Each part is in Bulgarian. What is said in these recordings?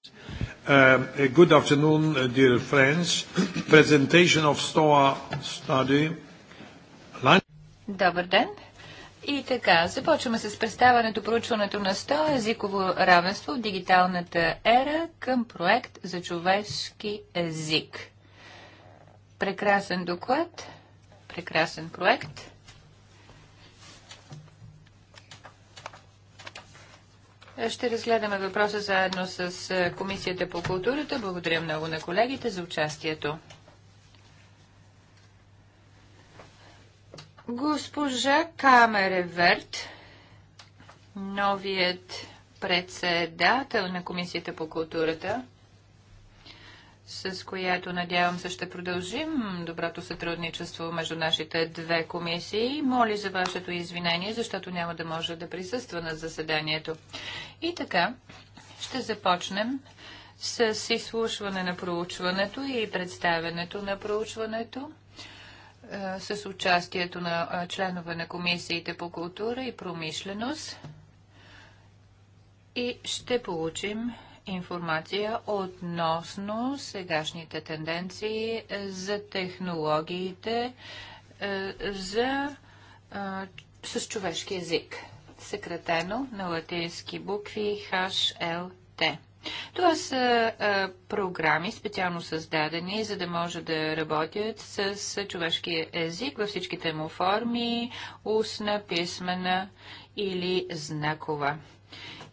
Um, uh, good afternoon, uh, dear friends. Presentation of STOA study. Добър ден. И така, започваме с представането проучването на СТО езиково равенство в дигиталната ера към проект за човешки език. Прекрасен доклад, прекрасен проект. Ще разгледаме въпроса заедно с е, Комисията по културата. Благодаря много на колегите за участието. Госпожа Камереверт, новият председател на Комисията по културата, с която надявам се ще продължим доброто сътрудничество между нашите две комисии. Моли за вашето извинение, защото няма да може да присъства на заседанието. И така, ще започнем с изслушване на проучването и представянето на проучването е, с участието на е, членове на комисиите по култура и промишленост. И ще получим информация относно сегашните тенденции за технологиите е, за, е, с човешки език, съкратено на латински букви HLT. Това са а, е, програми, специално създадени, за да може да работят с, с език във всичките му форми, устна, писмена или знакова.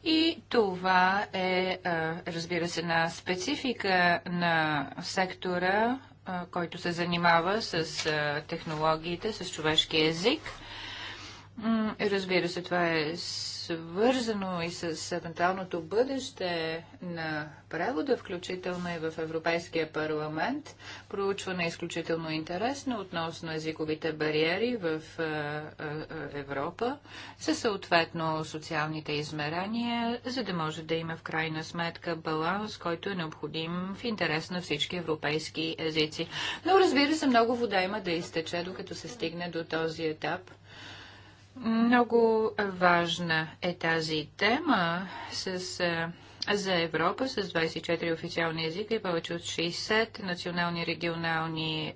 И това е, разбира се, на специфика на сектора, който се занимава с технологиите, с човешки език. Разбира се, това е свързано и с евентуалното бъдеще на превода, включително и в Европейския парламент. Проучване е изключително интересно относно езиковите бариери в Европа, със съответно социалните измерения, за да може да има в крайна сметка баланс, който е необходим в интерес на всички европейски езици. Но разбира се, много вода има да изтече, докато се стигне до този етап – много важна е тази тема с, е, за Европа с 24 официални езика и повече от 60 национални и регионални е,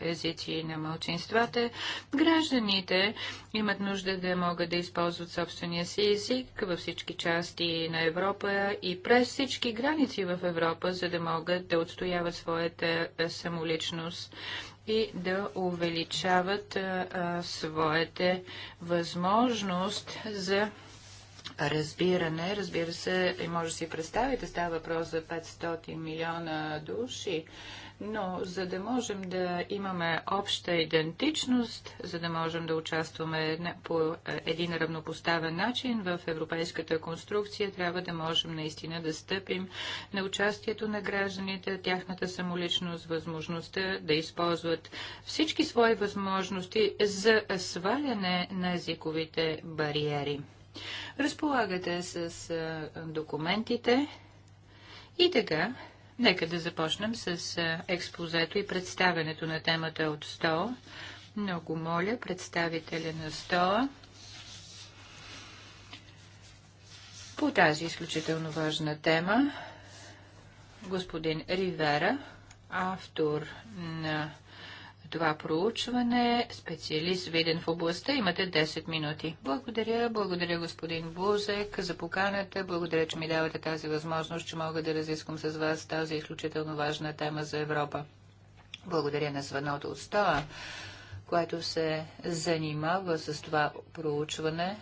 езици на мълчинствата. Гражданите имат нужда да могат да използват собствения си език във всички части на Европа и през всички граници в Европа, за да могат да отстояват своята е, самоличност и да увеличават а, а, своите възможност за разбиране. Разбира се, може да си представите, става въпрос за 500 милиона души. Но за да можем да имаме обща идентичност, за да можем да участваме по е, един равнопоставен начин в европейската конструкция, трябва да можем наистина да стъпим на участието на гражданите, тяхната самоличност, възможността да използват всички свои възможности за сваляне на езиковите бариери. Разполагате с е, документите и така Нека да започнем с експозето и представянето на темата от СТО. Много моля представителя на СТО по тази изключително важна тема, господин Ривера, автор на това проучване, специалист виден в областта. Имате 10 минути. Благодаря, благодаря господин Бузек за поканата, благодаря, че ми давате тази възможност, че мога да разискам с вас тази изключително важна тема за Европа. Благодаря на звъното от СТОА, което се занимава с това проучване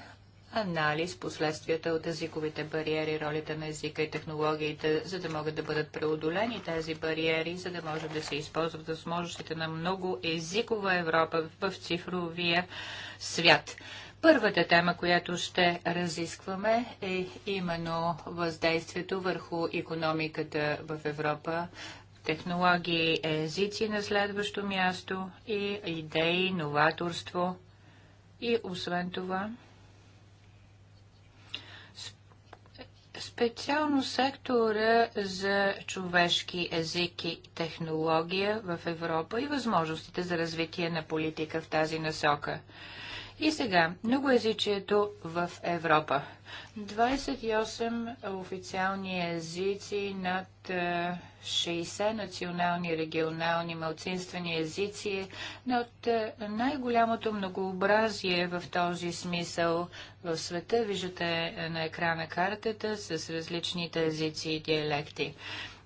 анализ последствията от езиковите бариери, ролите на езика и технологиите, за да могат да бъдат преодолени тези бариери, за да може да се използват възможностите на много езикова Европа в цифровия свят. Първата тема, която ще разискваме е именно въздействието върху економиката в Европа, технологии, езици на следващо място и идеи, новаторство. И освен това, Специално сектора за човешки език и технология в Европа и възможностите за развитие на политика в тази насока. И сега, многоязичието в Европа. 28 официални езици над 60 е, национални, регионални, малцинствени езици, но от е, най-голямото многообразие в този смисъл в света виждате е, на екрана картата с различните езици и диалекти.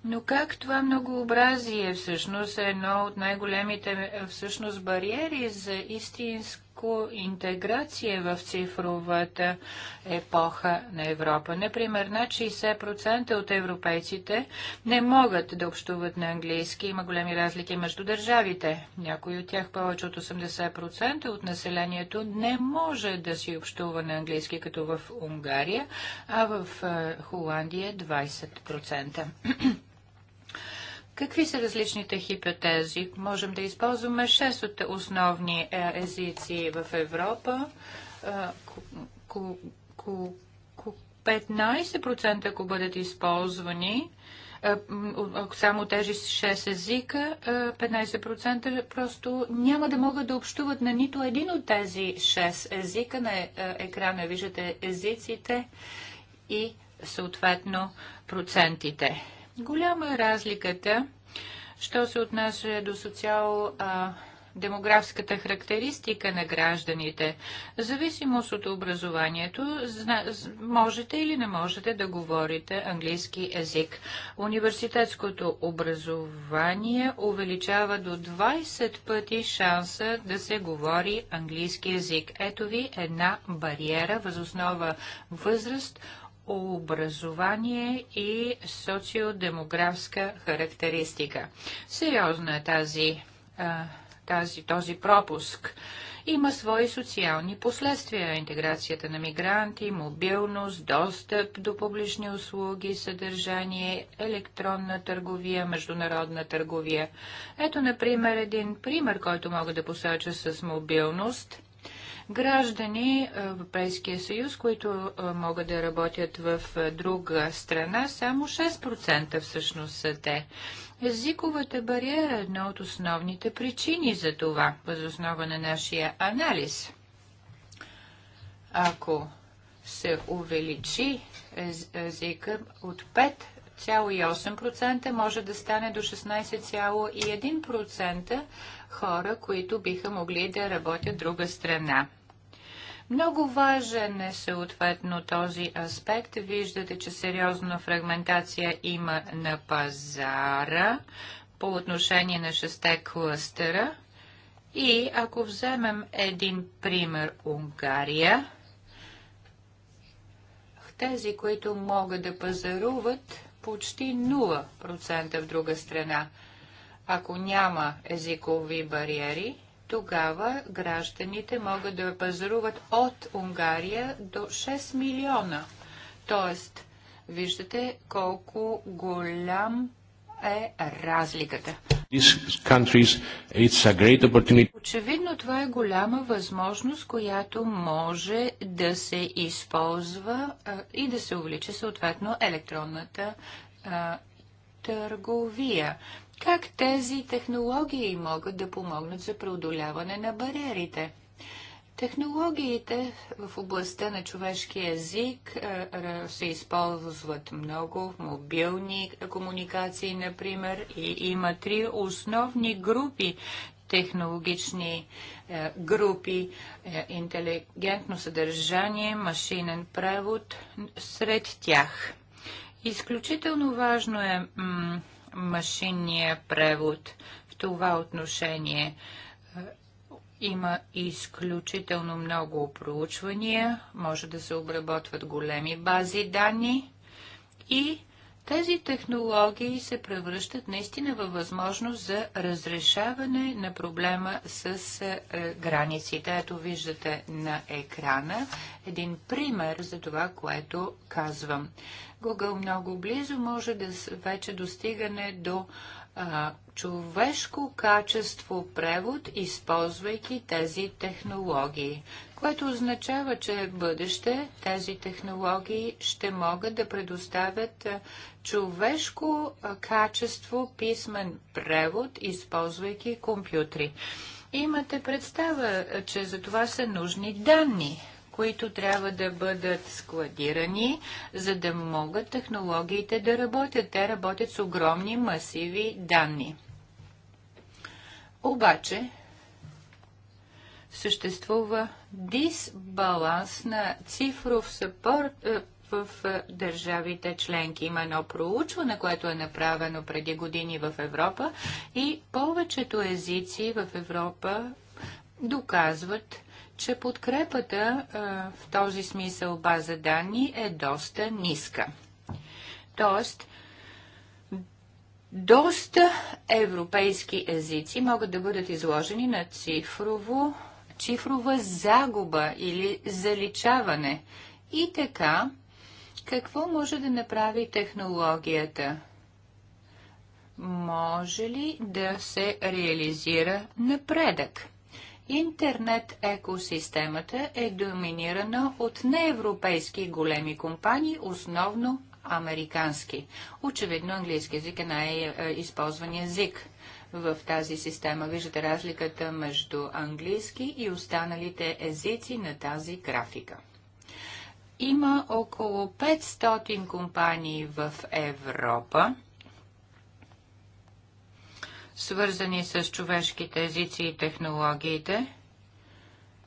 Но как това многообразие всъщност е едно от най-големите всъщност бариери за истинско по интеграция в цифровата епоха на Европа. Например, над 60% от европейците не могат да общуват на английски. Има големи разлики между държавите. Някои от тях повече от 80% от населението не може да си общува на английски, като в Унгария, а в е, Холандия 20%. Какви са различните хипотези? Можем да използваме 6 от основни е, езици в Европа. 15%, е, ако бъдат използвани, е, само тези 6 езика, 15% просто няма да могат да общуват на нито един от тези 6 езика. На екрана виждате езиците и съответно процентите. Голяма е разликата, що се отнася до социал демографската характеристика на гражданите. зависимост от образованието, можете или не можете да говорите английски език. Университетското образование увеличава до 20 пъти шанса да се говори английски език. Ето ви една бариера възоснова възраст, образование и социодемографска характеристика. Сериозна е тази, тази, този пропуск. Има свои социални последствия. Интеграцията на мигранти, мобилност, достъп до публични услуги, съдържание, електронна търговия, международна търговия. Ето, например, един пример, който мога да посоча с мобилност – граждани Европейския съюз, които могат да работят в друга страна, само 6% всъщност са те. Езиковата бариера е една от основните причини за това, възоснова на нашия анализ. Ако се увеличи езика от 5,8% може да стане до 16,1% хора, които биха могли да работят друга страна. Много важен е съответно този аспект. Виждате, че сериозна фрагментация има на пазара по отношение на шесте клъстера. И ако вземем един пример Унгария, тези, които могат да пазаруват, почти 0% в друга страна. Ако няма езикови бариери, тогава гражданите могат да пазаруват от Унгария до 6 милиона. Тоест, виждате колко голям е разликата. Очевидно това е голяма възможност, която може да се използва и да се увлича съответно електронната а, търговия. Как тези технологии могат да помогнат за преодоляване на бариерите? Технологиите в областта на човешкия език е, е, се използват много в мобилни комуникации, например, и има три основни групи технологични е, групи, интелигентно съдържание, машинен превод сред тях. Изключително важно е машинния превод. В това отношение е, има изключително много проучвания, може да се обработват големи бази данни и тези технологии се превръщат наистина във възможност за разрешаване на проблема с е, границите. Ето виждате на екрана един пример за това, което казвам. Google много близо може да вече достигане до а, човешко качество превод, използвайки тези технологии, което означава, че в бъдеще тези технологии ще могат да предоставят човешко качество писмен превод, използвайки компютри. Имате представа, че за това са нужни данни които трябва да бъдат складирани, за да могат технологиите да работят. Те работят с огромни масиви данни. Обаче, съществува дисбаланс на цифров съпорт е, в е, държавите членки. Има едно проучване, което е направено преди години в Европа и повечето езици в Европа доказват, че подкрепата а, в този смисъл база данни е доста ниска. Тоест, доста европейски езици могат да бъдат изложени на цифрово, цифрова загуба или заличаване. И така, какво може да направи технологията? Може ли да се реализира напредък? Интернет екосистемата е доминирана от неевропейски големи компании, основно американски. Очевидно английски език е най-използван език в тази система. Виждате разликата между английски и останалите езици на тази графика. Има около 500 компании в Европа свързани с човешките езици и технологиите,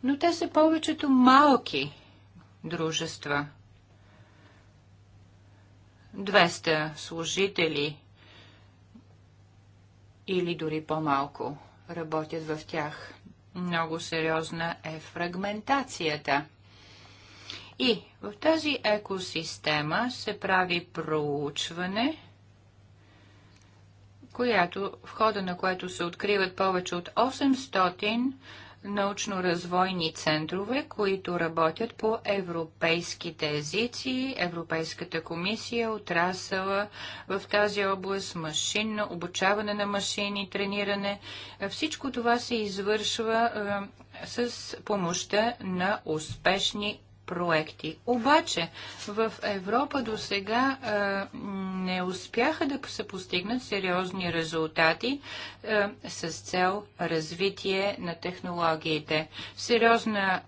но те са повечето малки дружества. 200 служители или дори по-малко работят в тях. Много сериозна е фрагментацията. И в тази екосистема се прави проучване която, в хода на което се откриват повече от 800 научно-развойни центрове, които работят по европейските езици, Европейската комисия, отрасъла в тази област, машинно, обучаване на машини, трениране. Всичко това се извършва е, с помощта на успешни проекти. Обаче в Европа до сега не успяха да се постигнат сериозни резултати с цел развитие на технологиите. Сериозна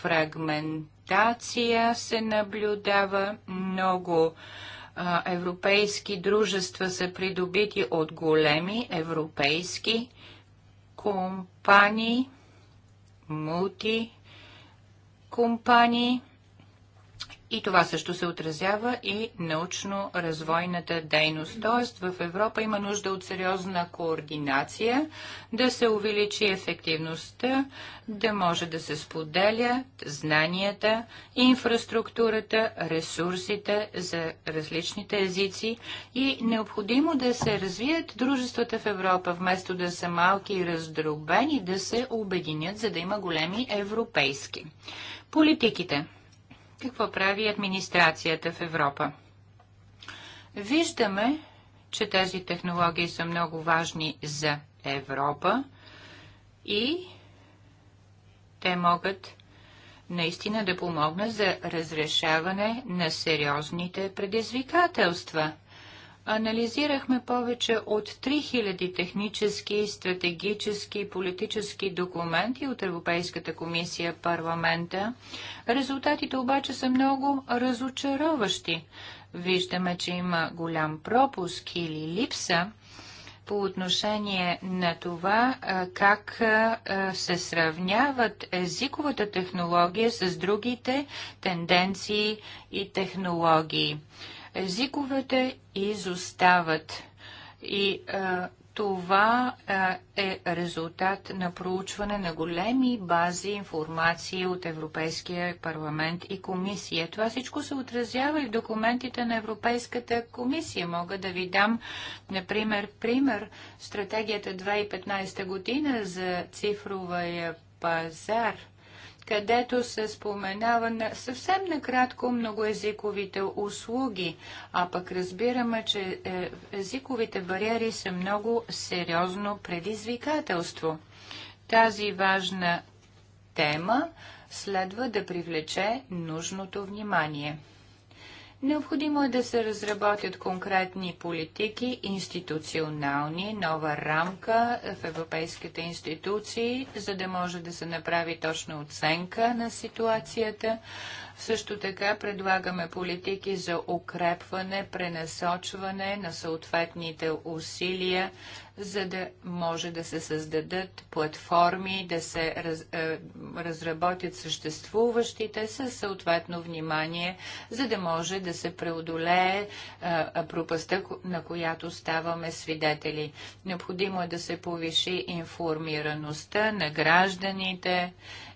фрагментация се наблюдава много европейски дружества са придобити от големи европейски компании, мулти компании. И това също се отразява и научно-развойната дейност. Тоест в Европа има нужда от сериозна координация, да се увеличи ефективността, да може да се споделя знанията, инфраструктурата, ресурсите за различните езици и необходимо да се развият дружествата в Европа, вместо да са малки и раздробени, да се обединят, за да има големи европейски. Политиките. Какво прави администрацията в Европа? Виждаме, че тези технологии са много важни за Европа и те могат наистина да помогнат за разрешаване на сериозните предизвикателства – Анализирахме повече от 3000 технически, стратегически и политически документи от Европейската комисия парламента. Резултатите обаче са много разочароващи. Виждаме, че има голям пропуск или липса по отношение на това как се сравняват езиковата технология с другите тенденции и технологии езиковете изостават. И а, това а, е резултат на проучване на големи бази информации от Европейския парламент и комисия. Това всичко се отразява и в документите на Европейската комисия. Мога да ви дам, например, пример стратегията 2015 година за цифровия пазар – където се споменава на съвсем накратко многоязиковите услуги, а пък разбираме, че е, езиковите бариери са много сериозно предизвикателство. Тази важна тема следва да привлече нужното внимание. Необходимо е да се разработят конкретни политики, институционални, нова рамка в европейските институции, за да може да се направи точна оценка на ситуацията. Също така предлагаме политики за укрепване, пренасочване на съответните усилия за да може да се създадат платформи, да се раз, е, разработят съществуващите със съответно внимание, за да може да се преодолее е, пропаста, на която ставаме свидетели. Необходимо е да се повиши информираността на гражданите,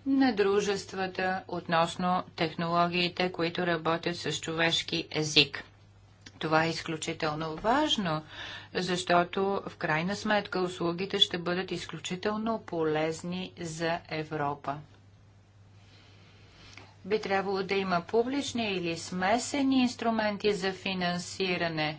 на дружествата относно технологиите, които работят с човешки език. Това е изключително важно, защото в крайна сметка услугите ще бъдат изключително полезни за Европа. Би трябвало да има публични или смесени инструменти за финансиране,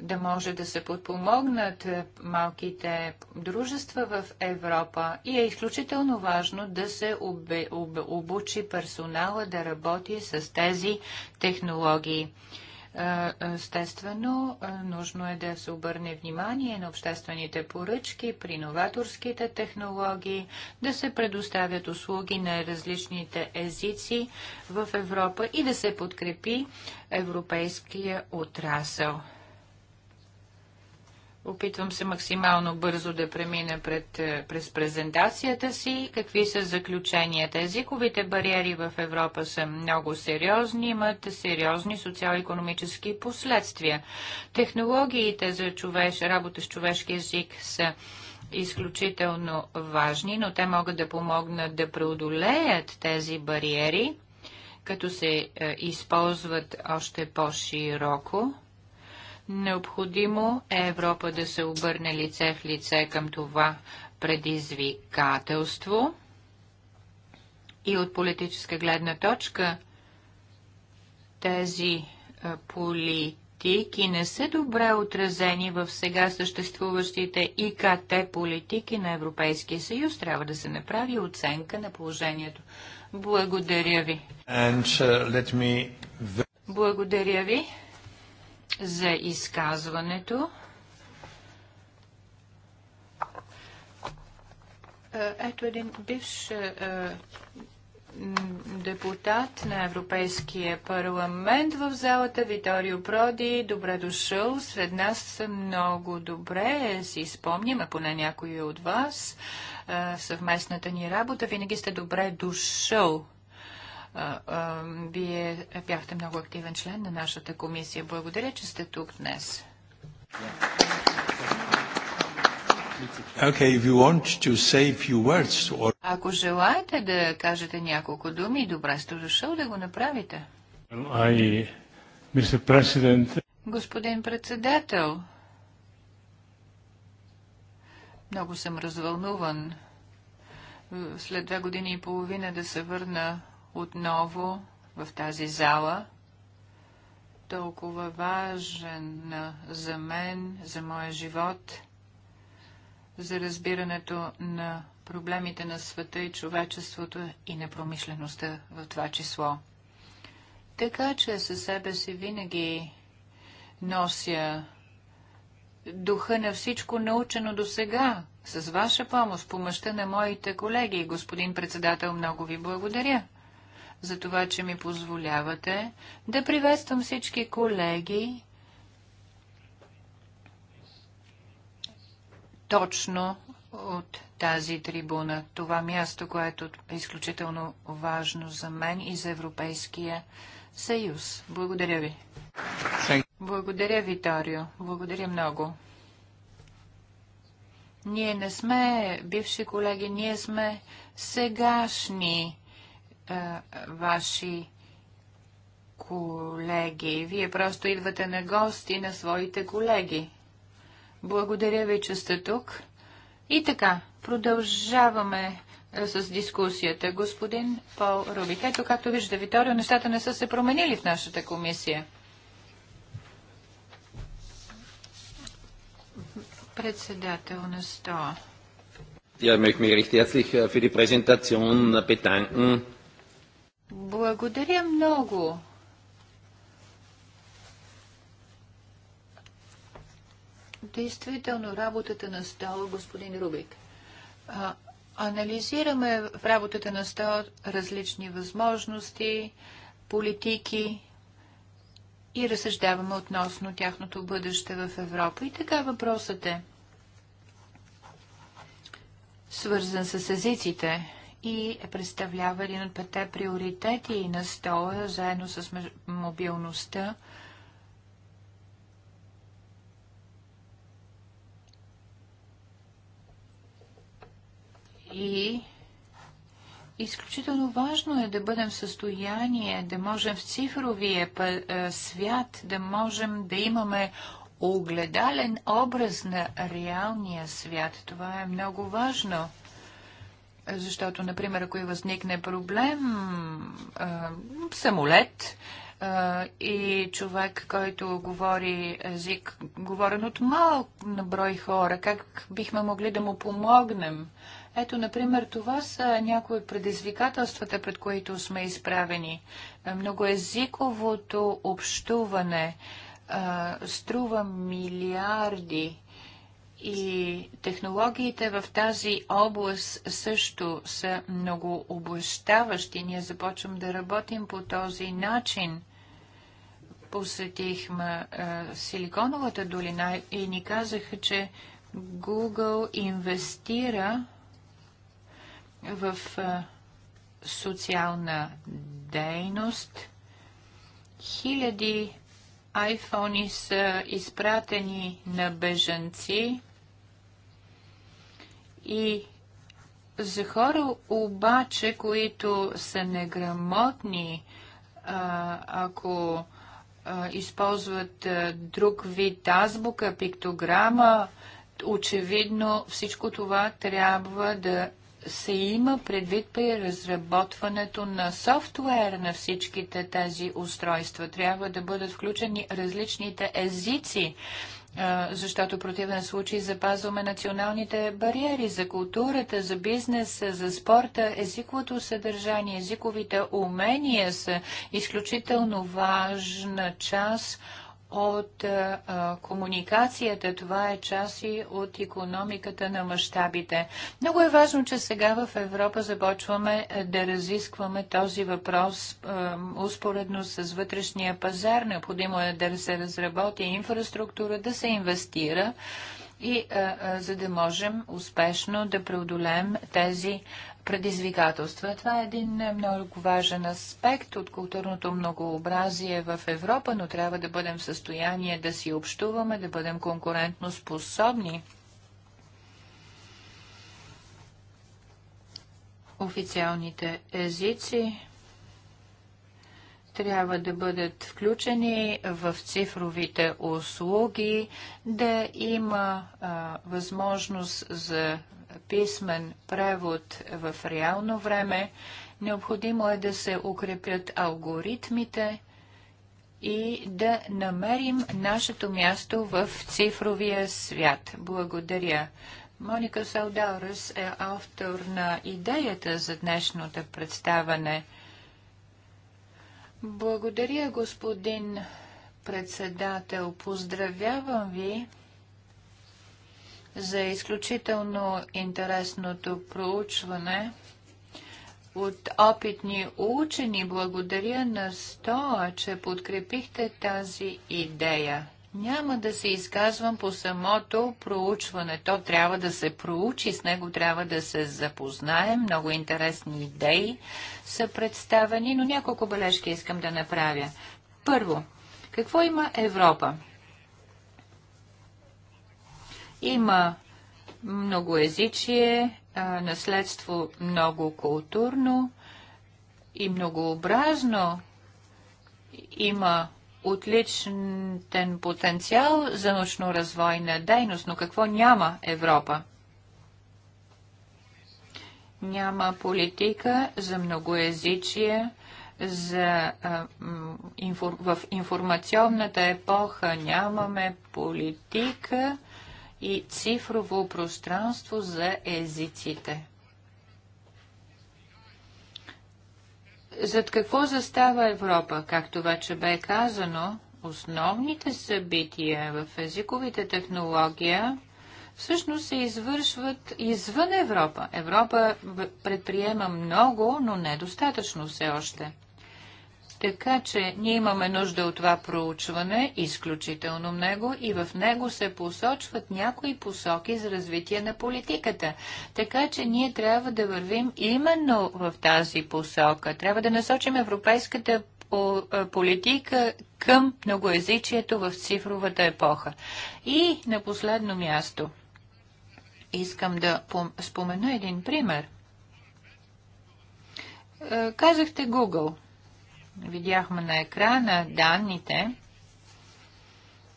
да може да се подпомогнат е, малките дружества в Европа и е изключително важно да се обе, обучи персонала да работи с тези технологии. Естествено, нужно е да се обърне внимание на обществените поръчки, при новаторските технологии, да се предоставят услуги на различните езици в Европа и да се подкрепи европейския отрасъл. Опитвам се максимално бързо да премина пред, е, през презентацията си. Какви са заключенията? Езиковите бариери в Европа са много сериозни, имат сериозни социал-економически последствия. Технологиите за човеш, работа с човешки език са изключително важни, но те могат да помогнат да преодолеят тези бариери, като се е, използват още по-широко Необходимо е Европа да се обърне лице в лице към това предизвикателство и от политическа гледна точка тези политики не са добре отразени в сега съществуващите ИКТ политики на Европейския съюз. Трябва да се направи оценка на положението. Благодаря ви. And, uh, me... Благодаря ви за изказването. Е, ето един бивш е, депутат на Европейския парламент в залата Виторио Проди. Добре дошъл. Сред нас много добре си спомняме, поне някои от вас, е, съвместната ни работа. Винаги сте добре дошъл вие бяхте много активен член на нашата комисия. Благодаря, че сте тук днес. Okay, if you want to say few words or... Ако желаете да кажете няколко думи, добре сте дошъл да го направите. I, Mr. President... Господин председател, много съм развълнуван след две години и половина да се върна отново в тази зала, толкова важен за мен, за моя живот, за разбирането на проблемите на света и човечеството и на промишлеността в това число. Така че със себе си винаги нося духа на всичко научено до сега, с ваша помощ, помощта на моите колеги. Господин председател, много ви благодаря за това, че ми позволявате да приветствам всички колеги точно от тази трибуна. Това място, което е изключително важно за мен и за Европейския съюз. Благодаря ви. Благодаря, Виторио. Благодаря много. Ние не сме бивши колеги, ние сме сегашни ваши колеги. Вие просто идвате на гости на своите колеги. Благодаря ви, че сте тук. И така, продължаваме с дискусията. Господин Пол Рубик. Ето, както виждате, Виторио, нещата не са се променили в нашата комисия. Председател на СТО. Ja, ich möchte mich recht herzlich für die Präsentation bedanken. Благодаря много. Действително, работата на стола, господин Рубик. А, анализираме в работата на стола различни възможности, политики и разсъждаваме относно тяхното бъдеще в Европа. И така въпросът е свързан с езиците и представлява един от пете приоритети на стола, заедно с мобилността. И изключително важно е да бъдем в състояние, да можем в цифровия е, свят, да можем да имаме огледален образ на реалния свят. Това е много важно. Защото, например, ако и възникне проблем, самолет и човек, който говори език, говорен от малък брой хора, как бихме могли да му помогнем? Ето, например, това са някои от предизвикателствата, пред които сме изправени. Многоезиковото общуване струва милиарди и технологиите в тази област също са много обощаващи. Ние започвам да работим по този начин. Посетихме е, Силиконовата долина и ни казаха, че Google инвестира в е, социална дейност. Хиляди айфони са изпратени на бежанци и за хора обаче, които са неграмотни, а, ако а, използват а, друг вид азбука, пиктограма, очевидно всичко това трябва да се има предвид при разработването на софтуер на всичките тези устройства. Трябва да бъдат включени различните езици защото в противен случай запазваме националните бариери за културата, за бизнеса, за спорта. Езиковото съдържание, езиковите умения са изключително важна част от а, комуникацията. Това е част и от економиката на мащабите. Много е важно, че сега в Европа започваме да разискваме този въпрос а, успоредно с вътрешния пазар. Необходимо е да се разработи инфраструктура, да се инвестира и а, а, за да можем успешно да преодолеем тези предизвикателства. Това е един много важен аспект от културното многообразие в Европа, но трябва да бъдем в състояние да си общуваме, да бъдем конкурентно способни. Официалните езици трябва да бъдат включени в цифровите услуги, да има а, възможност за писмен превод в реално време, необходимо е да се укрепят алгоритмите и да намерим нашето място в цифровия свят. Благодаря. Моника Салдаурес е автор на идеята за днешното представане. Благодаря, господин председател. Поздравявам ви за изключително интересното проучване от опитни учени. Благодаря на сто, че подкрепихте тази идея. Няма да се изказвам по самото проучване. То трябва да се проучи, с него трябва да се запознаем. Много интересни идеи са представени, но няколко бележки искам да направя. Първо, какво има Европа? Има езичие, наследство много културно и многообразно. Има отличен потенциал за научно-развойна дейност, но какво няма Европа? Няма политика за многоязичие, за, а, инфор, в информационната епоха нямаме политика и цифрово пространство за езиците. Зад какво застава Европа? Както вече бе казано, основните събития в езиковите технология всъщност се извършват извън Европа. Европа предприема много, но недостатъчно все още. Така че ние имаме нужда от това проучване, изключително много, и в него се посочват някои посоки за развитие на политиката. Така че ние трябва да вървим именно в тази посока. Трябва да насочим европейската политика към многоязичието в цифровата епоха. И на последно място искам да спомена един пример. Е, казахте Google. Видяхме на екрана данните.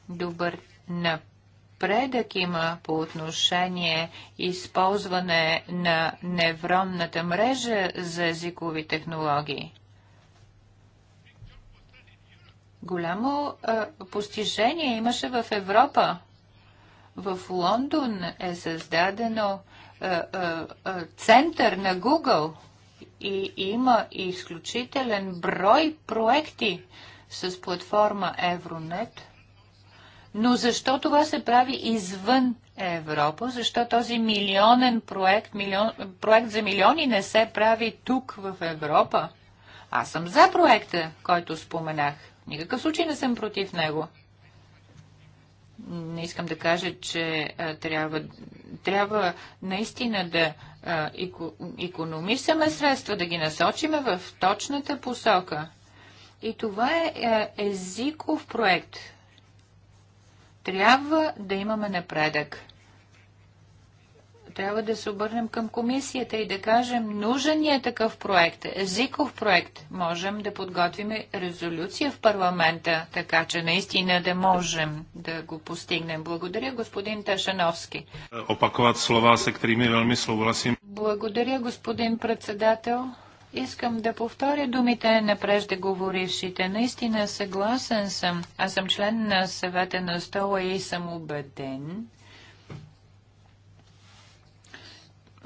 Добър напредък има по отношение използване на невронната мрежа за езикови технологии. Голямо а, постижение имаше в Европа. В Лондон е създадено а, а, а, център на Google – и има изключителен брой проекти с платформа Евронет. Но защо това се прави извън Европа? Защо този милионен проект, милион, проект за милиони не се прави тук в Европа? Аз съм за проекта, който споменах. Никакъв случай не съм против него не искам да кажа, че а, трябва, трябва наистина да а, еко, економисаме средства, да ги насочиме в точната посока. И това е а, е, езиков проект. Трябва да имаме напредък трябва да се обърнем към комисията и да кажем, нужен ни е такъв проект, езиков проект. Можем да подготвим резолюция в парламента, така че наистина да можем да го постигнем. Благодаря, господин Ташановски. Опаковат слова, с kterými velmi souhlasím. Благодаря, господин председател. Искам да повторя думите на преждеговорившите. Наистина съгласен съм. Аз съм член на съвета на стола и съм убеден,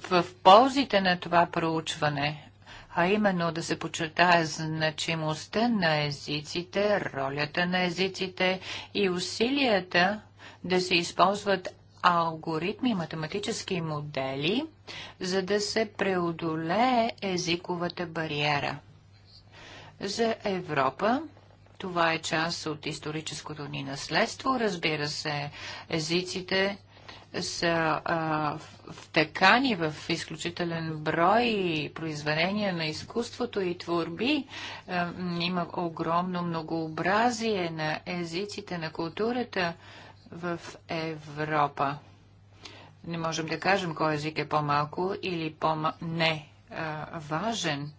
в ползите на това проучване, а именно да се почертае значимостта на езиците, ролята на езиците и усилията да се използват алгоритми, математически модели, за да се преодолее езиковата бариера. За Европа това е част от историческото ни наследство. Разбира се, езиците са а, втъкани в изключителен брой произведения на изкуството и творби. А, има огромно многообразие на езиците, на културата в Европа. Не можем да кажем кой език е по-малко или по-не важен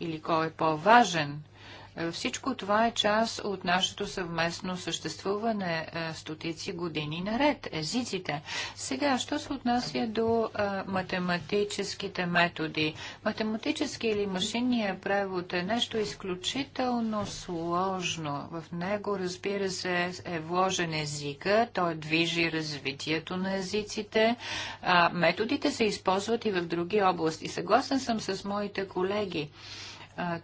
или кой е по-важен. Всичко това е част от нашето съвместно съществуване е, стотици години наред. Езиците. Сега, що се отнася до е, математическите методи? Математически или машинния превод е нещо изключително сложно. В него, разбира се, е вложен езика, той движи развитието на езиците. Методите се използват и в други области. Съгласен съм с моите колеги.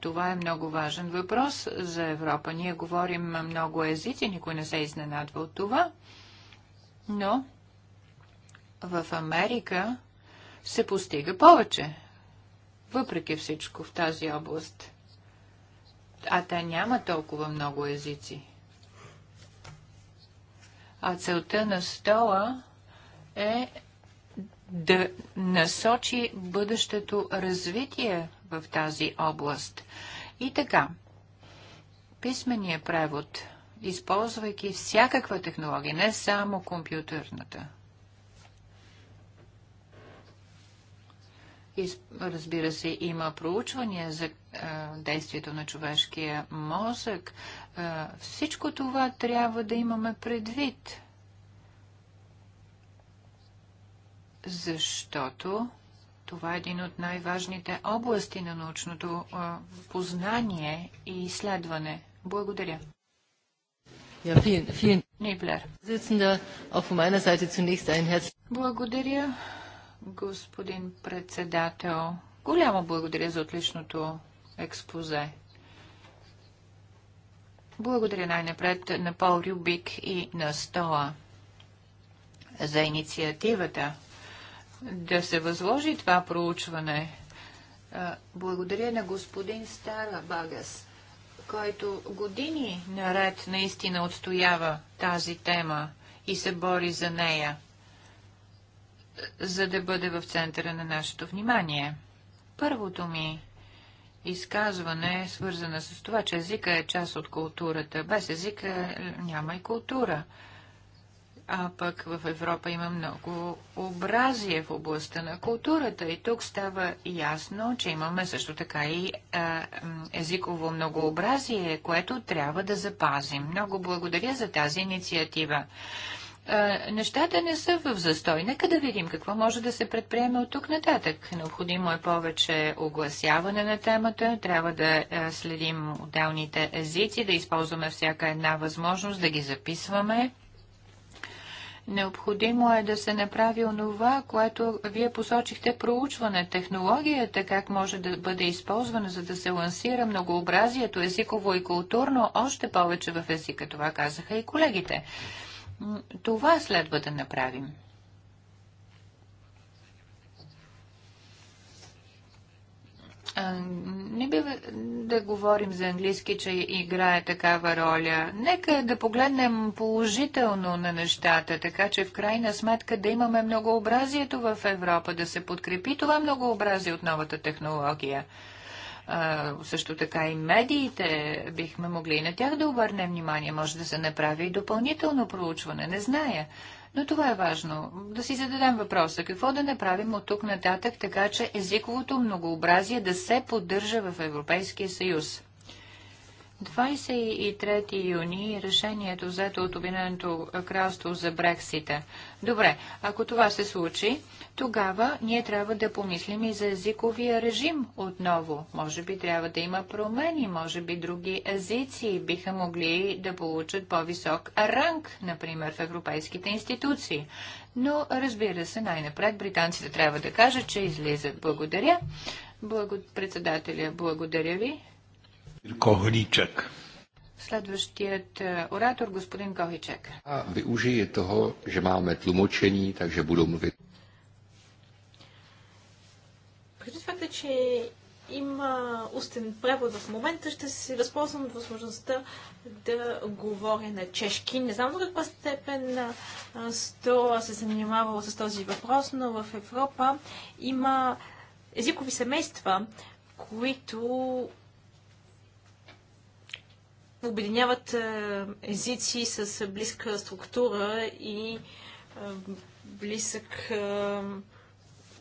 Това е много важен въпрос за Европа. Ние говорим много езици, никой не се изненадва от това, но в Америка се постига повече, въпреки всичко в тази област. А те няма толкова много езици. А целта на стола е да насочи бъдещето развитие в тази област. И така, писменият превод, използвайки всякаква технология, не само компютърната, И разбира се, има проучвания за а, действието на човешкия мозък. А, всичко това трябва да имаме предвид. Защото това е един от най-важните области на научното познание и изследване. Благодаря. Благодаря, господин председател. Голямо благодаря за отличното експозе. Благодаря най-напред на Пол Рюбик и на Стоа за инициативата да се възложи това проучване. Благодаря на господин Стара Багас, който години наред наистина отстоява тази тема и се бори за нея, за да бъде в центъра на нашето внимание. Първото ми изказване е свързано с това, че езика е част от културата. Без езика няма и култура а пък в Европа има много образие в областта на културата и тук става ясно, че имаме също така и а, езиково многообразие, което трябва да запазим. Много благодаря за тази инициатива. А, нещата не са в застой. Нека да видим какво може да се предприеме от тук нататък. Необходимо е повече огласяване на темата. Трябва да следим отделните езици, да използваме всяка една възможност, да ги записваме Необходимо е да се направи онова, което вие посочихте проучване, технологията, как може да бъде използвана, за да се лансира многообразието езиково и културно, още повече в езика. Това казаха и колегите. Това следва да направим. Не бива да говорим за английски, че играе такава роля. Нека да погледнем положително на нещата, така че в крайна сметка да имаме многообразието в Европа, да се подкрепи това многообразие от новата технология. А, също така и медиите бихме могли и на тях да обърнем внимание. Може да се направи и допълнително проучване, не зная. Но това е важно. Да си зададем въпроса. Какво да направим от тук нататък, така че езиковото многообразие да се поддържа в Европейския съюз? 23 юни решението взето от Обединеното кралство за Брексита. Добре, ако това се случи, тогава ние трябва да помислим и за езиковия режим отново. Може би трябва да има промени, може би други езици биха могли да получат по-висок ранг, например, в европейските институции. Но, разбира се, най-напред британците трябва да кажат, че излизат. Благодаря. Благо... Председателя, благодаря ви. Кохричък. Следващият е, оратор, господин Кохичек. А, využije toho, že máme tlumočení, takže budu mluvit. Предвид факта, че има устен превод в момента, ще се възползвам от възможността да говоря на чешки. Не знам до каква степен Стола се занимавала с този въпрос, но в Европа има езикови семейства, които обединяват езици с близка структура и близък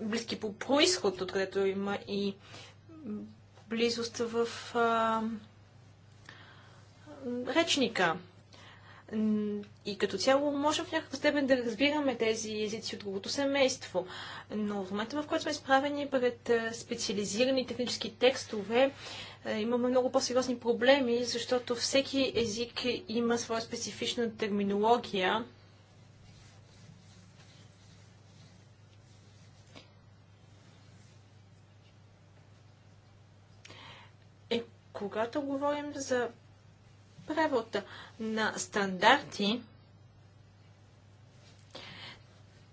близки по происход, откъдето има и близост в а, речника. И като цяло можем в някакъв степен да разбираме тези езици от другото семейство. Но в момента, в който сме изправени пред специализирани технически текстове, имаме много по-сериозни проблеми, защото всеки език има своя специфична терминология когато говорим за превода на стандарти,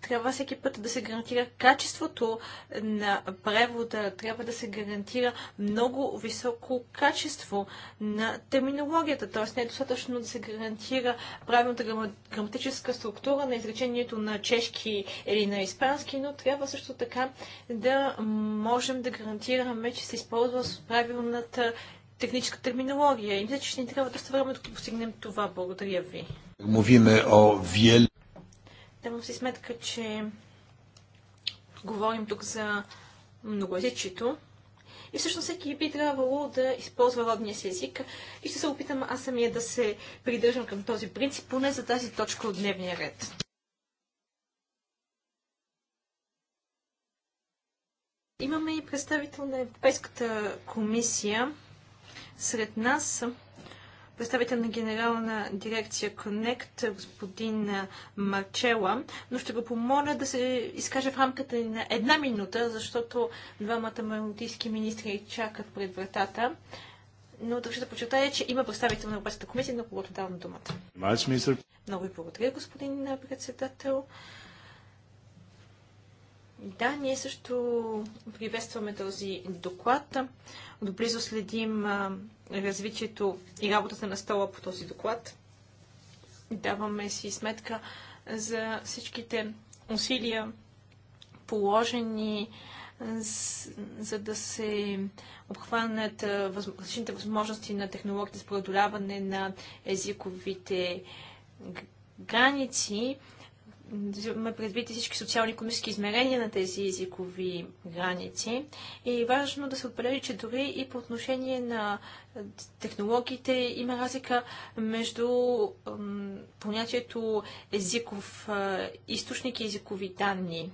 трябва всеки път да се гарантира качеството на превода, трябва да се гарантира много високо качество на терминологията, т.е. не е достатъчно да се гарантира правилната граматическа структура на изречението на чешки или на испански, но трябва също така да можем да гарантираме, че се използва с правилната техническа терминология. И мисля, че ще ни трябва доста време, докато постигнем това. Благодаря ви. Мовиме о Виел. Давам си сметка, че говорим тук за многоязичието. И всъщност всеки би трябвало да използва родния си език. И ще се опитам аз самия да се придържам към този принцип, поне за тази точка от дневния ред. Имаме и представител на Европейската комисия. Сред нас представител на генерална дирекция Connect, господин Марчела, но ще го помоля да се изкаже в рамката на една минута, защото двамата малтийски министри чакат пред вратата. Но държа да почетая, че има представител на Европейската комисия, на когото давам думата. Много ви благодаря, господин председател. Да, ние също приветстваме този доклад. Доблизо следим развитието и работата на стола по този доклад. Даваме си сметка за всичките усилия, положени за да се обхванат различните възможности на технологията за преодоляване на езиковите граници взимаме предвид и всички социални економически измерения на тези езикови граници. И е важно да се отбележи, че дори и по отношение на технологиите има разлика между понятието езиков източник и езикови данни.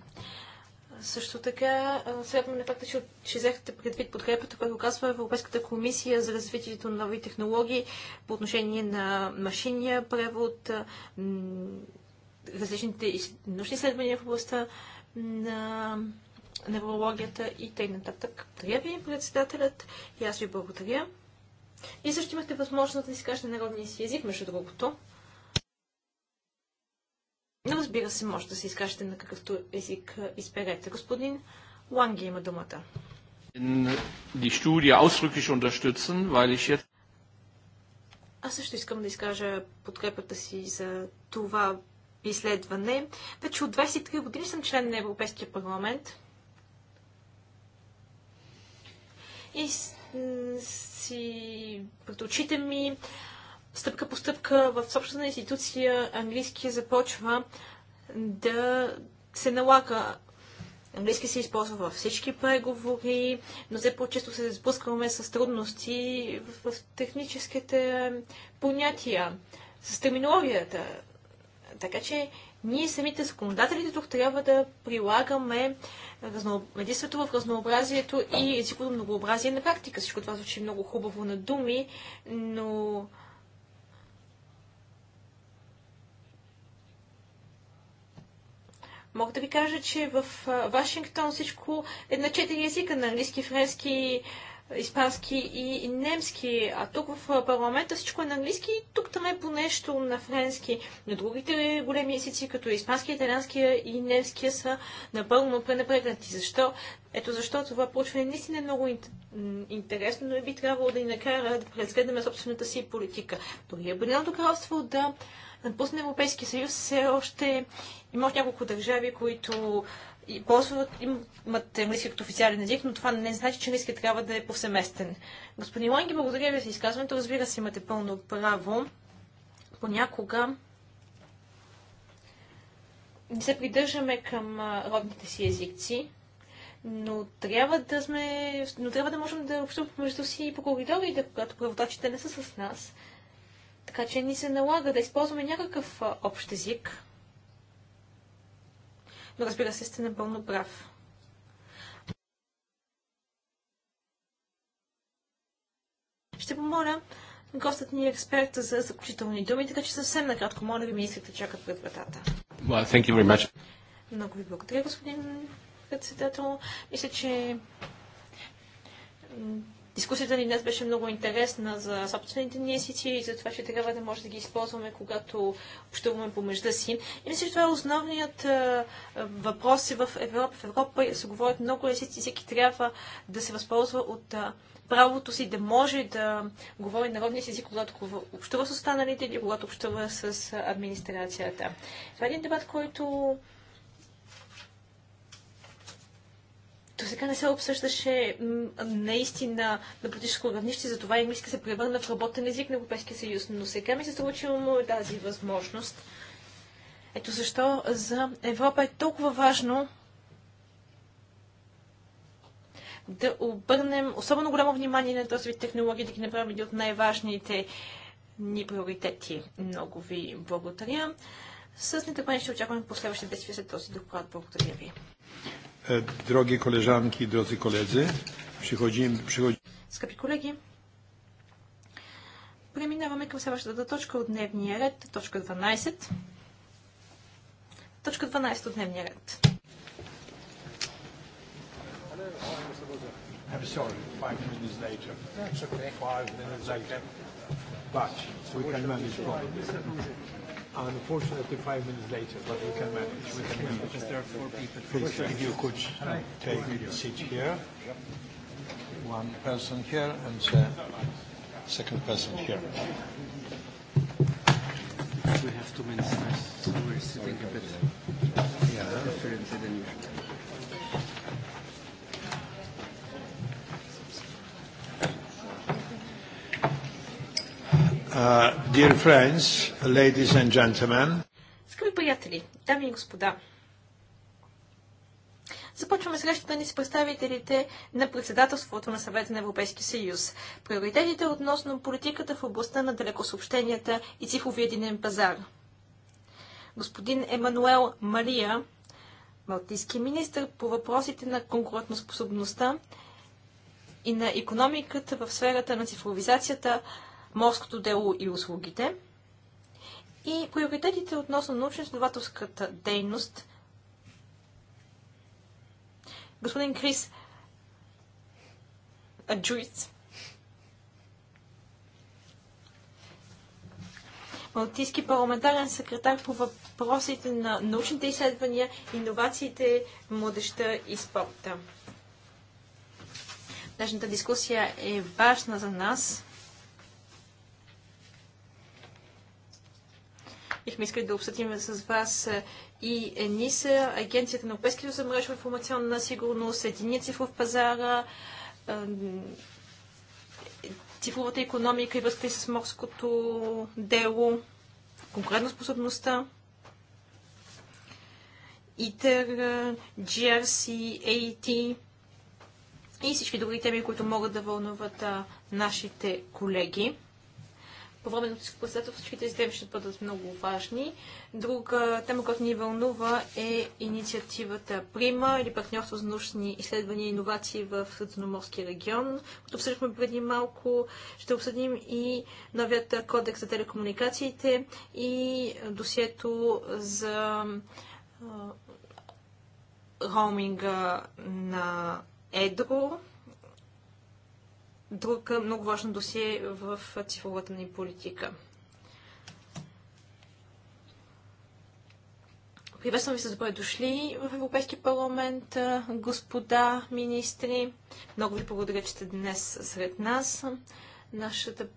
Също така, следваме на факта, че, че взехте предвид подкрепата, която оказва Европейската комисия за развитието на нови технологии по отношение на машинния превод, различните научни изследвания в областта на неврологията и т.н. Благодаря ви, председателят, и аз ви благодаря. И също имате възможност да си кажете народния си език, между другото. Но разбира се, може да се изкажете на какъвто език изберете. Господин Ланги има думата. Аз също искам да изкажа подкрепата си за това изследване. Вече от 23 години съм член на Европейския парламент. И си пред очите ми стъпка по стъпка в собствена институция английския започва да се налага. Английски се използва във всички преговори, но все по-често се сблъскваме с трудности в, в техническите понятия, с терминологията. Така че ние самите законодателите тук трябва да прилагаме единството в разнообразието и езиковото многообразие на практика. Всичко това звучи много хубаво на думи, но Мога да ви кажа, че в Вашингтон всичко е на четири езика, на английски, френски, испански и немски, а тук в парламента всичко е на английски, и тук там е по нещо на френски. Но другите големи езици, като испански, италианския и немския, са напълно пренебрегнати. Защо? Ето защо това проучване наистина е много интересно, но и би трябвало да ни накара да преразгледаме собствената си политика. Дори е Обединеното кралство да напусне Европейския съюз, все още има няколко държави, които и ползват, имат английски като официален език, но това не значи, че английски трябва да е повсеместен. Господин Ланги, благодаря ви за изказването. Разбира се, имате пълно право. Понякога не се придържаме към родните си езици, но трябва да сме, но трябва да можем да общуваме между си и по коридорите, когато преводачите не са с нас. Така че ни се налага да използваме някакъв общ език но разбира се, сте напълно прав. Ще помоля гостът ни е експерт за заключителни думи, така че съвсем накратко, моля ви, министрите чакат пред вратата. Well, thank you very much. Много ви благодаря, господин председател. Мисля, че Дискусията ни днес беше много интересна за собствените ни езици и за това, че трябва да може да ги използваме, когато общуваме помежда си. И мисля, че това е основният въпрос в Европа. В Европа се говорят много езици, всеки трябва да се възползва от правото си да може да говори народния си език, когато общува с останалите или когато общува с администрацията. Това е един дебат, който То сега не се обсъждаше наистина на политическо равнище, затова английски се превърна в работен език на Европейския съюз. Но сега ми се случи тази възможност. Ето защо за Европа е толкова важно да обърнем особено голямо внимание на този вид технологии, да ги направим един от най-важните ни приоритети. Много ви благодаря. С нетърпение ще очакваме последващите действия след този доклад. Благодаря ви. Drogie koleżanki, drodzy koledzy, przychodzimy... Przychodzi... Скъпи колеги, преминаваме към следващата точка от дневния ред, точка 12. Точка 12 от дневния ред. I'm sorry, five minutes later. That's okay. Five minutes later. But we can manage. Unfortunately, five minutes later, but we can manage. We can manage. Because there are four people. Please, if you could take a seat here. One person here and the second person here. We have two minutes, so we're sitting a bit yeah. differently than usual. Uh, dear friends, ladies and gentlemen. Скъпи приятели, дами и господа, Започваме срещата ни с представителите на председателството на съвета на Европейския съюз. Приоритетите относно политиката в областта на далекосъобщенията и цифровия единен пазар. Господин Емануел Мария, малтийски министр по въпросите на конкурентоспособността и на економиката в сферата на цифровизацията, морското дело и услугите. И приоритетите относно научно-изследователската дейност. Господин Крис Аджуиц. Малтийски парламентарен секретар по въпросите на научните изследвания, иновациите, младеща и спорта. Днешната дискусия е важна за нас. Бихме искали да обсъдим с вас е, и ЕНИСА, Агенцията на Европейския съюз за мрежова информационна сигурност, единия цифров пазара, е, цифровата економика и връзка с морското дело, конкурентоспособността. ИТЕР, GRC, AT и всички други теми, които могат да вълнуват нашите колеги по време на председателство всички тези теми ще бъдат много важни. Друга тема, която ни вълнува е инициативата Прима или партньорство за научни изследвания и иновации в Средноморския регион, като обсъдихме преди малко. Ще обсъдим и новият кодекс за телекомуникациите и досието за роуминга на Едро друг много важно досие в цифровата ни политика. Приветствам ви с добре дошли в Европейския парламент, господа министри. Много ви благодаря, че сте днес сред нас. Нашата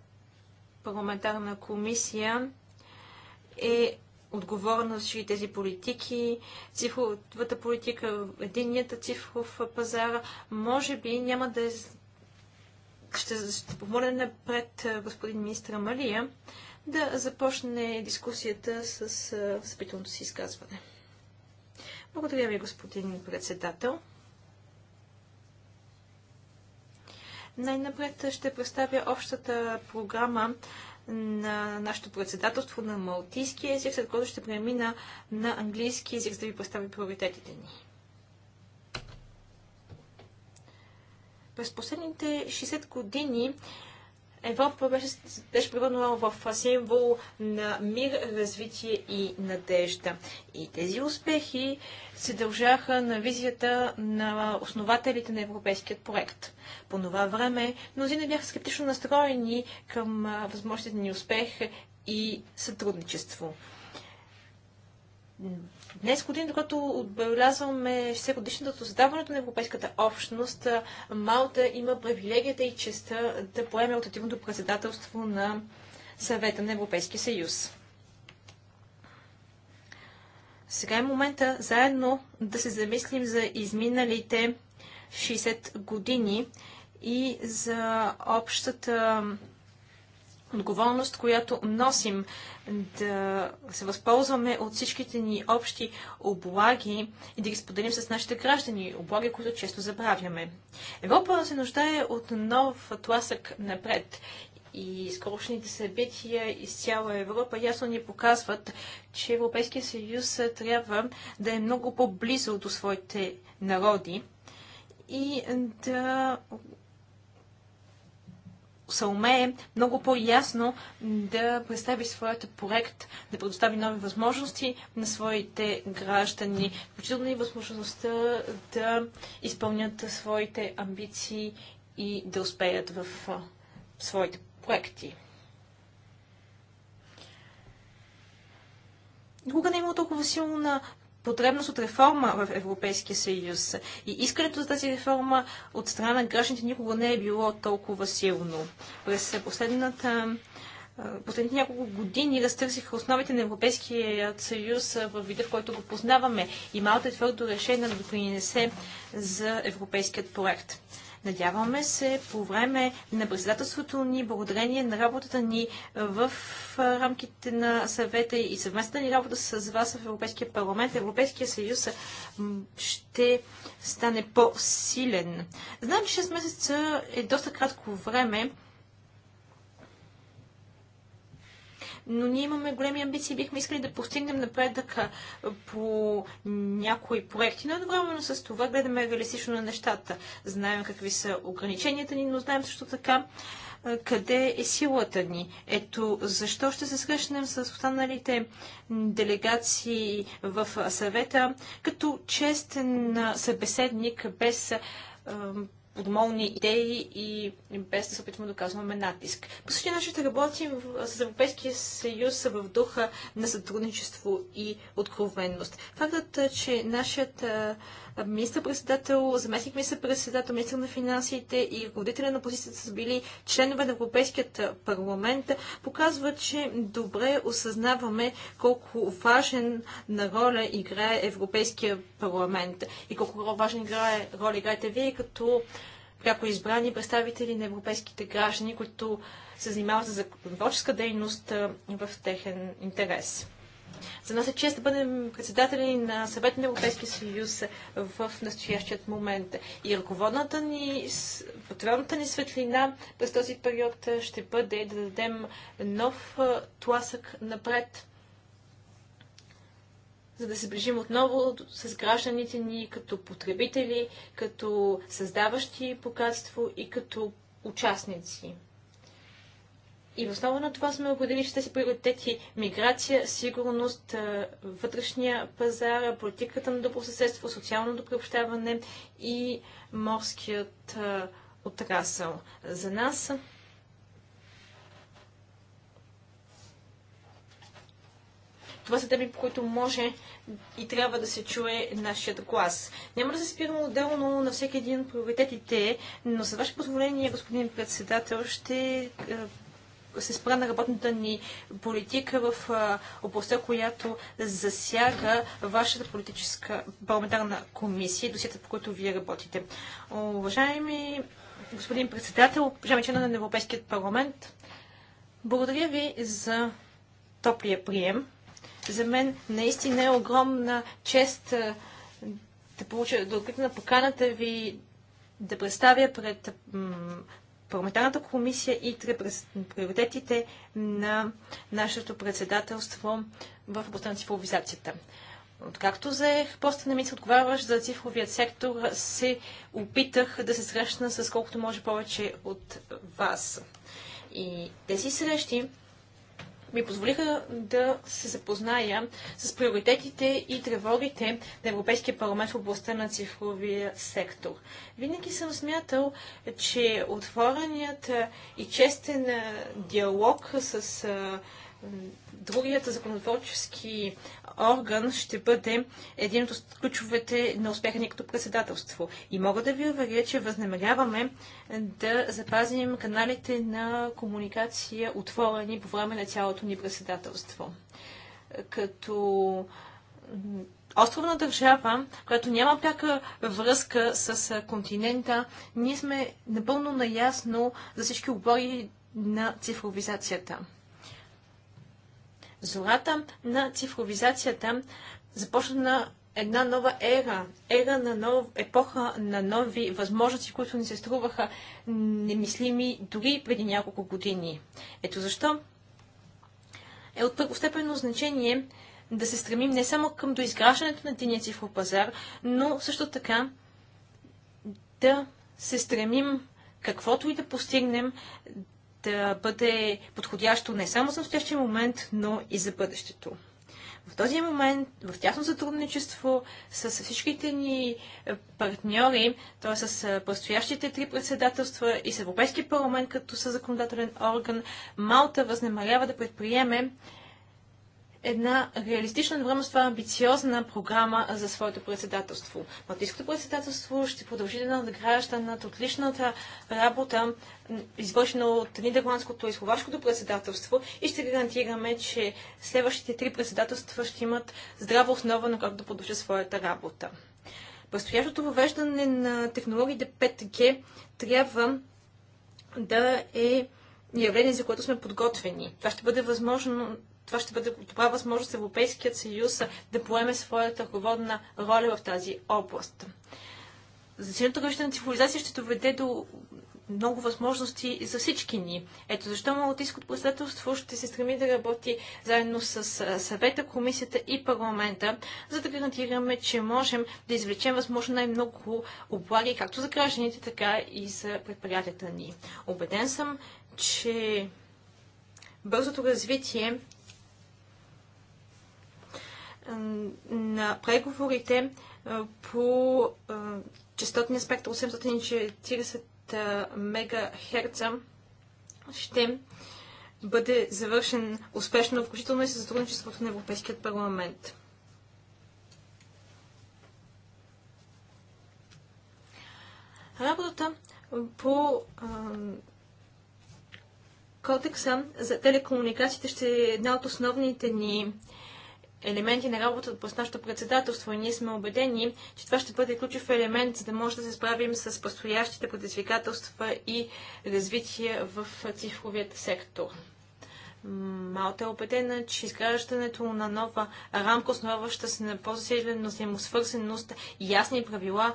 парламентарна комисия е отговорна за всички тези политики, цифровата политика, единията цифров пазар, може би няма да е ще, ще помоля напред господин министра Малия да започне дискусията с встъпителното си изказване. Благодаря ви, господин председател. Най-напред ще представя общата програма на нашето председателство на малтийски език, след което ще премина на английски език, за да ви представя приоритетите ни. През последните 60 години Европа беше, беше превърнала в символ на мир, развитие и надежда. И тези успехи се дължаха на визията на основателите на европейският проект. По това време мнозина бяха скептично настроени към възможностите ни успех и сътрудничество. Днес година, докато отбелязваме 6 годишното създаването на Европейската общност, Малта има привилегията и честа да поеме ротативното председателство на съвета на Европейския съюз. Сега е момента заедно да се замислим за изминалите 60 години и за общата отговорност, която носим да се възползваме от всичките ни общи облаги и да ги споделим с нашите граждани, облаги, които често забравяме. Европа се нуждае от нов тласък напред и скорошните събития из цяла Европа ясно ни показват, че Европейския съюз трябва да е много по-близо до своите народи и да се умее много по-ясно да представи своят проект, да предостави нови възможности на своите граждани, включително и възможността да изпълнят своите амбиции и да успеят в своите проекти. Никога не е имало толкова силна потребност от реформа в Европейския съюз. И искането за тази реформа от страна на гражданите никога не е било толкова силно. През последната последните няколко години разтърсиха основите на Европейския съюз в вида, в който го познаваме. И малко е твърдо решена да допринесе за европейският проект. Надяваме се по време на председателството ни, благодарение на работата ни в рамките на съвета и съвместна ни работа с вас в Европейския парламент, Европейския съюз ще стане по-силен. Знам, че 6 месеца е доста кратко време, но ние имаме големи амбиции, бихме искали да постигнем напредъка по някои проекти, но едновременно с това гледаме реалистично на нещата. Знаем какви са ограниченията ни, но знаем също така къде е силата ни. Ето защо ще се срещнем с останалите делегации в съвета като честен събеседник без подмолни идеи и без да се опитваме да оказваме натиск. По същия начин ще работим с Европейския съюз в духа на сътрудничество и откровенност. Фактът, че нашият министър-председател, заместник министър-председател, министър на финансите и ръководителя на позицията са били членове на Европейският парламент, показва, че добре осъзнаваме колко важен на роля играе Европейския парламент и колко важен играе, роля играете вие като пряко избрани представители на европейските граждани, които се занимават с законодателска дейност в техен интерес. За нас е чест да бъдем председатели на съвет на Европейския съюз в настоящият момент. И ръководната ни, патронната ни светлина през този период ще бъде да дадем нов тласък напред за да се ближим отново с гражданите ни като потребители, като създаващи богатство и като участници. И в основа на това сме определили, че тези приоритети миграция, сигурност, вътрешния пазар, политиката на добросъседство, социалното приобщаване и морският отрасъл. За нас Това са теми, по които може и трябва да се чуе нашият глас. Няма да се спирам отделно на всеки един от приоритетите, но за ваше позволение, господин председател, ще се спра на работната ни политика в областта, която засяга вашата политическа парламентарна комисия, досията, по които вие работите. Уважаеми господин председател, уважаеми члена на Европейският парламент, благодаря ви за топлия прием. За мен наистина е огромна чест да получа да на поканата ви да представя пред парламентарната комисия и приоритетите на нашето председателство в областта на цифровизацията. Откакто заех поста на министър, отговарящ за цифровият сектор, се опитах да се срещна с колкото може повече от вас. И тези срещи ми позволиха да се запозная с приоритетите и тревогите на Европейския парламент в областта на цифровия сектор. Винаги съм смятал, че отвореният и честен диалог с Другият законотворчески орган ще бъде един от ключовете на успеха ни като председателство. И мога да ви уверя, че възнамеряваме да запазим каналите на комуникация отворени по време на цялото ни председателство. Като островна държава, която няма пряка връзка с континента, ние сме напълно наясно за всички обори на цифровизацията зората на цифровизацията започна една нова ера, ера на нов, епоха на нови възможности, които ни се струваха немислими дори преди няколко години. Ето защо е от първостепенно значение да се стремим не само към доизграждането на единия цифров пазар, но също така да се стремим каквото и да постигнем, да бъде подходящо не само за настоящия момент, но и за бъдещето. В този момент, в тясно сътрудничество с всичките ни е, партньори, т.е. с е, предстоящите три председателства и с Европейския парламент като съзаконодателен орган, Малта възнемарява да предприеме една реалистична, едновременно с това амбициозна програма за своето председателство. Малтийското председателство ще продължи да награжда над отличната работа, извършена от Нидерландското и Словашкото председателство и ще гарантираме, че следващите три председателства ще имат здрава основа на как да продължат своята работа. Предстоящото въвеждане на технологиите 5G трябва да е явление, за което сме подготвени. Това ще бъде възможно това ще бъде добра е възможност Европейският съюз да поеме своята ръководна роля в тази област. Засиленото равнище на цивилизация ще доведе до много възможности за всички ни. Ето защо Малтийското председателство ще се стреми да работи заедно с съвета, комисията и парламента, за да гарантираме, че можем да извлечем възможно най-много облаги, както за гражданите, така и за предприятията ни. Обеден съм, че бързото развитие на преговорите по частотния спектър 840 МГц ще бъде завършен успешно, включително и със сътрудничеството на Европейският парламент. Работата по а, кодекса за телекомуникациите ще е една от основните ни а, елементи на работа през нашето председателство и ние сме убедени, че това ще бъде ключов елемент, за да може да се справим с предстоящите предизвикателства и развитие в цифровият сектор. Малта е убедена, че изграждането на нова рамка, основаваща се на по-засилена взаимосвързаност и ясни правила,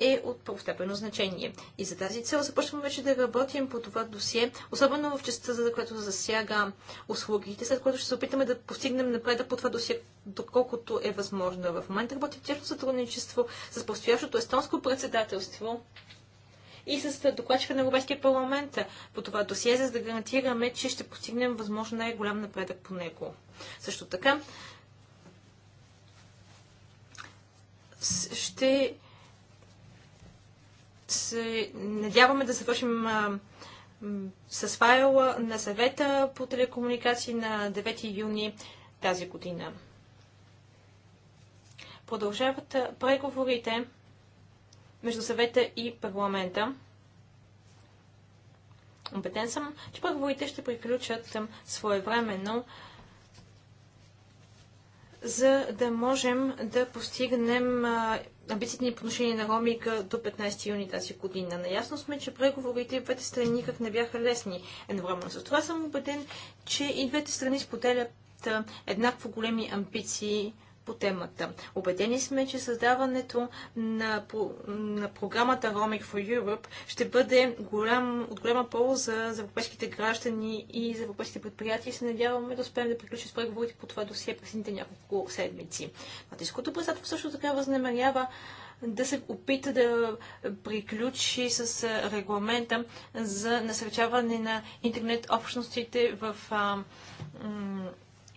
е от първостепенно значение. И за тази цел започваме вече да работим по това досие, особено в частта, за която засяга услугите, след което ще се опитаме да постигнем напредък по това досие, доколкото е възможно. В момента работим тяхно сътрудничество с постоящото естонско председателство и с докладчика на Европейския парламент по това досие, за да гарантираме, че ще постигнем възможно най-голям напредък по него. Също така, ще се надяваме да завършим а, с файла на съвета по телекомуникации на 9 юни тази година. Продължават преговорите между съвета и парламента. Обетен съм, че преговорите ще приключат своевременно, за да можем да постигнем амбициите ни по отношение на Ромика до 15 юни тази година. Наясно сме, че преговорите и двете страни никак не бяха лесни. Едновременно с това съм убеден, че и двете страни споделят еднакво големи амбиции по темата. Обедени сме, че създаването на, на програмата Roaming for Europe ще бъде голям, от голяма полза за европейските граждани и за европейските предприятия и се надяваме да успеем да приключим с преговорите по това досие през няколко седмици. Матиското председател също така възнамерява да се опита да приключи с регламента за насърчаване на интернет общностите в а,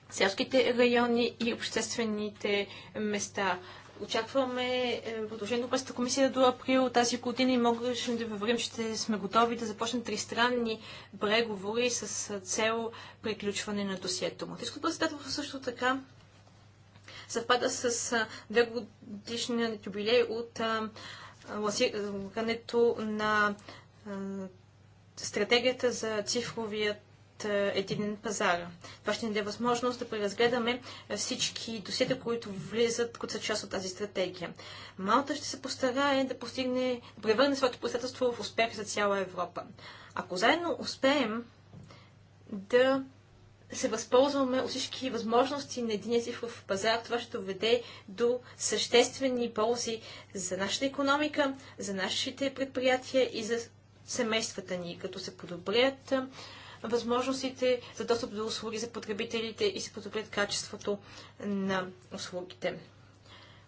селските райони и обществените места. Очакваме е, продължението през комисия до април тази година и можем да въврим, че ще сме готови да започнем тристранни преговори с е, цел приключване на досието. Малтийското председател също така съвпада с е, две годишния юбилей от лансирането на стратегията за цифровият е, един пазар. Това ще ни даде възможност да преразгледаме всички досиета, които влизат, които са част от тази стратегия. Малта ще се постарае да постигне, да превърне своето председателство в успех за цяла Европа. Ако заедно успеем да се възползваме от всички възможности на един в пазар, това ще доведе до съществени ползи за нашата економика, за нашите предприятия и за семействата ни, като се подобрят възможностите за достъп до услуги за потребителите и се подобрят качеството на услугите.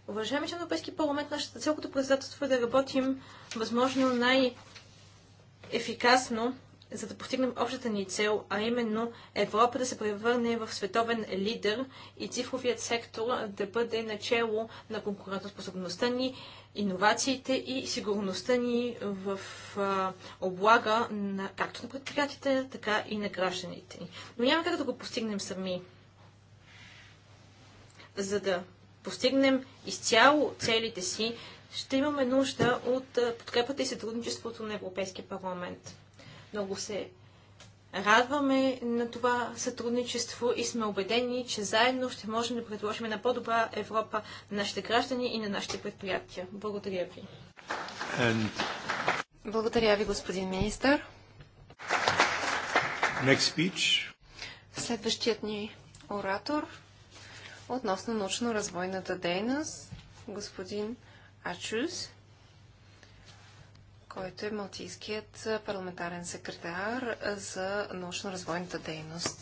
Уважаеми че Европейски парламент, нашата цялото председателство е да работим възможно най- ефикасно за да постигнем общата ни цел, а именно Европа да се превърне в световен лидер и цифровият сектор да бъде начало на конкурентоспособността ни, иновациите и сигурността ни в а, облага на, както на предприятията, така и на гражданите ни. Но няма как да го постигнем сами. За да постигнем изцяло целите си, ще имаме нужда от подкрепата и сътрудничеството на Европейския парламент. Много се радваме на това сътрудничество и сме убедени, че заедно ще можем да предложим на по-добра Европа на нашите граждани и на нашите предприятия. Благодаря ви. And... Благодаря ви, господин министър. Next speech. Следващият ни оратор относно научно-развойната дейност, господин Ачус който е Малтийският парламентарен секретар за научно-развойната дейност.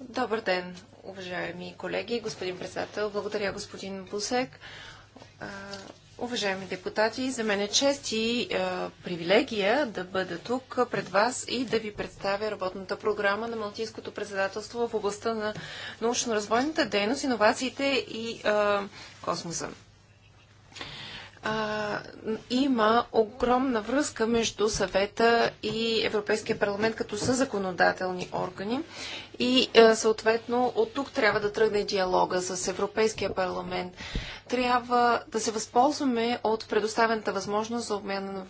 Добър ден, уважаеми колеги, господин председател. Благодаря, господин Бусек. Уважаеми депутати, за мен е чест и е, привилегия да бъда тук пред вас и да ви представя работната програма на Малтийското председателство в областта на научно-развойната дейност, иновациите и е, космоса а, има огромна връзка между съвета и Европейския парламент като са законодателни органи и а, е, съответно от тук трябва да тръгне диалога с Европейския парламент. Трябва да се възползваме от предоставената възможност за обмен на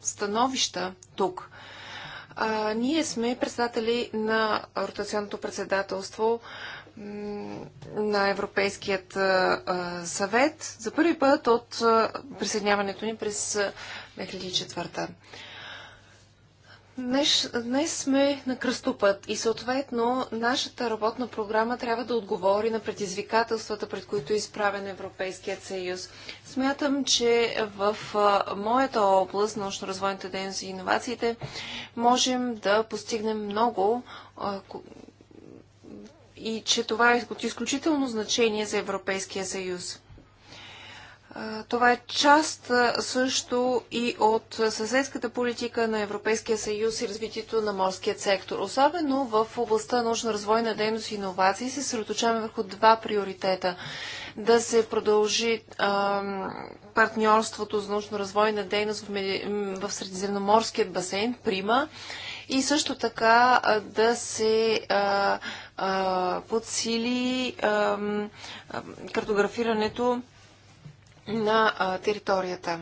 становища тук. А, ние сме председатели на ротационното председателство на Европейският съвет за първи път от присъединяването ни през 2004. Днес, днес сме на кръстопът и съответно нашата работна програма трябва да отговори на предизвикателствата, пред които е изправен Европейският съюз. Смятам, че в моята област, научно-развойните дейности и иновациите, можем да постигнем много, и че това е от изключително значение за Европейския съюз. Това е част също и от съседската политика на Европейския съюз и развитието на морският сектор. Особено в областта научно-развойна дейност и иновации се съсредоточаваме върху два приоритета. Да се продължи партньорството за научно-развойна дейност в, меди... в Средиземноморският басейн, Прима, и също така да се а, подсили картографирането на територията.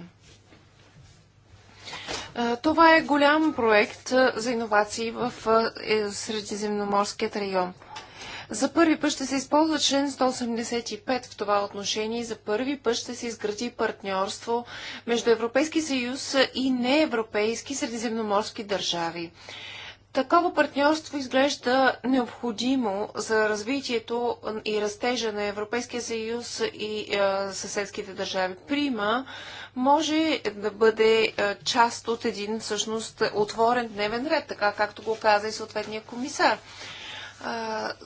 Това е голям проект за иновации в е, Средиземноморският район. За първи път ще се използва член 185 в това отношение и за първи път ще се изгради партньорство между Европейски съюз и неевропейски средиземноморски държави. Такова партньорство изглежда необходимо за развитието и растежа на Европейския съюз и е, съседските държави. Прима може да бъде е, част от един всъщност отворен дневен ред, така както го каза и съответния комисар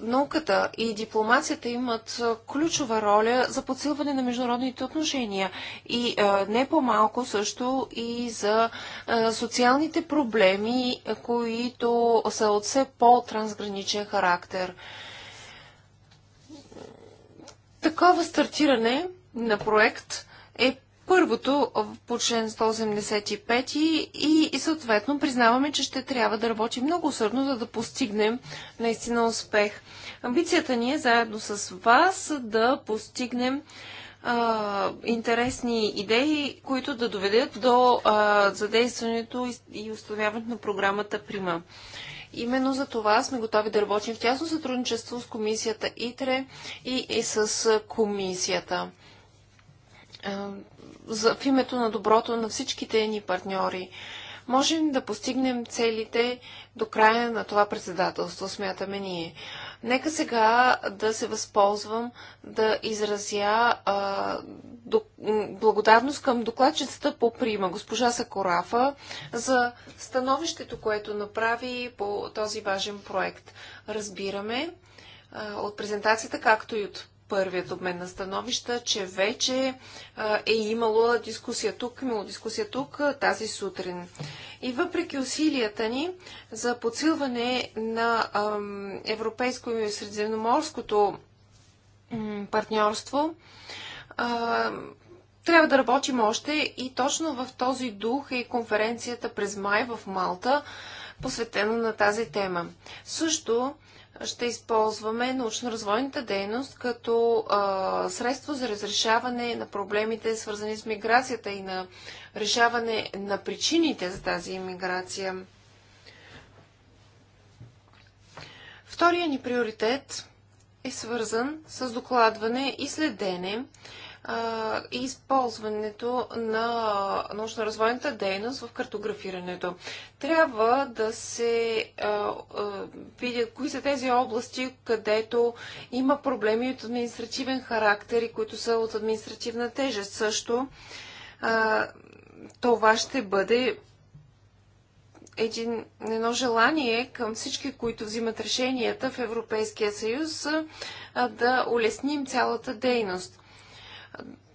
науката и дипломацията имат ключова роля за подсилване на международните отношения и не по-малко също и за социалните проблеми, които са от все по-трансграничен характер. Такова стартиране на проект е Първото по член 185 и, и съответно признаваме, че ще трябва да работим много усърдно, за да постигнем наистина успех. Амбицията ни е заедно с вас да постигнем а, интересни идеи, които да доведат до а, задействането и, установяването на програмата Прима. Именно за това сме готови да работим в тясно сътрудничество с комисията ИТРЕ и, и с комисията за, в името на доброто на всичките ни партньори. Можем да постигнем целите до края на това председателство, смятаме ние. Нека сега да се възползвам да изразя а, до, благодарност към докладчицата по прима, госпожа Сакорафа, за становището, което направи по този важен проект. Разбираме а, от презентацията, както и от първият обмен на становища, че вече е имало дискусия тук, имало дискусия тук тази сутрин. И въпреки усилията ни за подсилване на европейско и средиземноморското партньорство, трябва да работим още и точно в този дух е и конференцията през май в Малта, посветена на тази тема. Също ще използваме научно-развойната дейност като а, средство за разрешаване на проблемите, свързани с миграцията и на решаване на причините за тази иммиграция. Втория ни приоритет е свързан с докладване и следене и използването на научно-развойната дейност в картографирането. Трябва да се види кои са тези области, където има проблеми от административен характер и които са от административна тежест. Също а, това ще бъде един, едно желание към всички, които взимат решенията в Европейския съюз, а, да улесним цялата дейност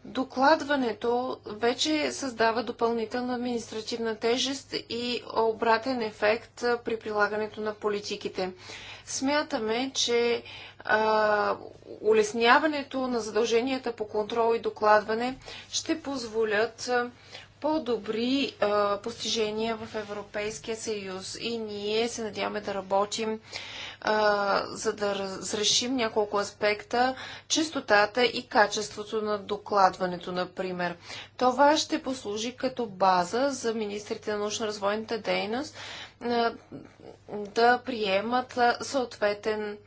докладването вече създава допълнителна административна тежест и обратен ефект при прилагането на политиките. Смятаме, че а, улесняването на задълженията по контрол и докладване ще позволят по-добри постижения в Европейския съюз и ние се надяваме да работим а, за да разрешим няколко аспекта, чистотата и качеството на докладването, например. Това ще послужи като база за министрите на научно-развойната дейност а, да приемат съответен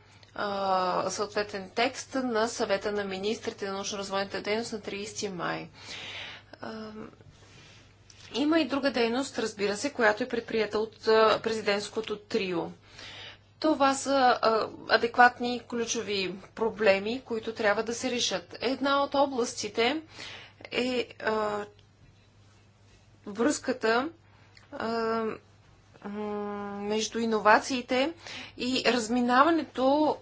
съответен текст на съвета на министрите на научно-развойната дейност на 30 май. Има и друга дейност, разбира се, която е предприята от президентското трио. Това са а, адекватни ключови проблеми, които трябва да се решат. Една от областите е а, връзката а, между иновациите и разминаването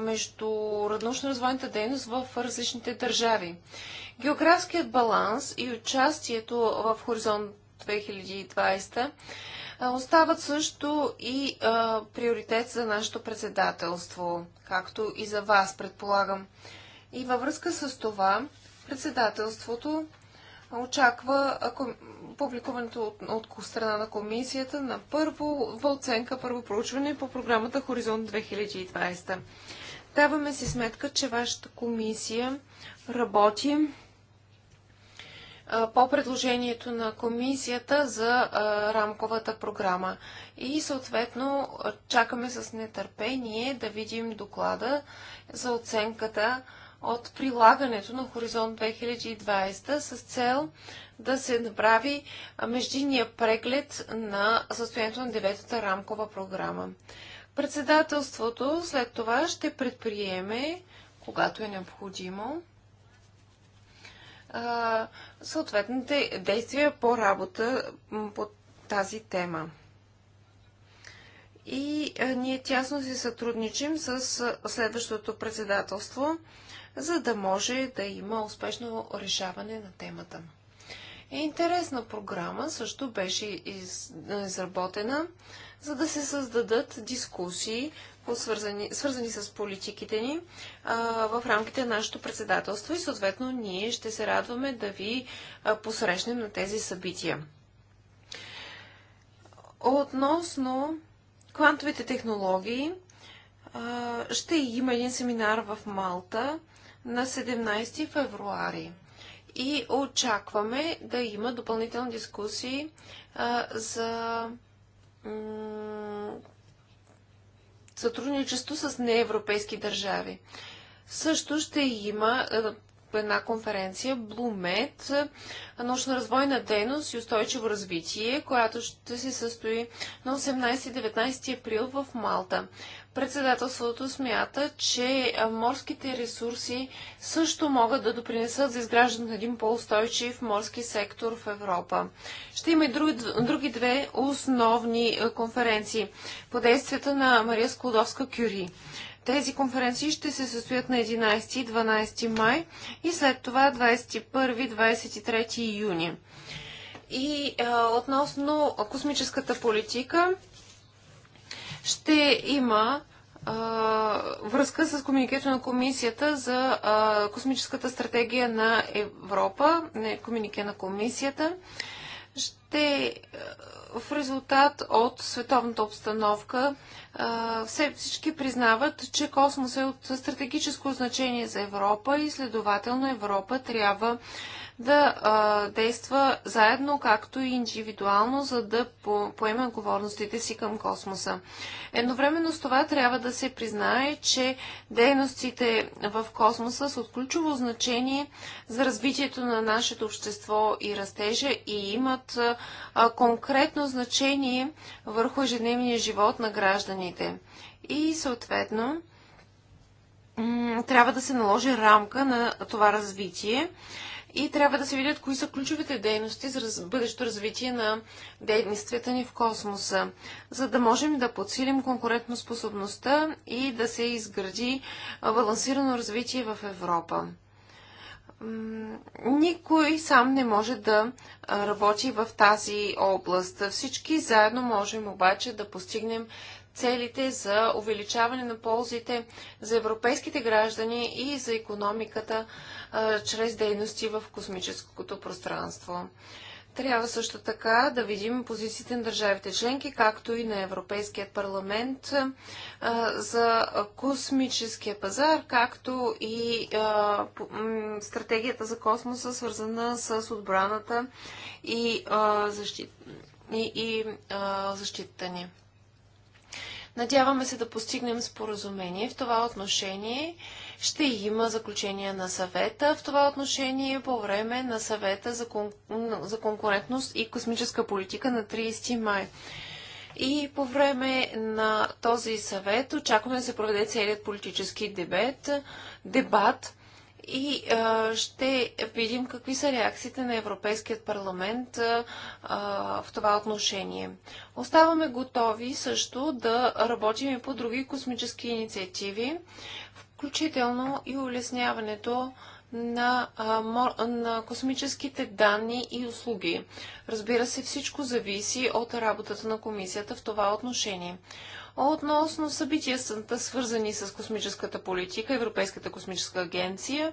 между научно-развойната дейност в различните държави. Географският баланс и участието в Хоризонт 2020 Остават също и а, приоритет за нашето председателство, както и за вас, предполагам. И във връзка с това, председателството очаква публикуването от, от страна на комисията на първо в оценка, първо проучване по програмата Хоризонт 2020. Даваме си сметка, че вашата комисия работи по предложението на комисията за рамковата програма. И съответно чакаме с нетърпение да видим доклада за оценката от прилагането на Хоризонт 2020 с цел да се направи междинния преглед на състоянието на деветата рамкова програма. Председателството след това ще предприеме, когато е необходимо, съответните действия по работа по тази тема. И ние тясно си сътрудничим с следващото председателство, за да може да има успешно решаване на темата. Е, интересна програма също беше изработена, за да се създадат дискусии по свързани, свързани с политиките ни а, в рамките на нашето председателство и съответно ние ще се радваме да ви а, посрещнем на тези събития. Относно квантовите технологии, а, ще има един семинар в Малта на 17 февруари и очакваме да има допълнителни дискусии а, за сътрудничество с неевропейски държави. Също ще има е, една конференция Блумет, научно-развойна дейност и устойчиво развитие, която ще се състои на 18-19 април в Малта. Председателството смята, че морските ресурси също могат да допринесат за изграждането на един по-устойчив морски сектор в Европа. Ще има и други, други две основни конференции по действията на Мария Склодовска-Кюри. Тези конференции ще се състоят на 11 и 12 май и след това 21-23 юни. И а, относно космическата политика ще има връзка с комуникето на комисията за а, космическата стратегия на Европа, не, комунике на комисията. Ще те е, в резултат от световната обстановка е, всички признават, че космос е от стратегическо значение за Европа и следователно Европа трябва да е, действа заедно, както и индивидуално, за да поеме отговорностите си към космоса. Едновременно с това трябва да се признае, че дейностите в космоса са от ключово значение за развитието на нашето общество и растежа и имат конкретно значение върху ежедневния живот на гражданите. И съответно трябва да се наложи рамка на това развитие и трябва да се видят кои са ключовите дейности за бъдещето развитие на дейностите ни в космоса, за да можем да подсилим конкурентоспособността и да се изгради балансирано развитие в Европа никой сам не може да работи в тази област. Всички заедно можем обаче да постигнем целите за увеличаване на ползите за европейските граждани и за економиката чрез дейности в космическото пространство. Трябва също така да видим позициите на държавите членки, както и на Европейският парламент за космическия пазар, както и стратегията за космоса, свързана с отбраната и, и защитата ни. Надяваме се да постигнем споразумение в това отношение. Ще има заключение на съвета в това отношение по време на съвета за, кон... за конкурентност и космическа политика на 30 май. И по време на този съвет очакваме да се проведе целият политически дебет, дебат и а, ще видим какви са реакциите на Европейският парламент а, в това отношение. Оставаме готови също да работим и по други космически инициативи включително и улесняването на, на космическите данни и услуги. Разбира се, всичко зависи от работата на комисията в това отношение. Относно събитията, свързани с космическата политика, Европейската космическа агенция,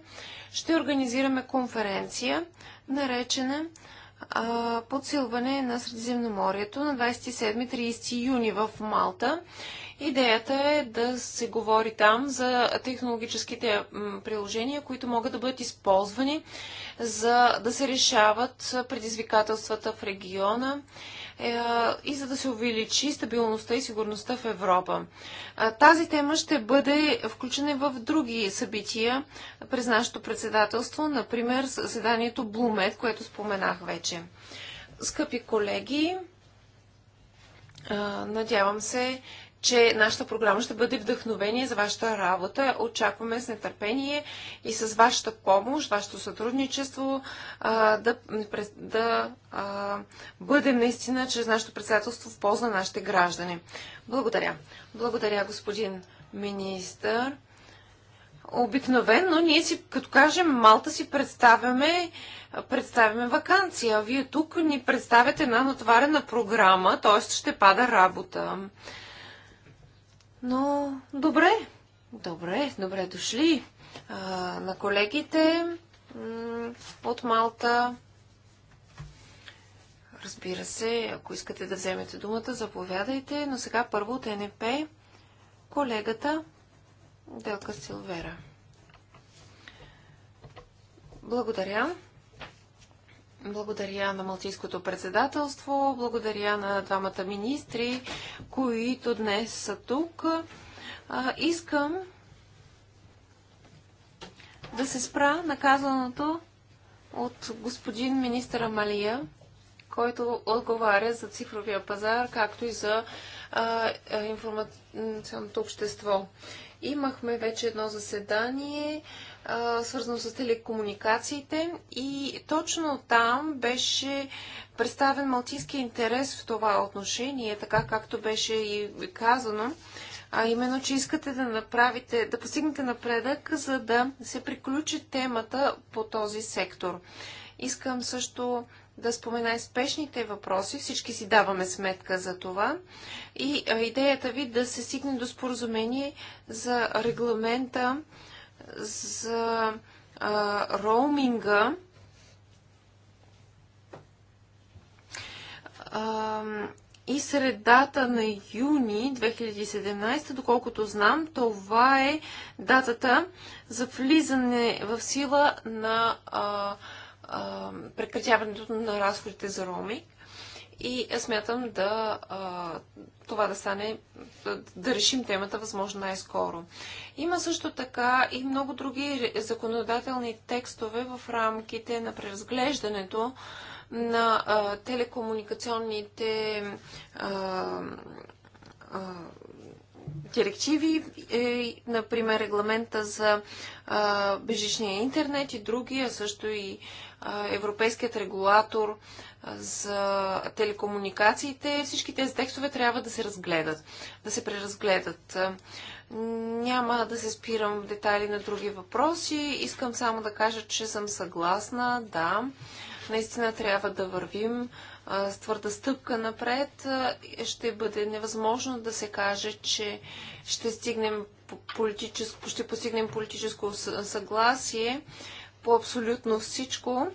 ще организираме конференция, наречена подсилване на Средиземноморието на 27-30 юни в Малта Идеята е да се говори там за технологическите приложения, които могат да бъдат използвани за да се решават предизвикателствата в региона е, и за да се увеличи стабилността и сигурността в Европа. Тази тема ще бъде включена в други събития през нашето председателство, например заседанието Блумет, което споменах вече. Скъпи колеги, надявам се, че нашата програма ще бъде вдъхновение за вашата работа. Очакваме с нетърпение и с вашата помощ, вашето сътрудничество да, да бъдем наистина чрез нашето председателство в полза на нашите граждани. Благодаря. Благодаря, господин министър. Обикновено ние си, като кажем Малта, си представяме, представяме вакансия. Вие тук ни представяте една натварена програма, т.е. ще пада работа. Но добре, добре, добре дошли а, на колегите от Малта. Разбира се, ако искате да вземете думата, заповядайте, но сега първо от НП колегата Делка Силвера. Благодаря. Благодаря на Малтийското председателство, благодаря на двамата министри, които днес са тук. искам да се спра на казаното от господин министър Малия, който отговаря за цифровия пазар, както и за информационното общество. Имахме вече едно заседание свързано с телекомуникациите и точно там беше представен малтийски интерес в това отношение, така както беше и казано, а именно, че искате да направите, да постигнете напредък, за да се приключи темата по този сектор. Искам също да спомена и спешните въпроси. Всички си даваме сметка за това. И идеята ви да се стигне до споразумение за регламента за а, роуминга, а, и средата на юни 2017, доколкото знам, това е датата за влизане в сила на а, а, прекратяването на разходите за роуминг и смятам да а, това да стане, да, да решим темата възможно най-скоро. Има също така и много други законодателни текстове в рамките на преразглеждането на а, телекомуникационните а, директиви, е, например регламента за бежичния интернет и други, а също и европейският регулатор за телекомуникациите, всички тези текстове трябва да се разгледат, да се преразгледат. Няма да се спирам в детайли на други въпроси. Искам само да кажа, че съм съгласна. Да, наистина трябва да вървим с твърда стъпка напред. Ще бъде невъзможно да се каже, че ще стигнем политическо, ще постигнем политическо съгласие по абсолютно всичко,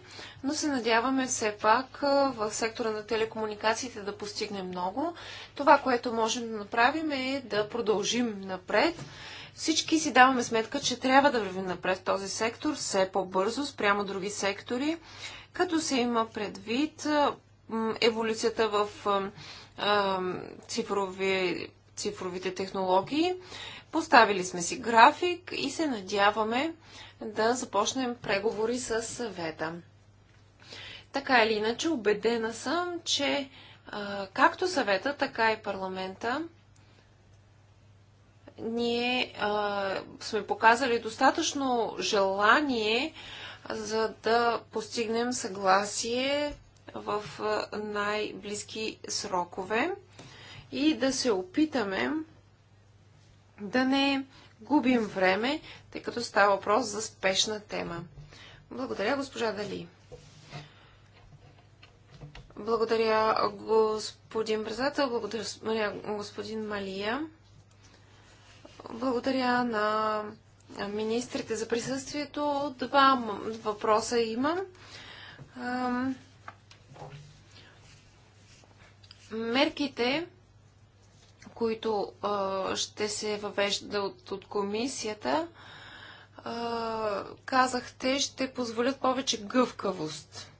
но се надяваме все пак в сектора на телекомуникациите да постигнем много. Това, което можем да направим е да продължим напред. Всички си даваме сметка, че трябва да вървим напред този сектор все по-бързо спрямо други сектори, като се има предвид еволюцията в цифрови, цифровите технологии Поставили сме си график и се надяваме да започнем преговори с съвета. Така или иначе, убедена съм, че както съвета, така и парламента ние сме показали достатъчно желание, за да постигнем съгласие в най-близки срокове и да се опитаме да не губим време, тъй като става въпрос за спешна тема. Благодаря, госпожа Дали. Благодаря, господин Брезател. Благодаря, господин Малия. Благодаря на министрите за присъствието. Два въпроса имам. Мерките които а, ще се въвеждат от, комисията, а, казахте, ще позволят повече гъвкавост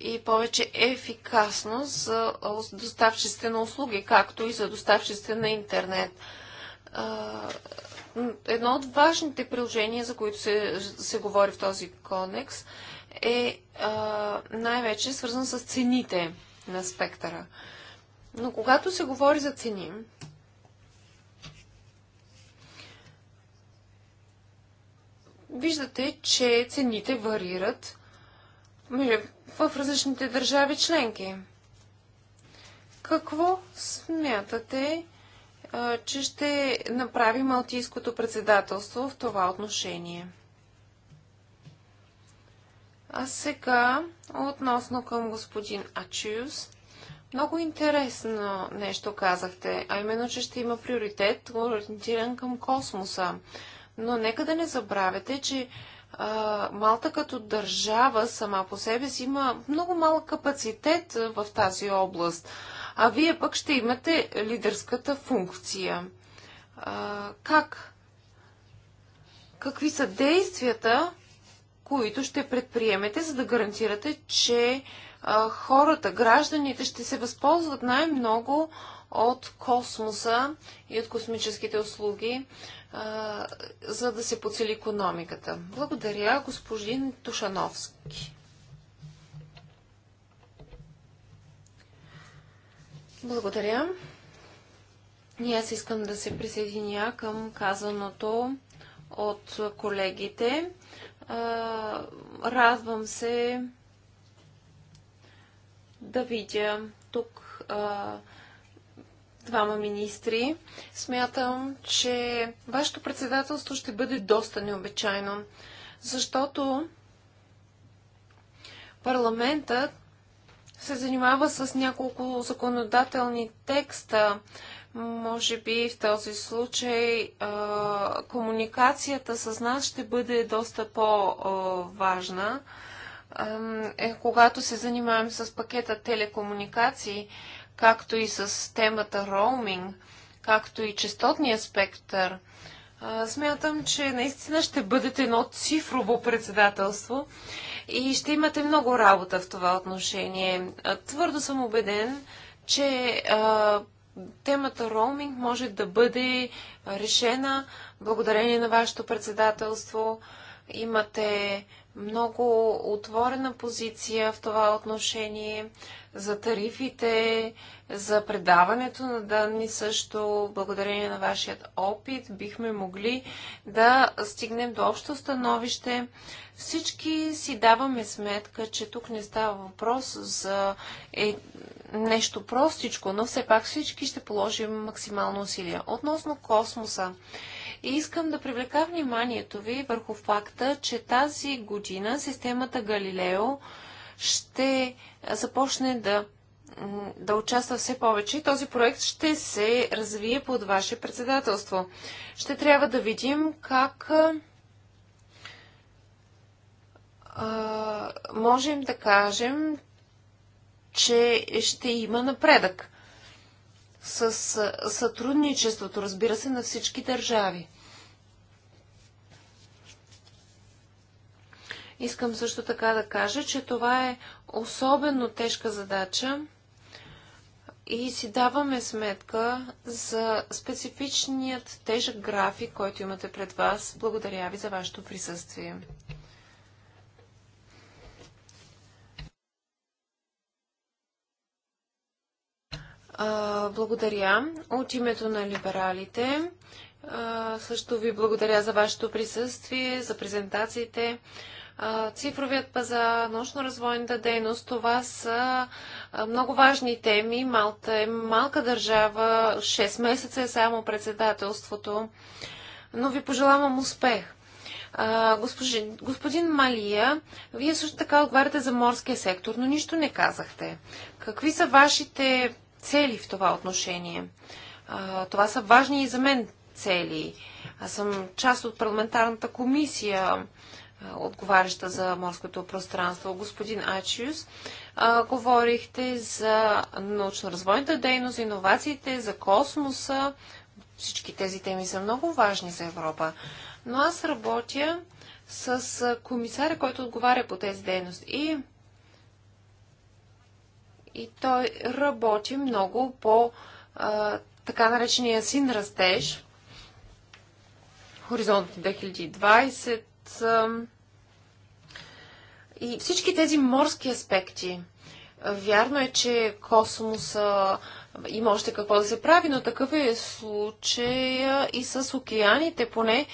и повече ефикасност за доставчиците на услуги, както и за доставчиците на интернет. А, едно от важните приложения, за които се, се говори в този конекс, е най-вече свързан с цените на спектъра. Но когато се говори за цени, виждате, че цените варират нали, в различните държави членки. Какво смятате, че ще направи Малтийското председателство в това отношение? А сега относно към господин Ачиус – много интересно нещо казахте, а именно, че ще има приоритет ориентиран към космоса. Но нека да не забравяте, че а, Малта като държава сама по себе си има много малък капацитет в тази област, а вие пък ще имате лидерската функция. А, как? Какви са действията, които ще предприемете, за да гарантирате, че хората, гражданите ще се възползват най-много от космоса и от космическите услуги, за да се поцели економиката. Благодаря, господин Тушановски. Благодаря. И аз искам да се присъединя към казаното от колегите. радвам се, да видя тук а, двама министри. Смятам, че вашето председателство ще бъде доста необичайно, защото парламентът се занимава с няколко законодателни текста. Може би в този случай а, комуникацията с нас ще бъде доста по-важна е когато се занимаваме с пакета телекомуникации, както и с темата роуминг, както и частотния спектър. Смятам, че наистина ще бъдете едно цифрово председателство и ще имате много работа в това отношение. Твърдо съм убеден, че а, темата роуминг може да бъде решена благодарение на вашето председателство. Имате много отворена позиция в това отношение за тарифите, за предаването на данни също. Благодарение на вашият опит бихме могли да стигнем до общо становище. Всички си даваме сметка, че тук не става въпрос за е, нещо простичко, но все пак всички ще положим максимално усилия. Относно космоса. И искам да привлека вниманието ви върху факта, че тази година системата Галилео ще започне да, да участва все повече и този проект ще се развие под ваше председателство. Ще трябва да видим как а, можем да кажем, че ще има напредък с сътрудничеството, разбира се, на всички държави. Искам също така да кажа, че това е особено тежка задача и си даваме сметка за специфичният тежък график, който имате пред вас. Благодаря ви за вашето присъствие. благодаря от името на либералите. Също ви благодаря за вашето присъствие, за презентациите цифровият пазар, научно-развойната дейност, това са много важни теми. Малта е малка държава, 6 месеца е само председателството, но ви пожелавам успех. Госпожи, господин Малия, вие също така отговаряте за морския сектор, но нищо не казахте. Какви са вашите цели в това отношение? Това са важни и за мен цели. Аз съм част от парламентарната комисия отговаряща за морското пространство. Господин Ачиус, говорихте за научно-развойната дейност, иновациите, за космоса. Всички тези теми са много важни за Европа. Но аз работя с комисаря, който отговаря по тези дейности. И, и той работи много по а, така наречения син растеж, Хоризонт 2020, и всички тези морски аспекти. Вярно е, че космоса има още какво да се прави, но такъв е случай и с океаните, поне,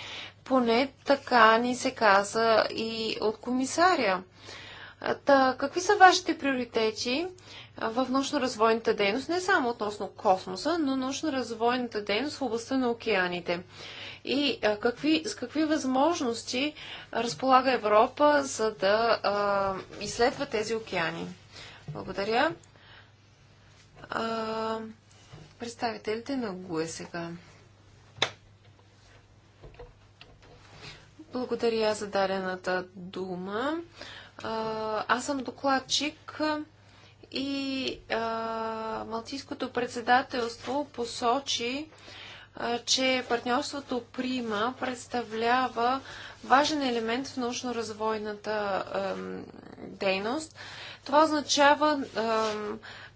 поне така ни се каза и от комисаря. Та, какви са вашите приоритети в научно-развойната дейност, не само относно космоса, но научно-развойната дейност в областта на океаните? и а, какви, с какви възможности разполага Европа, за да а, изследва тези океани. Благодаря. А, представителите на ГУЕ сега. Благодаря за дадената дума. Аз съм докладчик и а, Малтийското председателство посочи че партньорството Прима представлява важен елемент в научно-развойната дейност. Това означава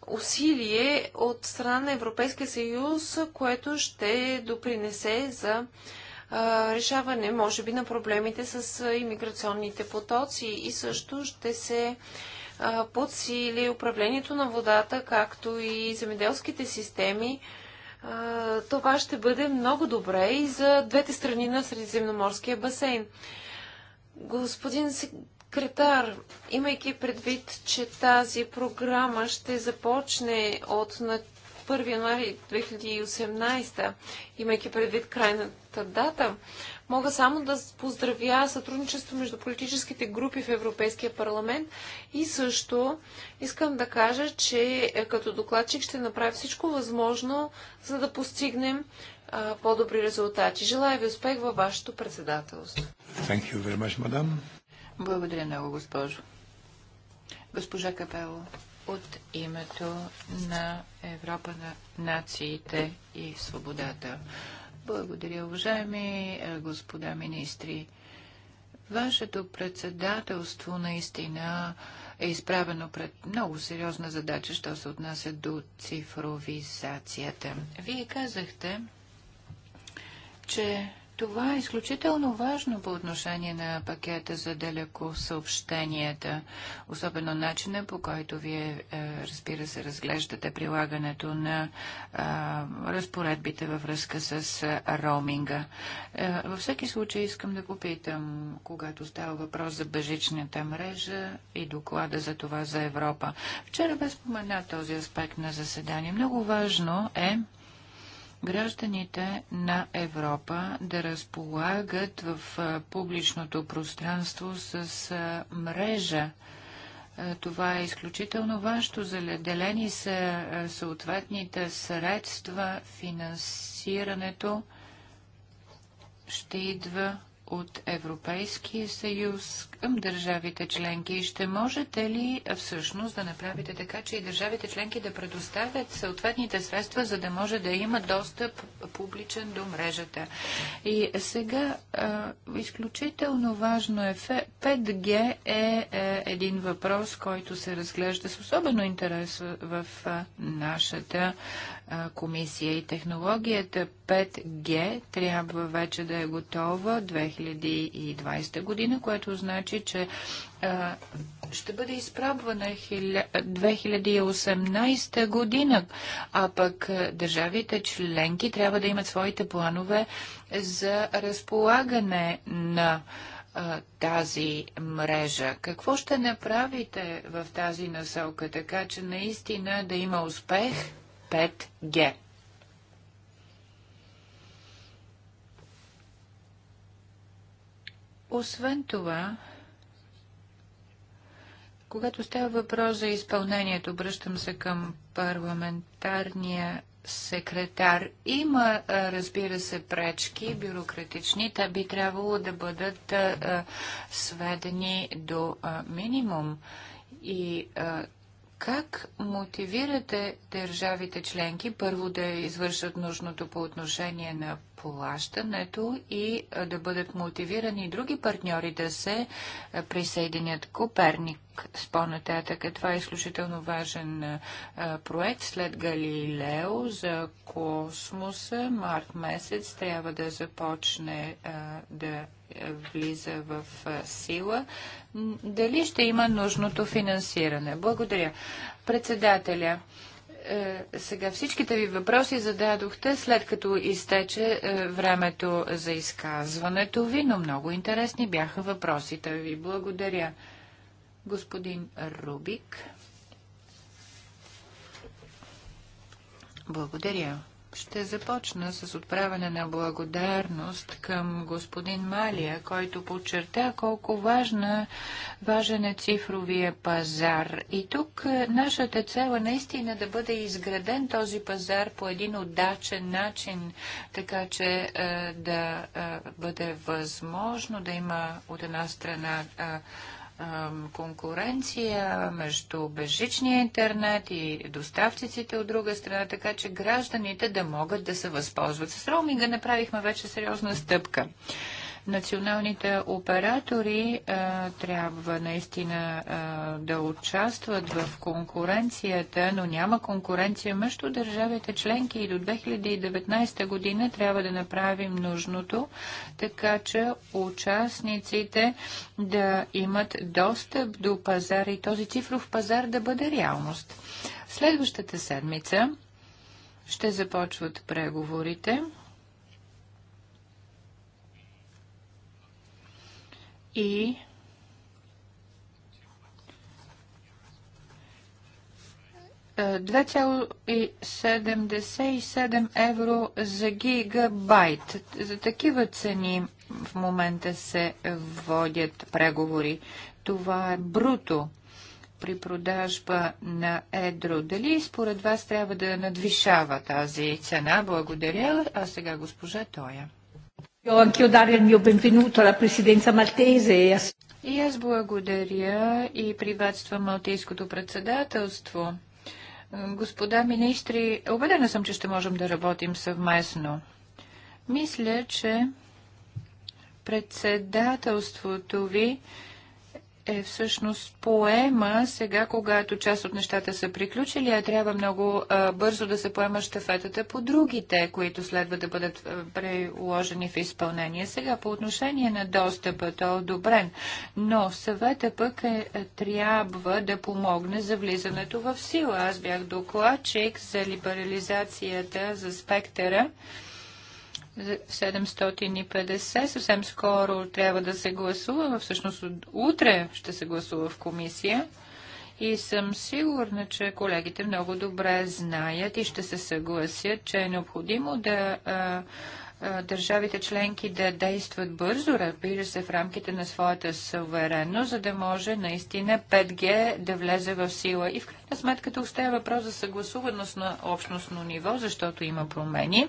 усилие от страна на Европейския съюз, което ще допринесе за решаване, може би, на проблемите с иммиграционните потоци и също ще се подсили управлението на водата, както и земеделските системи, това ще бъде много добре и за двете страни на Средиземноморския басейн. Господин секретар, имайки предвид, че тази програма ще започне от 1 януари 2018, имайки предвид крайната дата, Мога само да поздравя сътрудничество между политическите групи в Европейския парламент и също искам да кажа, че е, като докладчик ще направя всичко възможно, за да постигнем по-добри резултати. Желая ви успех във вашето председателство. Thank you very much, madam. Благодаря много, госпожо. Госпожа Капело, от името на Европа на нациите и свободата. Благодаря, уважаеми е, господа министри. Вашето председателство наистина е изправено пред много сериозна задача, що се отнася до цифровизацията. Вие казахте, че това е изключително важно по отношение на пакета за далеко съобщенията, особено начина по който вие, е, разбира се, разглеждате прилагането на е, разпоредбите във връзка с е, роуминга. във всеки случай искам да попитам, когато става въпрос за бежичната мрежа и доклада за това за Европа. Вчера бе споменат този аспект на заседание. Много важно е гражданите на Европа да разполагат в публичното пространство с мрежа. Това е изключително важно. Заделени са съответните средства, финансирането ще идва от Европейския съюз към държавите членки и ще можете ли всъщност да направите така, че и държавите членки да предоставят съответните средства, за да може да има достъп публичен до мрежата? И сега а, изключително важно е 5G е, е един въпрос, който се разглежда с особено интерес в, в нашата комисия и технологията 5G трябва вече да е готова 2020 година, което значи, че ще бъде изпробвана 2018 година, а пък държавите членки трябва да имат своите планове за разполагане на тази мрежа. Какво ще направите в тази насока, така че наистина да има успех 5G. Освен това, когато става въпрос за изпълнението, обръщам се към парламентарния секретар. Има, разбира се, пречки бюрократични. Те би трябвало да бъдат сведени до минимум. И как мотивирате държавите членки първо да извършат нужното по отношение на плащането и да бъдат мотивирани и други партньори да се присъединят? Коперник с по-нататък. Това е изключително важен проект след Галилео за космоса. Март месец трябва да започне да влиза в сила, дали ще има нужното финансиране? Благодаря. Председателя, е, сега всичките ви въпроси зададохте след като изтече е, времето за изказването ви, но много интересни бяха въпросите ви. Благодаря. Господин Рубик. Благодаря. Ще започна с отправяне на благодарност към господин Малия, който подчерта колко важна, важен е цифровия пазар. И тук е, нашата цел е наистина да бъде изграден този пазар по един отдачен начин, така че е, да е, бъде възможно да има от една страна конкуренция между безжичния интернет и доставчиците от друга страна, така че гражданите да могат да се възползват. С роуминга направихме вече сериозна стъпка. Националните оператори а, е, трябва наистина а, е, да участват в конкуренцията, но няма конкуренция между държавите членки и до 2019 година трябва да направим нужното, така че участниците да имат достъп до пазара и този цифров пазар да бъде реалност. Следващата седмица ще започват преговорите и 2,77 е, евро за гигабайт. За такива цени в момента се водят преговори. Това е бруто при продажба на едро. Дали според вас трябва да надвишава тази цена? Благодаря. А сега госпожа Тоя. E и аз благодаря и приветствам Малтийското председателство. Господа министри, убедена съм, че ще можем да работим съвместно. Мисля, че председателството ви е всъщност поема сега, когато част от нещата са приключили, а трябва много а, бързо да се поема щафетата по другите, които следва да бъдат а, приложени в изпълнение. Сега по отношение на достъпа, то е одобрен, но съвета пък е, е трябва да помогне за влизането в сила. Аз бях докладчик за либерализацията за спектъра. 750. Съвсем скоро трябва да се гласува. Всъщност утре ще се гласува в комисия. И съм сигурна, че колегите много добре знаят и ще се съгласят, че е необходимо да а, държавите членки да действат бързо, разбира се, в рамките на своята суверенност, за да може наистина 5G да влезе в сила. И в крайна сметка тук става въпрос за съгласуваност на общностно ниво, защото има промени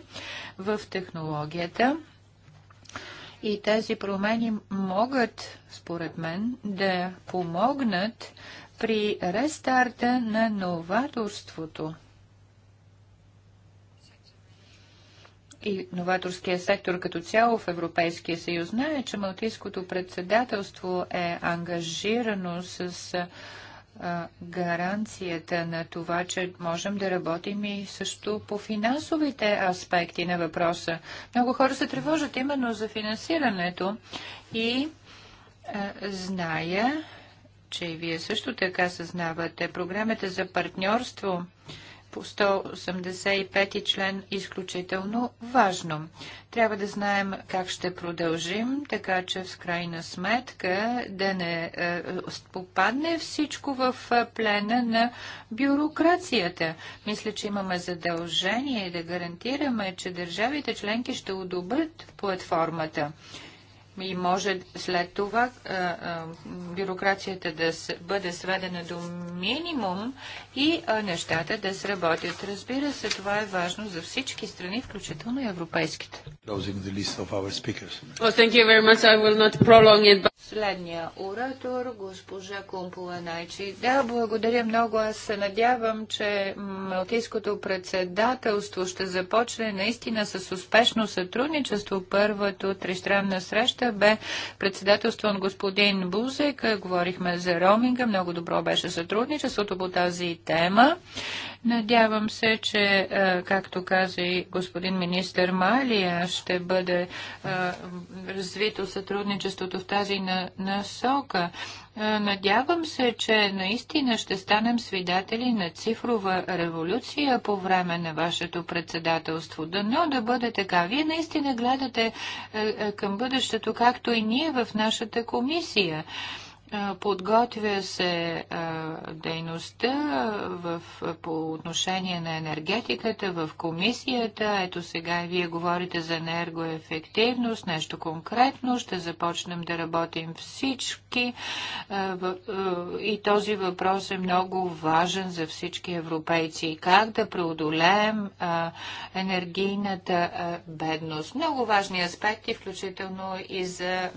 в технологията. И тези промени могат, според мен, да помогнат при рестарта на новаторството и новаторския сектор като цяло в Европейския съюз. Знае, че Малтийското председателство е ангажирано с а, гаранцията на това, че можем да работим и също по финансовите аспекти на въпроса. Много хора се тревожат именно за финансирането и а, зная, че и вие също така съзнавате програмите за партньорство по 185 и член изключително важно. Трябва да знаем как ще продължим, така че в крайна сметка да не е, попадне всичко в е, плена на бюрокрацията. Мисля, че имаме задължение да гарантираме, че държавите членки ще одобрят платформата и може след това бюрокрацията да бъде сведена до минимум и нещата да сработят. Разбира се, това е важно за всички страни, включително и европейските. Следния оратор, госпожа Кумпула Найчи. Да, благодаря много. Аз се надявам, че Малтийското председателство ще започне наистина с успешно сътрудничество. Първото тристранна среща парламента бе председателстван господин Бузек. Говорихме за роминга. Много добро беше сътрудничеството по тази тема. Надявам се, че, е, както каза и господин министър Малия, ще бъде е, развито сътрудничеството в тази насока. Е, надявам се, че наистина ще станем свидатели на цифрова революция по време на вашето председателство. Дано да бъде така. Вие наистина гледате е, е, към бъдещето, както и ние в нашата комисия. Подготвя се дейността в, по отношение на енергетиката в комисията. Ето сега вие говорите за енергоефективност, нещо конкретно. Ще започнем да работим всички. И този въпрос е много важен за всички европейци. Как да преодолеем енергийната бедност? Много важни аспекти, включително и за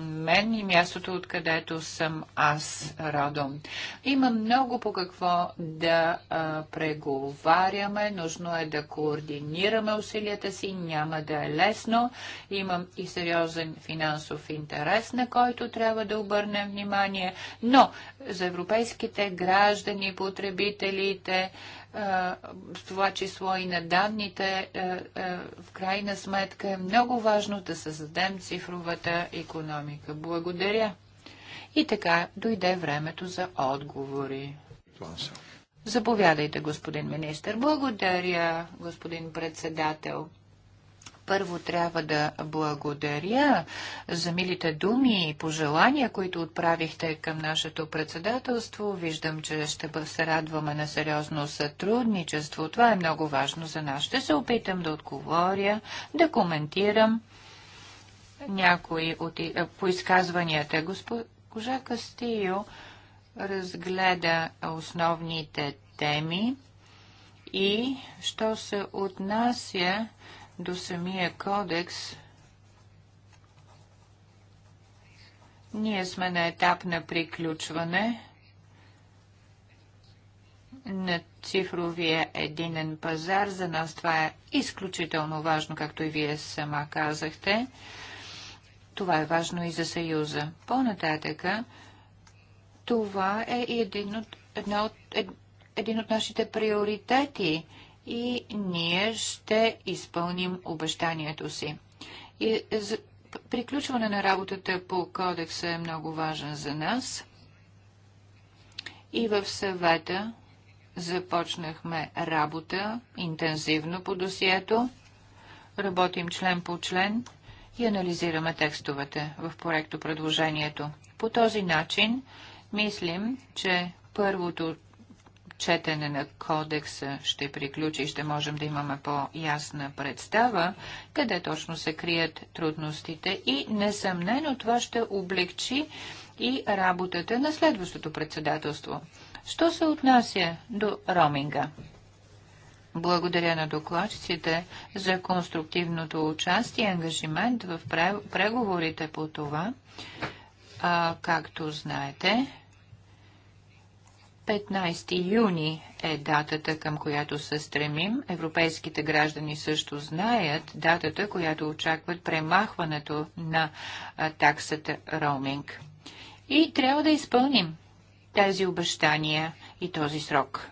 мен и мястото, откъдето съм аз родом. Има много по какво да а, преговаряме, нужно е да координираме усилията си, няма да е лесно. Имам и сериозен финансов интерес, на който трябва да обърнем внимание, но за европейските граждани, потребителите, в това число и на данните, в крайна сметка е много важно да създадем цифровата економика. Благодаря. И така дойде времето за отговори. Заповядайте, господин министр. Благодаря, господин председател. Първо трябва да благодаря за милите думи и пожелания, които отправихте към нашето председателство. Виждам, че ще се радваме на сериозно сътрудничество. Това е много важно за нас. Ще се опитам да отговоря, да коментирам някои от поизказванията. господин. Госпожа Кастио разгледа основните теми и, що се отнася до самия кодекс, ние сме на етап на приключване на цифровия единен пазар. За нас това е изключително важно, както и вие сама казахте. Това е важно и за Съюза. По-нататъка, това е и един от, една от, ед, един от нашите приоритети и ние ще изпълним обещанието си. И за приключване на работата по кодекса е много важен за нас. И в съвета започнахме работа интензивно по досието. Работим член по член и анализираме текстовете в проекто предложението. По този начин мислим, че първото четене на кодекса ще приключи и ще можем да имаме по-ясна представа, къде точно се крият трудностите и несъмнено това ще облегчи и работата на следващото председателство. Що се отнася до роминга? Благодаря на докладчиците за конструктивното участие и ангажимент в преговорите по това. А, както знаете, 15 юни е датата, към която се стремим. Европейските граждани също знаят датата, която очакват премахването на а, таксата роуминг. И трябва да изпълним тези обещания и този срок.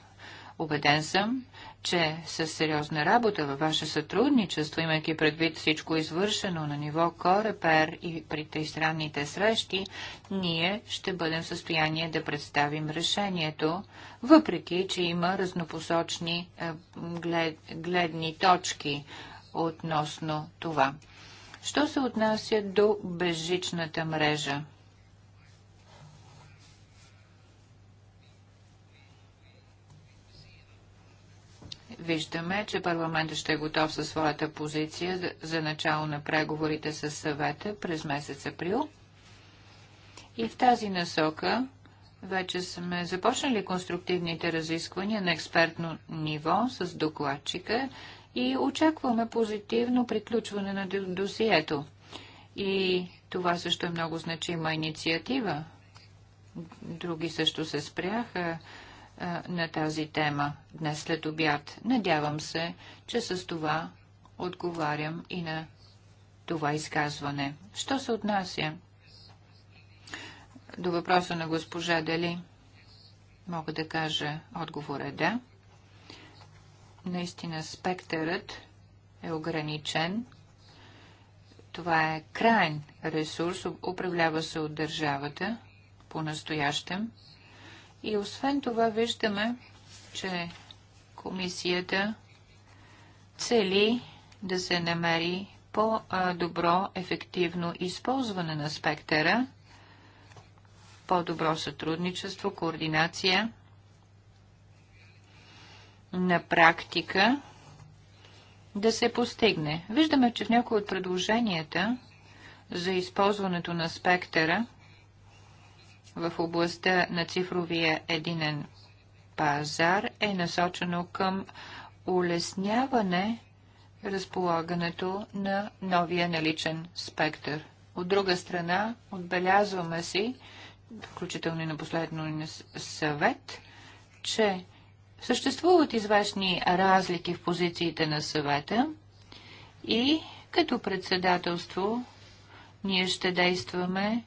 Обеден съм, че с сериозна работа във ваше сътрудничество, имайки предвид всичко извършено на ниво Корепер и при тристранните срещи, ние ще бъдем в състояние да представим решението, въпреки, че има разнопосочни е, глед, гледни точки относно това. Що се отнася до безжичната мрежа? Виждаме, че парламентът ще е готов със своята позиция за начало на преговорите с съвета през месец април. И в тази насока вече сме започнали конструктивните разисквания на експертно ниво с докладчика и очакваме позитивно приключване на досието. И това също е много значима инициатива. Други също се спряха а, на тази тема днес след обяд. Надявам се, че с това отговарям и на това изказване. Що се отнася до въпроса на госпожа Дали? Мога да кажа отговор е да. Наистина спектърът е ограничен. Това е крайен ресурс, управлява се от държавата по-настоящем. И освен това виждаме, че комисията цели да се намери по-добро ефективно използване на спектъра, по-добро сътрудничество, координация. На практика да се постигне. Виждаме, че в някои от предложенията за използването на спектъра в областта на цифровия единен пазар е насочено към улесняване разполагането на новия наличен спектър. От друга страна, отбелязваме си, включително и на последно съвет, че съществуват известни разлики в позициите на съвета и като председателство ние ще действаме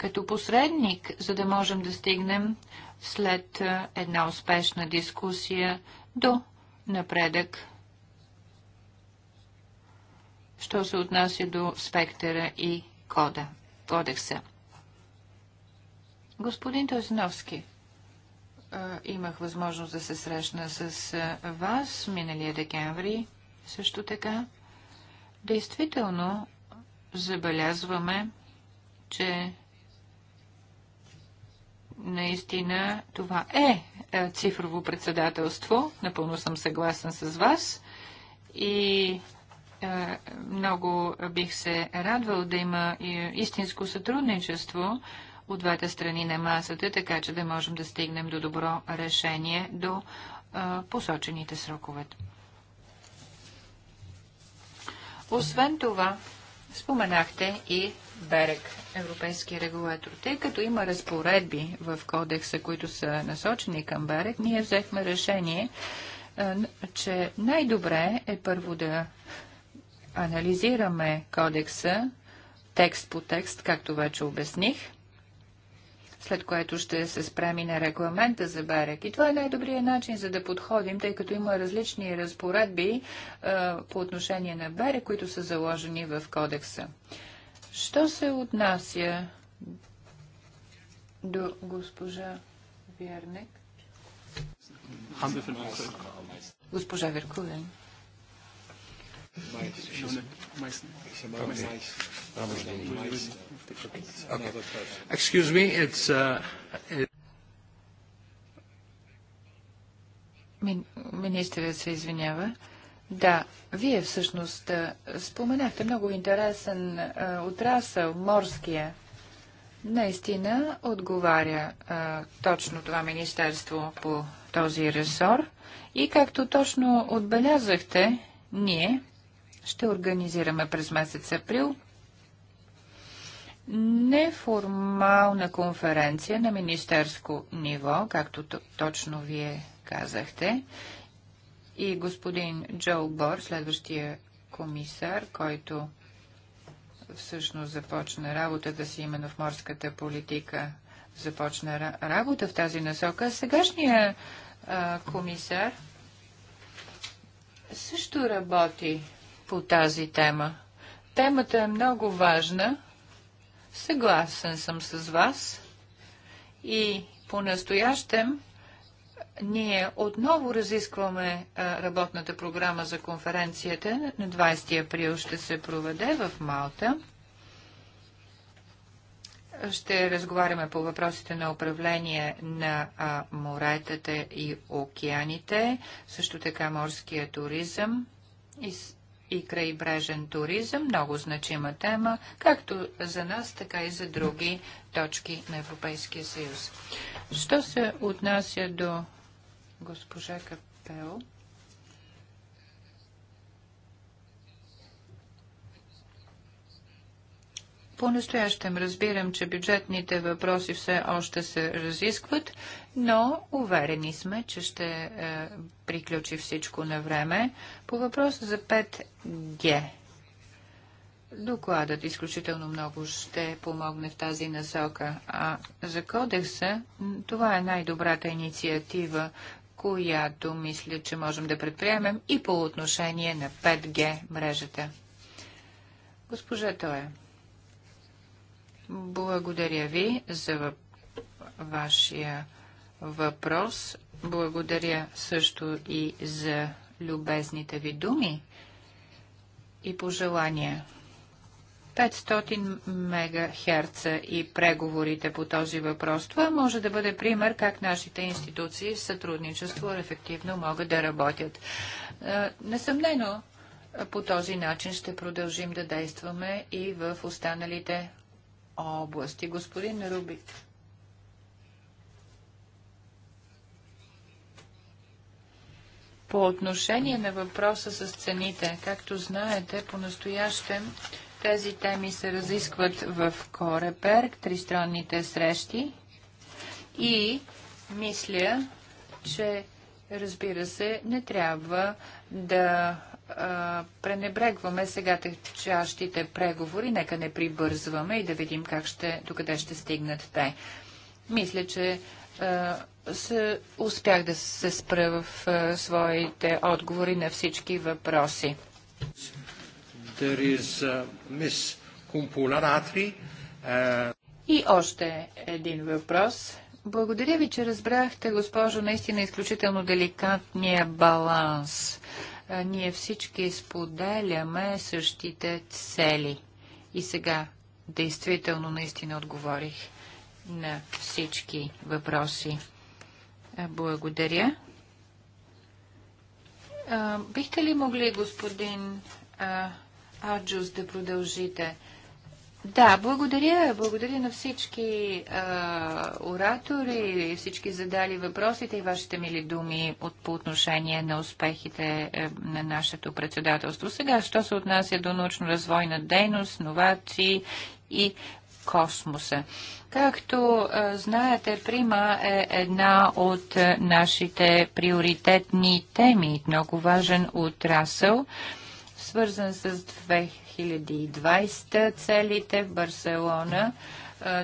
като посредник, за да можем да стигнем след една успешна дискусия до напредък. Що се отнася до спектъра и кода, кодекса. Господин Тозиновски, имах възможност да се срещна с вас миналия декември също така. Действително забелязваме, че Наистина това е, е цифрово председателство. Напълно съм съгласен с вас. И е, много бих се радвал да има е, истинско сътрудничество от двете страни на масата, така че да можем да стигнем до добро решение до посочените срокове. Освен това, споменахте и Берег, европейския регулатор. Тъй като има разпоредби в кодекса, които са насочени към Берег, ние взехме решение, че най-добре е първо да анализираме кодекса текст по текст, както вече обясних, след което ще се спрем и на регламента за Берег. И това е най-добрият начин за да подходим, тъй като има различни разпоредби по отношение на Берег, които са заложени в кодекса. Що се отнася до госпожа Вернек? Госпожа Веркулен. Excuse me, it's uh, Министърът се извинява. Да, вие всъщност споменахте много интересен а, отрасъл, морския. Наистина отговаря а, точно това министерство по този ресор. И както точно отбелязахте, ние ще организираме през месец април неформална конференция на министерско ниво, както точно вие казахте и господин Джол Бор, следващия комисар, който всъщност започна работата си именно в морската политика, започна работа в тази насока. Сегашният комисар също работи по тази тема. Темата е много важна. Съгласен съм с вас. И по-настоящем ние отново разискваме работната програма за конференцията. На 20 април ще се проведе в Малта. Ще разговаряме по въпросите на управление на моретата и океаните, също така морския туризъм и, крайбрежен туризъм. Много значима тема, както за нас, така и за други точки на Европейския съюз. Що се отнася до госпожа Капел. По-настоящем разбирам, че бюджетните въпроси все още се разискват, но уверени сме, че ще е, приключи всичко на време. По въпроса за 5G. Докладът изключително много ще помогне в тази насока. А за кодекса това е най-добрата инициатива, която мисля, че можем да предприемем и по отношение на 5G мрежата. Госпожа Тоя, благодаря ви за вашия въпрос. Благодаря също и за любезните ви думи и пожелания. 500 МГц и преговорите по този въпрос. Това може да бъде пример как нашите институции в сътрудничество ефективно могат да работят. Е, несъмнено, по този начин ще продължим да действаме и в останалите области. Господин Рубик. По отношение на въпроса с цените, както знаете, по-настоящем тези теми се разискват в Корепер, тристранните срещи и мисля, че разбира се, не трябва да а, пренебрегваме сега течащите преговори, нека не прибързваме и да видим как ще, докъде ще стигнат те. Мисля, че а, се, успях да се спра в а, своите отговори на всички въпроси there is uh, Miss Kumpula Ratri. Uh, И още един въпрос. Благодаря ви, че разбрахте, госпожо, наистина изключително деликатния баланс. ние всички споделяме същите цели. И сега, действително, наистина отговорих на всички въпроси. благодаря. бихте ли могли, господин Аджус да продължите. Да, благодаря. Благодаря на всички а, оратори, всички задали въпросите и вашите мили думи от, по отношение на успехите е, на нашето председателство. Сега, що се отнася до научно-развойна дейност, новации и космоса. Както а, знаете, Прима е една от нашите приоритетни теми, много важен отрасъл свързан с 2020 целите в Барселона.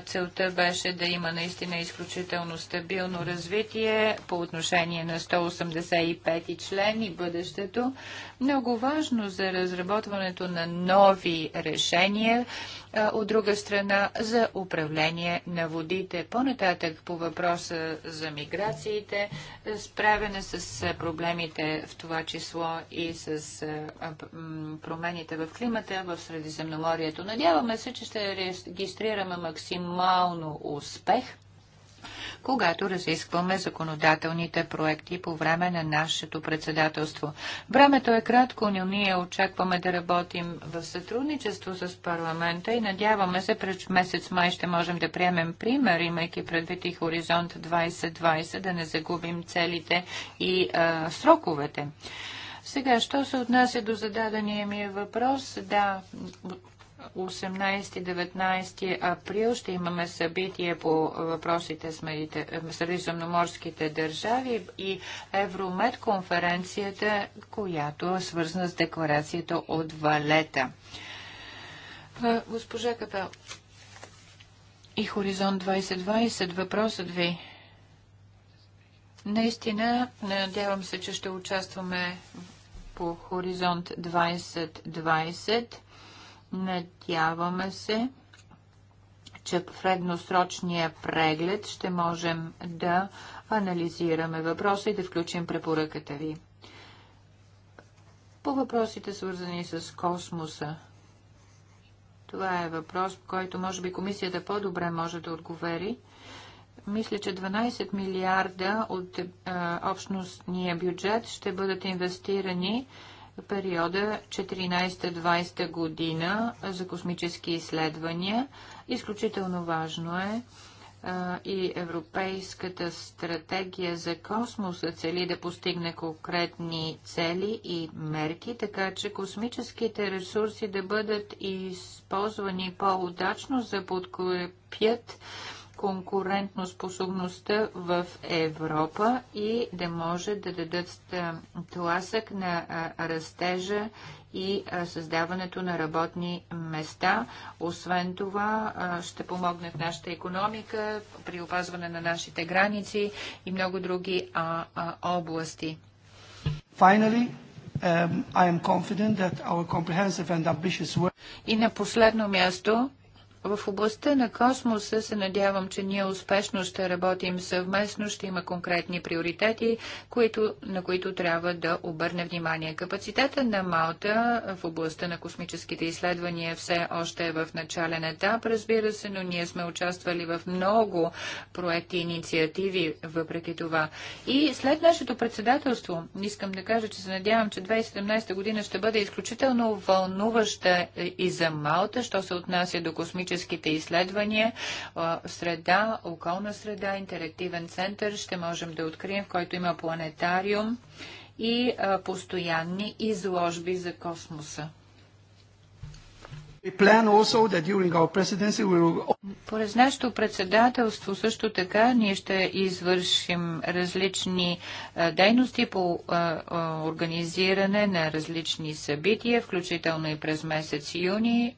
Целта беше да има наистина изключително стабилно развитие по отношение на 185 члени и бъдещето много важно за разработването на нови решения, а, от друга страна за управление на водите. По-нататък по въпроса за миграциите, справяне с проблемите в това число и с промените в климата в Средиземноморието. Надяваме се, че ще регистрираме максимално успех когато разискваме законодателните проекти по време на нашето председателство. Времето е кратко, но ние очакваме да работим в сътрудничество с парламента и надяваме се през месец май ще можем да приемем пример, имайки предвид и Хоризонт 2020, да не загубим целите и а, сроковете. Сега, що се отнася до зададения ми въпрос, да, 18-19 април ще имаме събитие по въпросите с е, средиземноморските държави и Евромед конференцията, която е свързана с декларацията от Валета. Е, госпожа Капел и Хоризонт 2020, въпросът ви. Наистина, надявам се, че ще участваме по Хоризонт 2020 Надяваме се, че в средносрочния преглед ще можем да анализираме въпроса и да включим препоръката ви. По въпросите, свързани с космоса, това е въпрос, по който може би комисията по-добре може да отговори. Мисля, че 12 милиарда от е, общностния бюджет ще бъдат инвестирани периода 14-20 година за космически изследвания. Изключително важно е и Европейската стратегия за космоса цели да постигне конкретни цели и мерки, така че космическите ресурси да бъдат използвани по-удачно, за подкрепят конкурентноспособността в Европа и да може да дадат тласък на растежа и създаването на работни места. Освен това, ще помогне в нашата економика, при опазване на нашите граници и много други области. Finally, um, I am confident that our comprehensive and ambitious work... И на последно място, в областта на космоса се надявам, че ние успешно ще работим съвместно, ще има конкретни приоритети, които, на които трябва да обърне внимание. Капацитета на Малта в областта на космическите изследвания все още е в начален етап, разбира се, но ние сме участвали в много проекти и инициативи въпреки това. И след нашето председателство, искам да кажа, че се надявам, че 2017 година ще бъде изключително вълнуваща и за Малта, що се отнася до космическите техническите изследвания, среда, околна среда, интерактивен център ще можем да открием, в който има планетариум и постоянни изложби за космоса. Will... Поред нашето председателство също така ние ще извършим различни дейности по организиране на различни събития, включително и през месец юни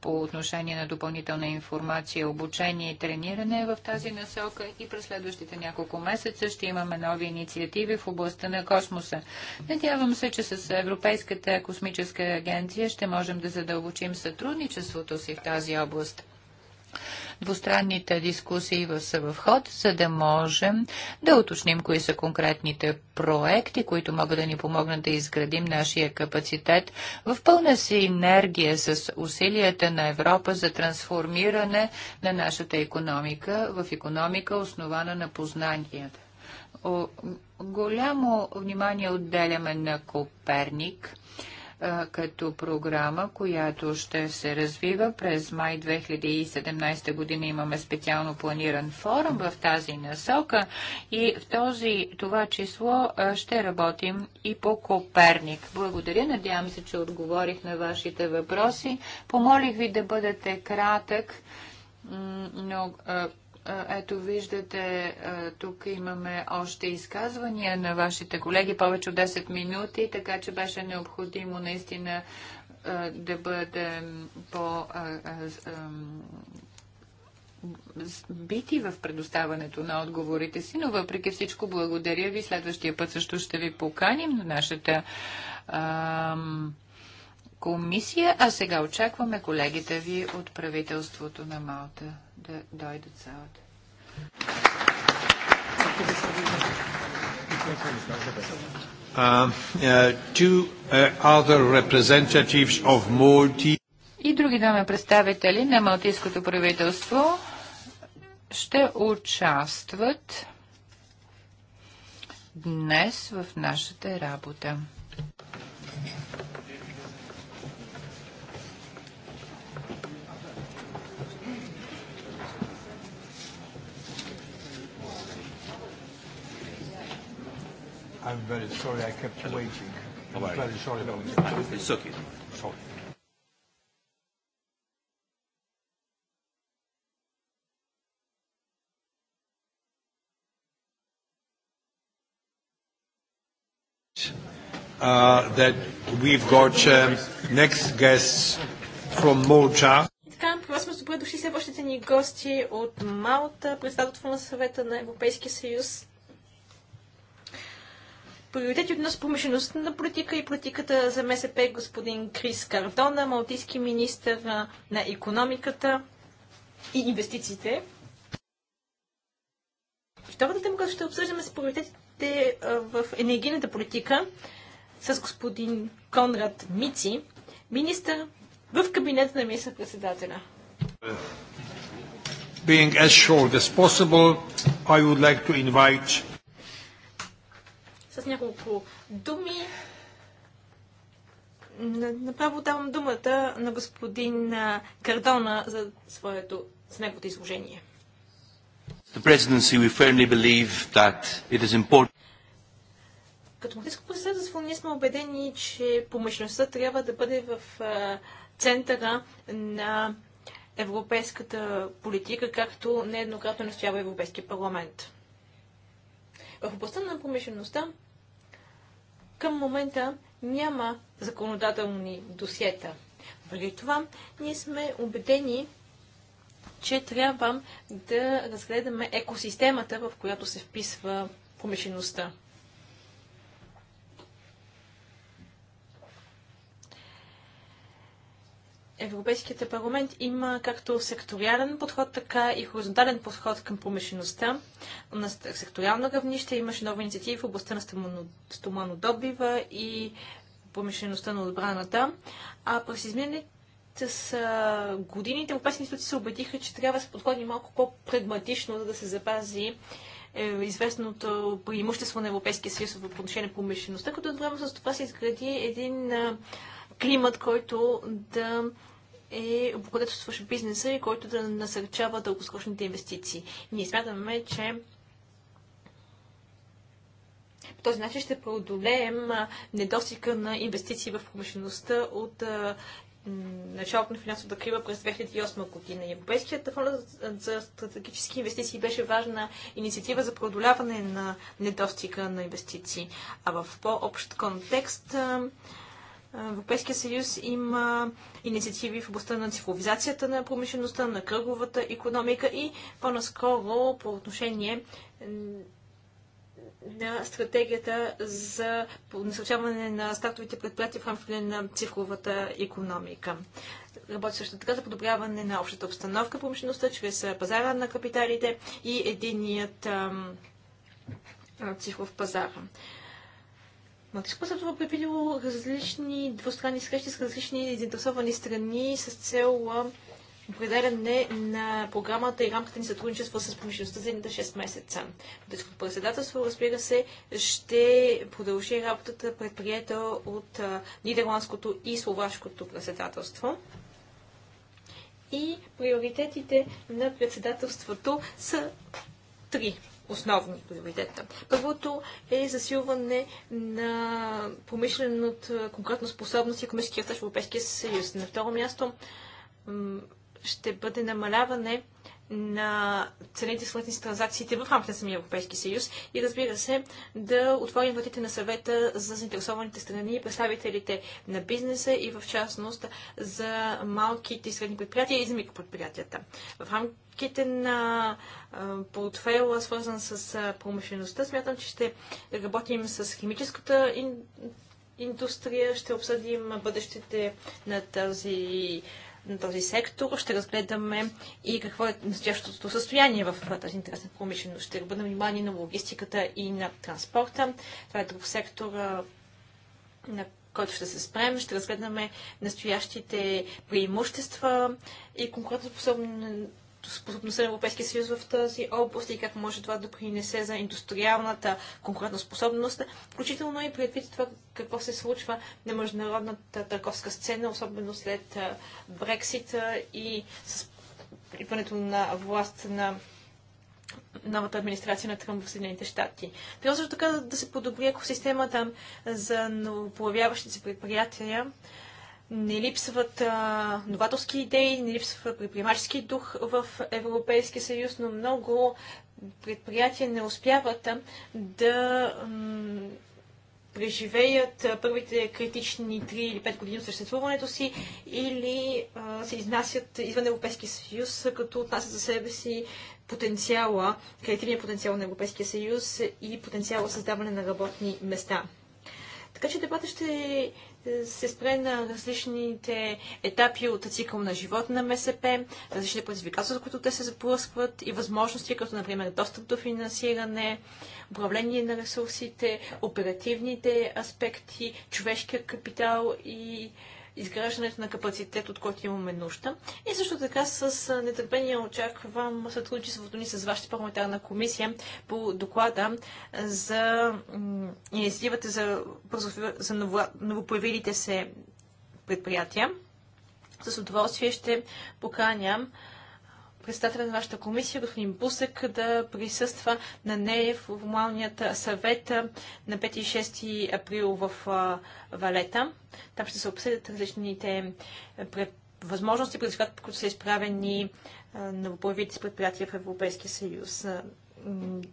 по отношение на допълнителна информация, обучение и трениране в тази насока и през следващите няколко месеца ще имаме нови инициативи в областта на космоса. Надявам се, че с Европейската космическа агенция ще можем да задълбочим сътрудничество сътрудничеството си в тази област. Двустранните дискусии са в ход, за да можем да уточним кои са конкретните проекти, които могат да ни помогнат да изградим нашия капацитет в пълна си енергия с усилията на Европа за трансформиране на нашата економика в економика, основана на познанията. Голямо внимание отделяме на Коперник – като програма, която ще се развива през май 2017 година. Имаме специално планиран форум в тази насока и в този, това число ще работим и по Коперник. Благодаря, надявам се, че отговорих на вашите въпроси. Помолих ви да бъдете кратък, но ето виждате, тук имаме още изказвания на вашите колеги, повече от 10 минути, така че беше необходимо наистина да бъдем по бити в предоставането на отговорите си, но въпреки всичко благодаря ви. Следващия път също ще ви поканим на нашата ам, комисия, а сега очакваме колегите ви от правителството на Малта да дойдат цялата. Uh, uh, uh, И други двама представители на Малтийското правителство ще участват днес в нашата работа. I'm very sorry I kept you waiting. I'm very sorry about it. It's okay. Sorry. Uh, that we've got um, next guests from Malta. Така, при вас сме добре дошли следващите ни гости от Малта, председателство на съвета на Европейския съюз приоритети от нас промишлеността на политика и политиката за МСП господин Крис Кардона, малтийски министр на економиката и инвестициите. Втората тема, която ще обсъждаме с приоритетите в енергийната политика с господин Конрад Мици, министър в кабинета на министър-председателя. Being as short as possible, I would like to invite с няколко думи. Направо давам думата на господин Кардона за своето, с неговото изложение. Като Малтийско председателство ние сме убедени, че помощността трябва да бъде в центъра на европейската политика, както нееднократно настоява Европейския парламент. В областта на промишлеността към момента няма законодателни досиета. Въпреки това, ние сме убедени, че трябва да разгледаме екосистемата, в която се вписва промишлеността. Европейският парламент има както секториален подход, така и хоризонтален подход към промишлеността. На секториално равнище имаше нови инициативи в областта на стоманодобива и промишлеността на отбраната. А през изминалите с годините европейски институции се убедиха, че трябва да се подходи малко по-прагматично, за да се запази е, известното преимущество на Европейския съюз в отношение на промишлеността, като едновременно с това се изгради един климат, който да е облагодетелстващ бизнеса и който да насърчава дългосрочните инвестиции. Ние смятаме, че по този начин ще преодолеем недостига на инвестиции в промишлеността от началото на финансовата крива през 2008 година. Европейският фонд за стратегически инвестиции беше важна инициатива за преодоляване на недостига на инвестиции. А в по-общ контекст Европейския съюз има инициативи в областта на цифровизацията на промишлеността, на кръговата економика и по-наскоро по отношение на стратегията за насърчаване на стартовите предприятия в рамките на цифровата економика. Работи също така за подобряване на общата обстановка промишлеността чрез пазара на капиталите и единият цифров пазар. Малтийското е предвидило различни двустранни срещи с различни заинтересовани страни с цел определяне на програмата и рамката ни сътрудничество с промишлеността за едните 6 месеца. Българското председателство, разбира се, ще продължи работата предприета от нидерландското и словашкото председателство. И приоритетите на председателството са три основни приоритета. Първото е засилване на помишленото конкретна способност и економическия растеж в Европейския съюз. На второ място ще бъде намаляване на цените с с транзакциите в рамките на самия Европейски съюз и разбира се да отворим вратите на съвета за заинтересованите страни и представителите на бизнеса и в частност за малките и средни предприятия и за микропредприятията. В рамките на портфейла, свързан с промишлеността, смятам, че ще работим с химическата индустрия, ще обсъдим бъдещите на тази на този сектор. Ще разгледаме и какво е настоящото състояние в тази интересна промишленост. Ще бъдем внимание на логистиката и на транспорта. Това е друг сектор, на който ще се спрем. Ще разгледаме настоящите преимущества и конкурентоспособност способността на Европейския съюз в тази област и как може това да принесе за индустриалната конкурентоспособност, включително и предвид това какво се случва на международната търговска сцена, особено след Брексита и с припането на власт на новата администрация на Тръмп в Съединените щати. Трябва също така да се подобри екосистемата за новоплавяващите се предприятия, не липсват а, новаторски идеи, не липсва предприемачески дух в Европейския съюз, но много предприятия не успяват да преживеят първите критични 3 или 5 години от съществуването си или а, се изнасят извън Европейския съюз, като отнасят за себе си потенциала, креативния потенциал на Европейския съюз и потенциала създаване на работни места. Така че дебата ще се спре на различните етапи от цикъл на живота на МСП, различни предизвикателства, с които те се заплъскват, и възможности, като например достъп до финансиране, управление на ресурсите, оперативните аспекти, човешкият капитал и изграждането на капацитет, от който имаме нужда. И също така с нетърпение очаквам сътрудничеството ни с вашата парламентарна комисия по доклада за инициативата за, за ново, новопоявилите се предприятия. С удоволствие ще поканям председател на нашата комисия, господин Бусек, да присъства на нея в формалният съвет на 5 и 6 април в Валета. Там ще се обсъдят различните е, възможности, предизвикателства, които са изправени с е, предприятия в Европейския съюз. Е,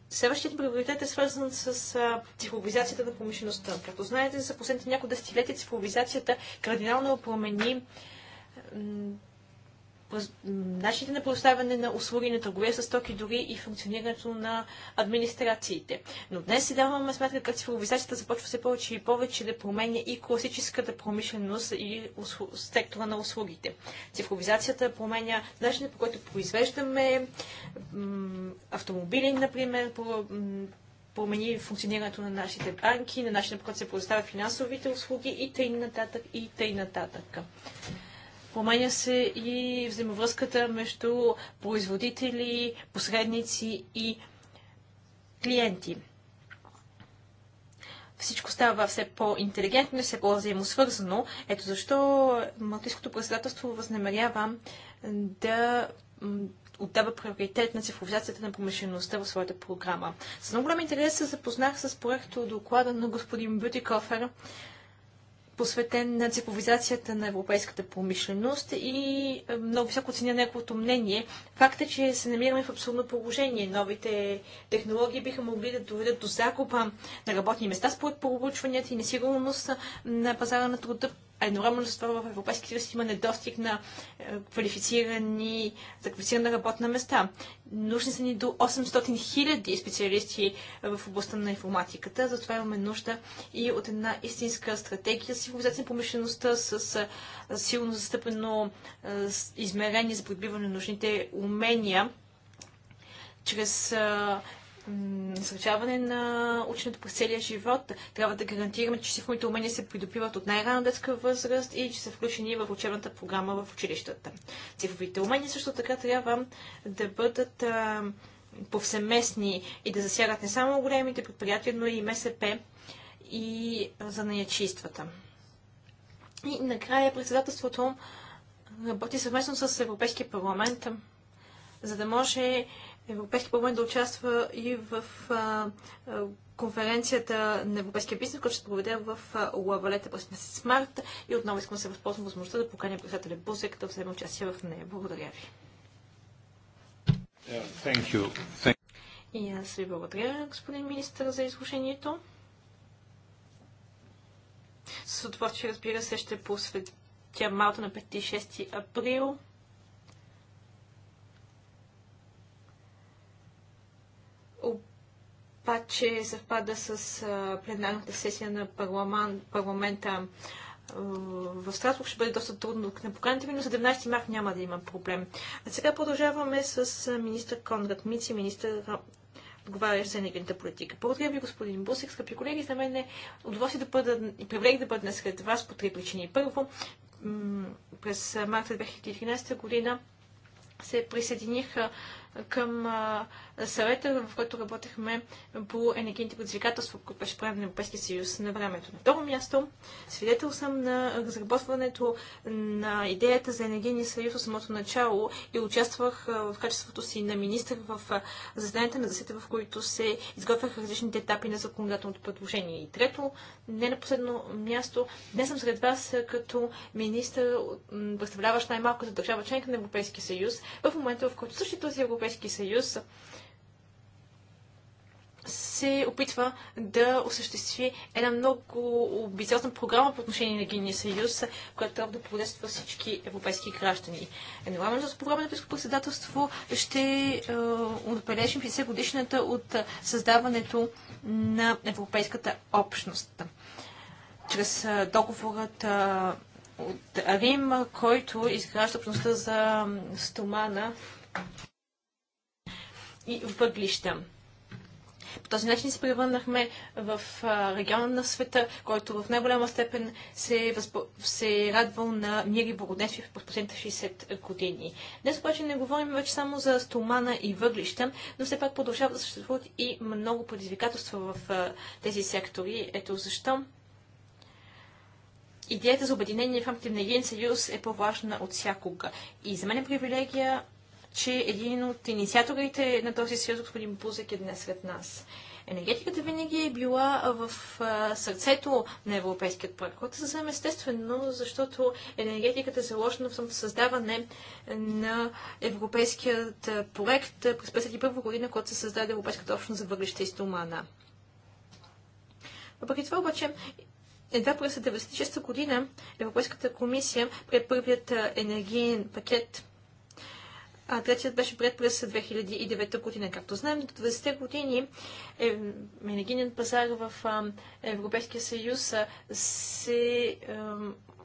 следващият приоритет е свързан с цифровизацията на промишлеността. Както знаете, за последните няколко десетилетия цифровизацията кардинално промени начините на предоставяне на услуги на търговия с токи, дори и функционирането на администрациите. Но днес си даваме сметка как цифровизацията започва все повече и повече да променя и класическата промишленост и услу... сектора на услугите. Цифровизацията променя начина по който произвеждаме автомобили, например, по промени функционирането на нашите банки, на начина по който се предоставят финансовите услуги и тъй нататък, и тъй нататък. Променя се и взаимовръзката между производители, посредници и клиенти. Всичко става все по-интелигентно и все по-взаимосвързано. Ето защо Малтийското председателство възнамерява да отдава приоритет на цифровизацията на промишлеността в своята програма. С много голям интерес се запознах с проекто доклада на господин Бютикофер посветен на цифровизацията на европейската промишленост и е, много високо ценя неговото мнение. Факт е, че се намираме в абсурдно положение. Новите технологии биха могли да доведат до загуба на работни места според проучванията и несигурност на пазара на труда а едновременно с това в Европейския съюз има недостиг на е, квалифицирани, за квалифицирана работна места. Нужни са ни до 800 хиляди специалисти в областта на информатиката, затова имаме нужда и от една истинска стратегия за цивилизация на помишлеността с е, силно застъпено е, измерение за придобиване на нужните умения чрез насърчаване на ученето през целия живот. Трябва да гарантираме, че цифровите умения се придобиват от най-рана детска възраст и че са включени в учебната програма в училищата. Цифровите умения също така трябва да бъдат а, повсеместни и да засягат не само големите предприятия, но и МСП и занаячиствата. И накрая председателството работи съвместно с Европейския парламент, за да може Европейски парламент да участва и в а, конференцията на Европейския бизнес, който ще се проведе в Лавалета през месец март. И отново искам да се възползвам възможността да поканя председателя Бузек да вземе участие в нея. Благодаря ви. thank you. Thank... И аз ви благодаря, господин министър, за изложението. С удоволствие, разбира се, ще посветя малко на 5-6 април. че съвпада с пленарната сесия на парламента в Страсбург ще бъде доста трудно. да поканите ми, но 17 март няма да има проблем. А сега продължаваме с министър Конрад Мици, министър отговарящ за енергийната политика. Благодаря ви, господин Бусек, скъпи колеги. За мен е удоволствие да бъда и привлек да бъда сред вас по три причини. Първо, през марта 2013 година се присъединиха към съвета, в който работехме по енергийните предизвикателства, които беше правен на Европейския съюз на времето. На второ място, свидетел съм на разработването на идеята за енергийния съюз от самото начало и участвах в качеството си на министр в заседанията на засета, в които се изготвяха различните етапи на законодателното предложение. И трето, не на последно място, днес съм сред вас като министр, представляващ най малко за държава членка на Европейския съюз, в момента, в който същи този Европейски Европейски съюз се опитва да осъществи една много амбициозна програма по отношение на гения съюз, която трябва да подейства всички европейски граждани. Едновременно с програмата на председателство ще е, отбележим 50 годишната от създаването на Европейската общност. Чрез е, договорът е, от Рим, който изгражда общността за стомана и въглища. По този начин се превърнахме в регион на света, който в най-голяма степен се, възп... се е радвал на мир и благоденствие в последните 60 години. Днес обаче не говорим вече само за стомана и въглища, но все пак продължават да съществуват и много предизвикателства в тези сектори. Ето защо идеята за обединение в рамките на един съюз е по-важна от всякога. И за мен е привилегия че един от инициаторите на този съюз, господин Бузък, е днес сред нас. Енергетиката винаги е била в сърцето на европейският проект, Това е вземе естествено, защото енергетиката е заложена в създаване на европейският проект през 1951 година, когато се създаде Европейската общност за въглища и стомана. Въпреки това обаче едва през 1996 година Европейската комисия пред първият енергиен пакет а третият беше пред през 2009 година. Както знаем, до 20-те години е, енергийният пазар в а, Европейския съюз а, се, а,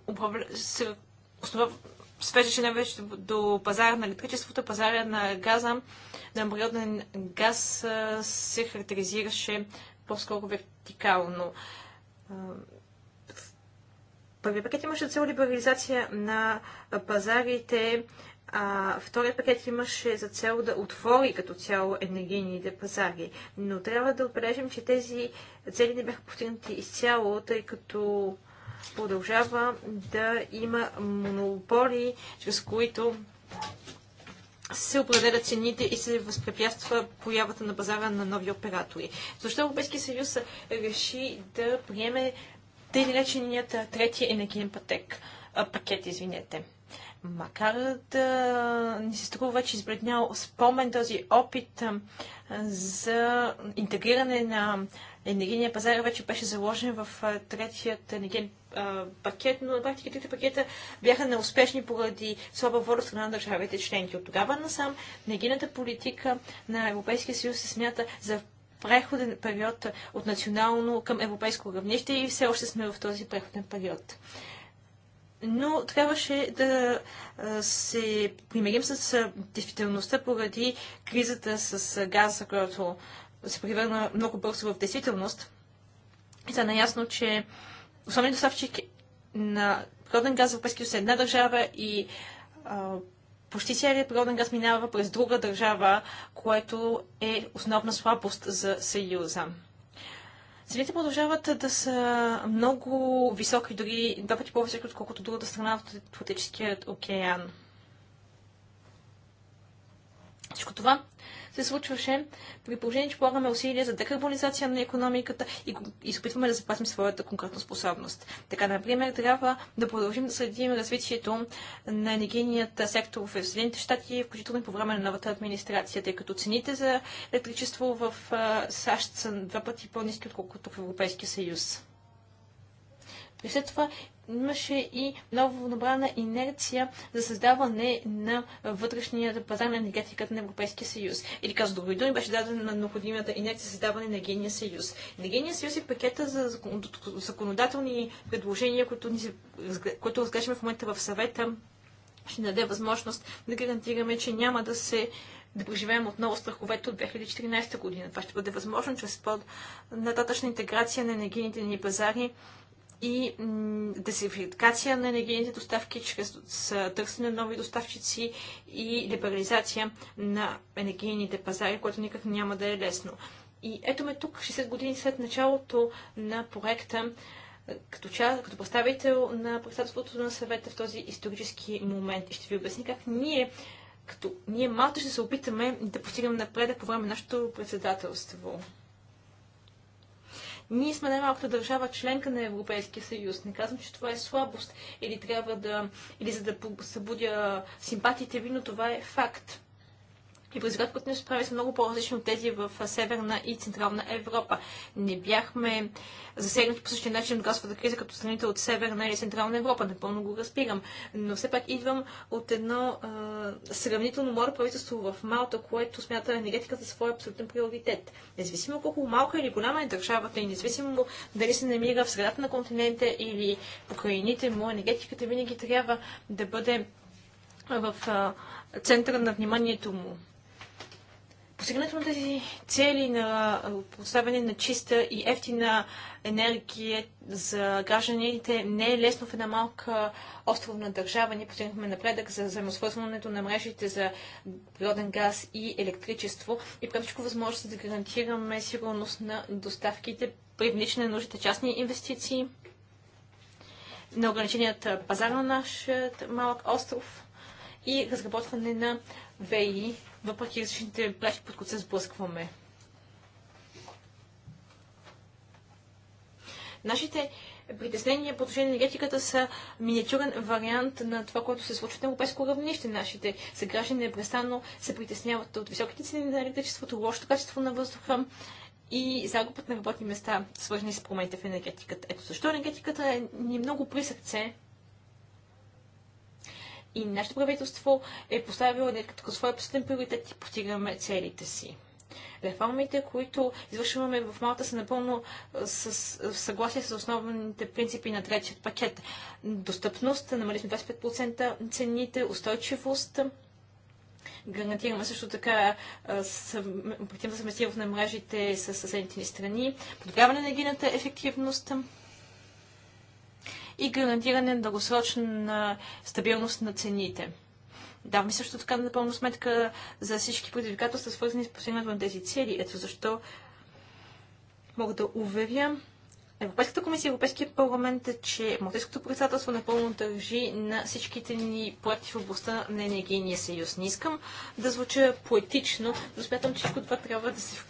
управля, се основа, свеждаше най-вече до пазара на електричеството, пазара на газа, на природен газ а, се характеризираше по-скоро вертикално. Първият пакет имаше цел либерализация на пазарите а, вторият пакет имаше за цел да отвори като цяло енергийните пазари. Но трябва да отбележим, че тези цели не бяха постигнати изцяло, тъй като продължава да има монополи, чрез които се определят цените и се възпрепятства появата на пазара на нови оператори. Защо Европейския съюз реши да приеме тъй нареченият трети енергиен пакет? пакет, извинете? Макар да ни се струва вече избледнял спомен този опит за интегриране на енергийния пазар, вече беше заложен в третият енергиен пакет, но на практика трите пакета бяха неуспешни поради слаба воля страна на държавите членки. От тогава насам енергийната политика на Европейския съюз се смята за преходен период от национално към европейско равнище и все още сме в този преходен период но трябваше да се примирим с действителността поради кризата с газа, която се превърна много бързо в действителност. И стана ясно, че основният доставчик на природен газ в Европейския съюз е една държава и а, почти целият природен газ минава през друга държава, което е основна слабост за Съюза. Цените продължават да са много високи, дори два пъти по-високи, отколкото другата страна в Атлантическия океан. Всичко това се случваше, при положение, че полагаме усилия за декарбонизация на економиката и, и се опитваме да запазим своята конкретна способност. Така, например, трябва да продължим да следим развитието на енергийният сектор в Съединените щати, включително и по време на новата администрация, тъй като цените за електричество в САЩ са два пъти по-низки, отколкото в Европейския съюз. И след това имаше и много набрана инерция за създаване на вътрешния пазар на енергетиката на Европейския съюз. Или казва други думи, беше дадена на необходимата инерция за създаване на Енергийния съюз. Енергийния съюз е пакета за законодателни предложения, които, ни, които разглеждаме в момента в съвета, ще даде възможност да гарантираме, че няма да се да преживеем отново страховете от 2014 година. Това ще бъде възможно чрез под нататъчна интеграция на енергийните ни пазари и диверсификация на енергийните доставки чрез търсене на нови доставчици и либерализация на енергийните пазари, което никак няма да е лесно. И ето ме тук, 60 години след началото на проекта, като, ча, като представител на председателството на съвета в този исторически момент. И ще ви обясня как ние, като ние малко ще се опитаме да постигнем напредък по време на нашето председателство. Ние сме най-малката държава членка на Европейския съюз. Не казвам, че това е слабост или трябва да, или за да събудя симпатиите ви, но това е факт и ни се справи са много по-различни от тези в Северна и Централна Европа. Не бяхме засегнати по същия начин от газовата криза, като страните от Северна или Централна Европа. Напълно го разбирам. Но все пак идвам от едно а, сравнително море правителство в Малта, което смята енергетиката за своя абсолютен приоритет. Независимо колко малка или голяма е държавата и независимо дали се намира в средата на континента или покрайните му, енергетиката винаги трябва да бъде в а, центъра на вниманието му. Постигането на тези цели на поставяне на чиста и ефтина енергия за гражданите не е лесно в една малка островна държава. Ние постигнахме напредък за взаимосвързването на мрежите за природен газ и електричество и преди всичко възможност да гарантираме сигурност на доставките при внични на нужните частни инвестиции на ограниченият пазар на нашия малък остров и разработване на ВИ въпреки различните брачи, под които се сблъскваме. Нашите притеснения по отношение на енергетиката са миниатюрен вариант на това, което се случва на европейско равнище. Нашите съграждани непрестанно се притесняват от високите цени на електричеството, лошото качество на въздуха и загубът на работни места, свързани с промените в енергетиката. Ето защо енергетиката е ни много при и нашето правителство е поставило като своя последен приоритет и постигаме целите си. Реформите, които извършваме в Малта, са напълно с, в съгласие с основните принципи на третия пакет. Достъпност, намали сме 25% цените, устойчивост, гарантираме също така оперативната съвместимост на мрежите с съседните ни страни, подобряване на енергийната ефективност, и гарантиране на дългосрочна стабилност на цените. Да, ми също така на напълно сметка за всички предизвикателства, свързани с постигането на тези цели. Ето защо мога да уверя Европейската комисия и Европейския парламент е, че Малтийското председателство напълно държи на всичките ни проекти в областта на енергийния съюз. Не искам да звуча поетично, но смятам, че всичко това трябва да се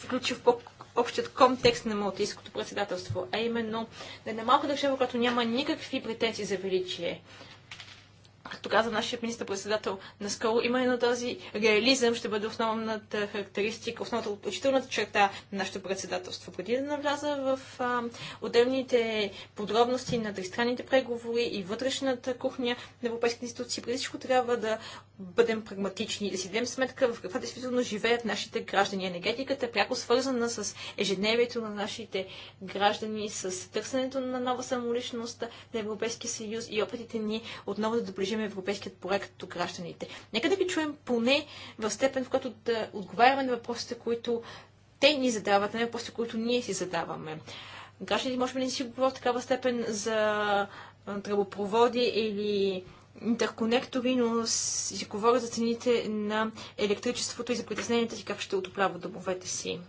включи в по общият контекст на Малтийското председателство, а именно да е на малка държава, която няма никакви претенции за величие както каза нашия министр-председател наскоро, именно този реализъм ще бъде основната характеристика, основната отличителната черта на нашето председателство. Преди да навляза в а, отделните подробности на тристранните преговори и вътрешната кухня на европейските институции, преди всичко трябва да бъдем прагматични и да си дадем сметка в каква действително живеят нашите граждани. Енергетиката е пряко свързана с ежедневието на нашите граждани, с търсенето на нова самоличност на Европейския съюз и опитите ни отново да доближим приложим европейският проект от гражданите. Нека да ви чуем поне в степен, в която да отговаряме на въпросите, които те ни задават, не въпросите, които ние си задаваме. Гражданите може би не си говорят в такава степен за тръбопроводи или интерконектори, но си говорят за цените на електричеството и за притесненията си как ще отопляват домовете си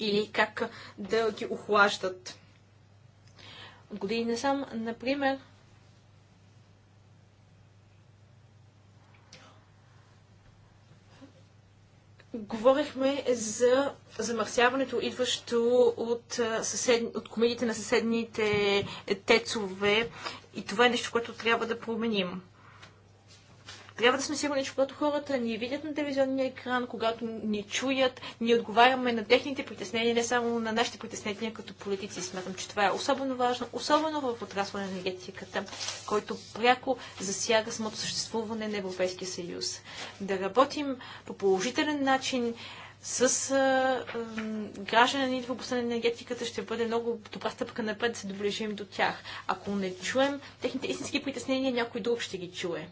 или как да ги охлаждат. От години насам, например, говорихме за замърсяването, идващо от, съсед... от комедите на съседните тецове и това е нещо, което трябва да променим. Трябва да сме сигурни, че когато хората ни видят на телевизионния екран, когато ни чуят, ни отговаряме на техните притеснения, не само на нашите притеснения като политици. Смятам, че това е особено важно, особено в отрасла на енергетиката, който пряко засяга самото съществуване на Европейския съюз. Да работим по положителен начин, с а, граждани в областта на енергетиката ще бъде много добра стъпка напред да се доближим до тях. Ако не чуем техните истински притеснения, някой друг ще ги чуе.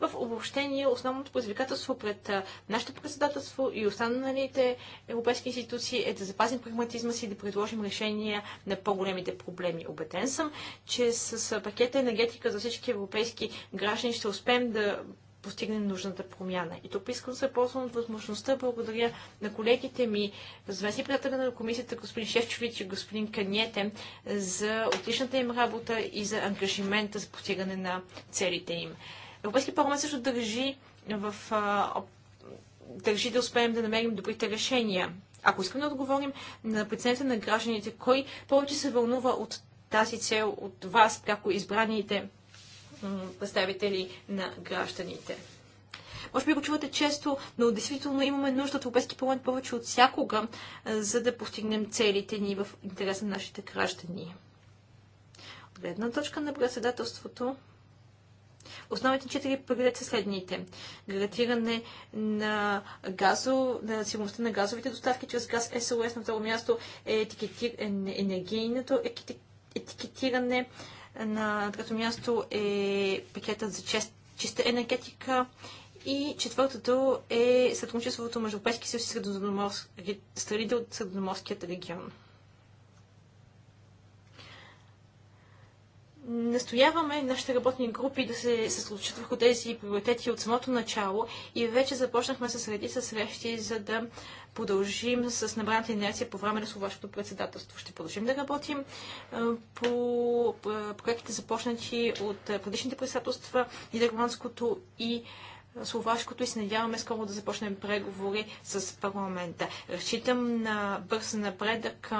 В обобщение, основното предизвикателство пред нашето председателство и останалите европейски институции е да запазим прагматизма си и да предложим решения на по-големите проблеми. Обетен съм, че с пакета енергетика за всички европейски граждани ще успеем да постигне нужната промяна. И тук искам да се ползвам от възможността. Благодаря на колегите ми, заместни приятели на комисията, господин Шевчович и господин Каниете, за отличната им работа и за ангажимента за постигане на целите им. Европейски парламент също държи в а, държи да успеем да намерим добрите решения. Ако искаме да отговорим на преценката на гражданите, кой повече се вълнува от тази цел от вас, пряко избраните представители на гражданите. Може би го чувате често, но действително имаме нужда от Европейски парламент повече от всякога, за да постигнем целите ни в интерес на нашите граждани. От гледна точка на председателството, Основните четири приоритета са следните. Гарантиране на, газо, на сигурността на газовите доставки чрез газ СОС. На второ място е етикетир, е, енергийното етикетиране на трето място е пакетът за чиста енергетика. И четвъртото е сътрудничеството между Европейски съюз и страните от Средноморският регион. настояваме нашите работни групи да се съсредоточат върху тези приоритети от самото начало и вече започнахме с редица срещи, за да продължим с набраната инерция по време на словашкото председателство. Ще продължим да работим по проектите започнати от предишните председателства, нидерландското и словашкото и се надяваме скоро да започнем преговори с парламента. Разчитам на бърз напредък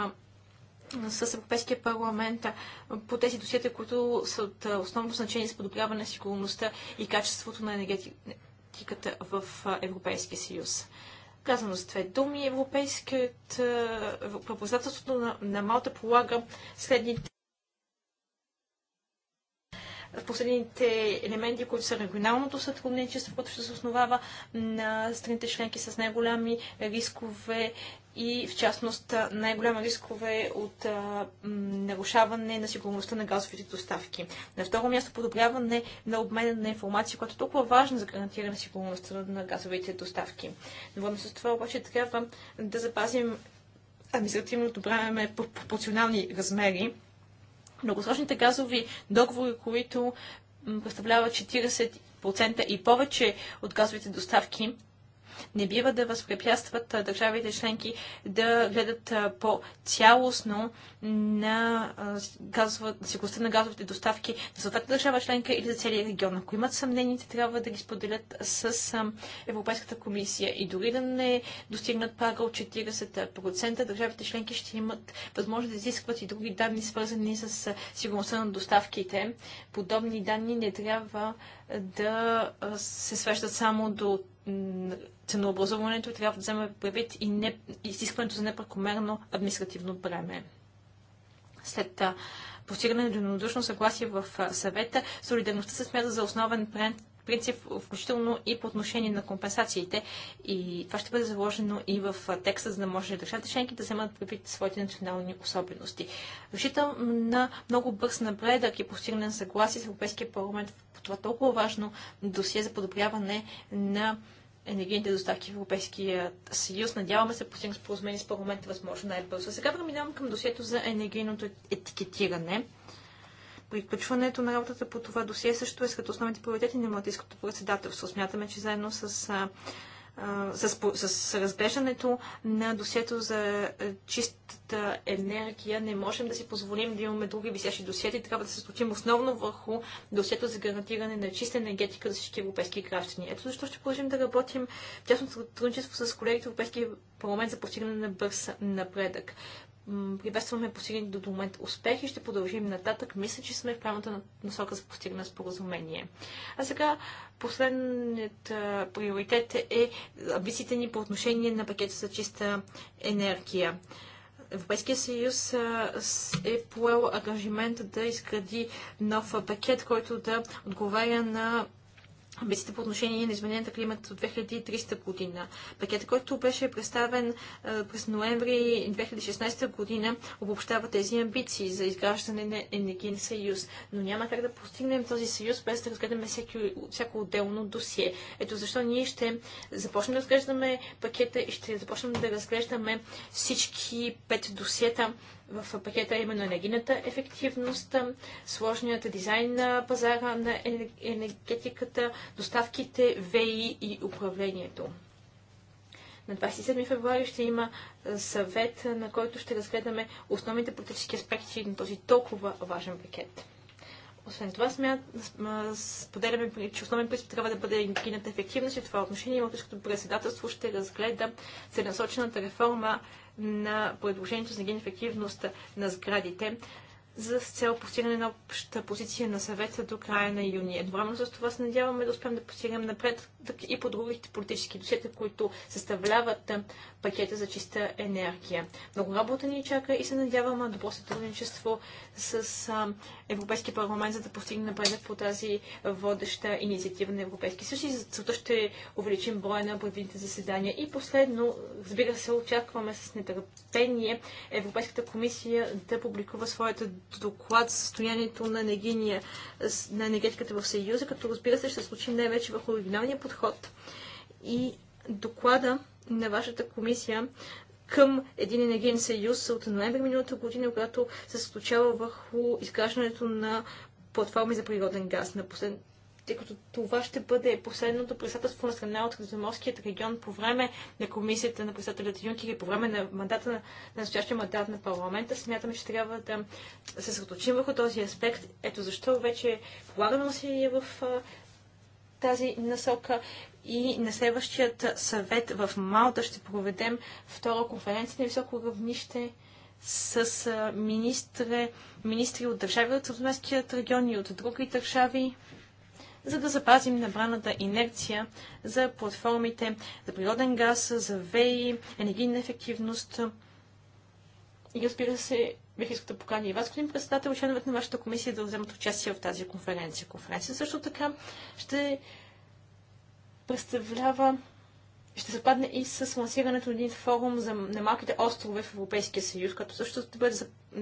с Европейския парламент по тези досиета, които са от основно значение за подобряване на сигурността и качеството на енергетиката в Европейския съюз. Казано с две думи, европейският е, правознателството на, на Малта полага следните последните елементи, които са регионалното сътрудничество, което ще се основава на страните членки с най-голями рискове и в частност най-голяма рискове от нарушаване на сигурността на газовите доставки. На второ място подобряване на обмена на информация, която е толкова важна за гарантиране сигурността на газовите доставки. Но с това обаче трябва да запазим административното време по пропорционални размери. многосрочните газови договори, които представляват 40% и повече от газовите доставки, не бива да възпрепятстват държавите членки да гледат по-цялостно на сигурността на газовите доставки за съответната държава членка или за целия регион. Ако имат съмнените, трябва да ги споделят с Европейската комисия. И дори да не достигнат прага от 40%, държавите членки ще имат възможност да изискват и други данни, свързани с сигурността на доставките. Подобни данни не трябва да се свеждат само до ценообразуването трябва да вземе предвид и не, изискването за непрекомерно административно бреме. След постигане на единодушно съгласие в съвета, солидарността се смята за основен принцип включително и по отношение на компенсациите. И това ще бъде заложено и в текста, за да може държавите членки да вземат предвид своите национални особености. Решител на много бърз напредък и постигане на съгласие с Европейския парламент по това толкова важно досие за подобряване на енергийните доставки в Европейския съюз. Надяваме се всички споразумение с парламента възможно най-бързо. Сега преминавам към досието за енергийното етикетиране. Приключването на работата по това досие също е сред основните приоритети на Малтийското председателство. Смятаме, че заедно с с, с разглеждането на досието за чистата енергия не можем да си позволим да имаме други висящи досиети. трябва да се случим основно върху досието за гарантиране на чиста енергетика за всички европейски граждани. Ето защо ще продължим да работим в тясно сътрудничество с колегите в Европейския парламент за постигане на бърз напредък приветстваме постигнати до момента успех и ще продължим нататък. Мисля, че сме в правилната насока за постигане споразумение. А сега последният приоритет е амбициите ни по отношение на пакета за чиста енергия. Европейския съюз е поел ангажимент да изгради нов пакет, който да отговаря на амбициите по отношение на измененията климат от 2300 година. Пакетът, който беше представен през ноември 2016 година, обобщава тези амбиции за изграждане на енергиен съюз. Но няма как да постигнем този съюз без да разгледаме всяко отделно досие. Ето защо ние ще започнем да разглеждаме пакета и ще започнем да разглеждаме всички пет досиета в пакета, именно енергийната ефективност, сложният дизайн на пазара на енергетиката, доставките, ВИ и управлението. На 27 февруари ще има съвет, на който ще разгледаме основните политически аспекти на този толкова важен пакет. Освен това, смят, споделяме, че основен принцип трябва да бъде енергийната ефективност и това отношение Малтийското председателство ще разгледа целенасочената реформа на предложението за енергийна ефективност на сградите, за цел постигане на общата позиция на съвета до края на юни. Едновременно с това се надяваме да успеем да постигнем напред и по другите политически досета, които съставляват пакета за чиста енергия. Много работа ни чака и се надяваме на добро сътрудничество с Европейския парламент, за да постигне напредък по тази водеща инициатива на Европейски съюз и за целта ще увеличим броя на предвидните заседания. И последно, разбира се, очакваме с нетърпение Европейската комисия да публикува своята доклад за състоянието на, енергия, на енергетиката в Съюза, като разбира се ще се случи най-вече върху оригиналния подход и доклада на вашата комисия към един енергиен съюз от ноември миналата година, когато се случава върху изграждането на платформи за природен газ. На, послед тъй като това ще бъде последното председателство на страна от Средиземорският регион по време на комисията на председателят Юнкер и по време на мандата на, на настоящия мандат на парламента. Смятаме, че трябва да се съсредоточим върху този аспект. Ето защо вече полагаме усилия в а, тази насока и на следващият съвет в Малта ще проведем втора конференция на високо равнище с министри, министри от държави от Съвместният регион и от други държави за да запазим набраната инерция за платформите за природен газ, за ВЕИ, енергийна ефективност. И разбира се, бих искал да поканя и вас, господин председател, членове на вашата комисия да вземат участие в тази конференция. Конференция също така ще представлява ще западне и с лансирането на един форум за, немалките острове в Европейския съюз, като също ще бъде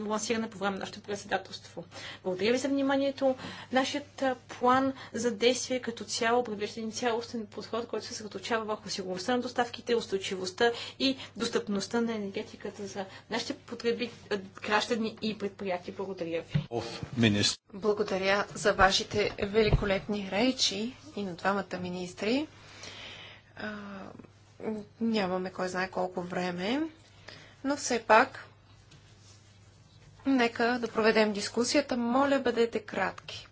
лансиране по време на нашето председателство. Благодаря ви за вниманието. Нашият план за действие като цяло предвижда един цялостен подход, който се съсредоточава върху сигурността на доставките, устойчивостта и достъпността на енергетиката за нашите потреби, граждани и предприятия. Благодаря ви. Благодаря за вашите великолепни речи и на двамата министри. А, нямаме кой знае колко време, но все пак нека да проведем дискусията. Моля, бъдете кратки.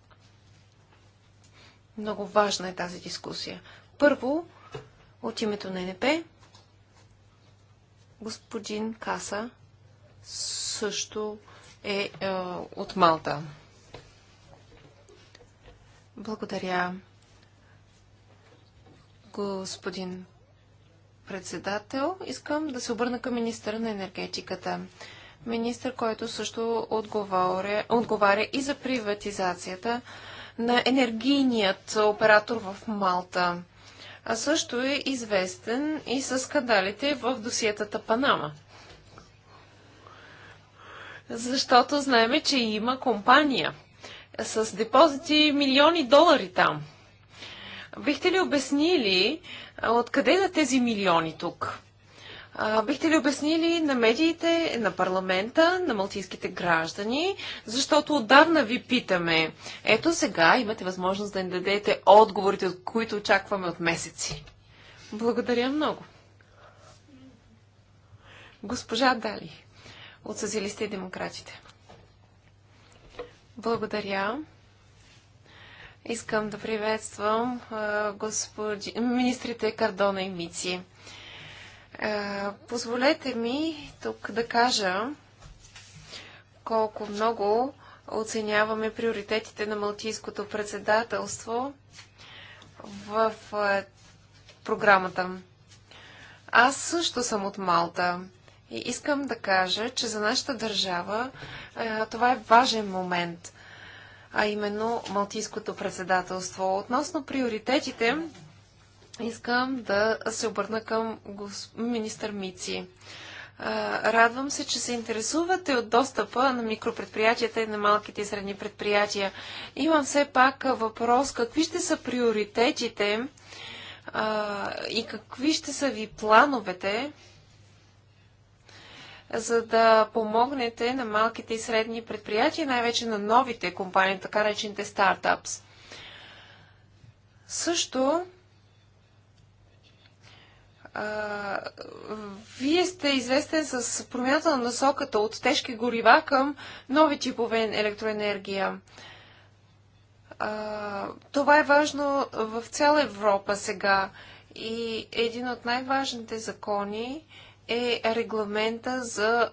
Много важна е тази дискусия. Първо, от името на НП, господин Каса също е, е от Малта. Благодаря господин председател. Искам да се обърна към министъра на енергетиката. Министър, който също отговаря, отговаря и за приватизацията на енергийният оператор в Малта. А също е известен и с скандалите в досиетата Панама. Защото знаеме, че има компания с депозити милиони долари там. Бихте ли обяснили откъде на тези милиони тук? Бихте ли обяснили на медиите, на парламента, на малтийските граждани, защото отдавна ви питаме. Ето сега имате възможност да ни дадете отговорите, от които очакваме от месеци. Благодаря много. Госпожа Дали от Съзилистите и демократите. Благодаря. Искам да приветствам господи... министрите Кардона и Мици. Позволете ми тук да кажа колко много оценяваме приоритетите на Малтийското председателство в програмата. Аз също съм от Малта. И искам да кажа, че за нашата държава това е важен момент а именно Малтийското председателство. Относно приоритетите, искам да се обърна към министър Мици. Радвам се, че се интересувате от достъпа на микропредприятията и на малките и средни предприятия. Имам все пак въпрос, какви ще са приоритетите и какви ще са ви плановете за да помогнете на малките и средни предприятия, най-вече на новите компании, така речените стартапс. Също а, вие сте известен с промяната на насоката от тежки горива към нови типове електроенергия. А, това е важно в цяла Европа сега. И един от най-важните закони е регламента за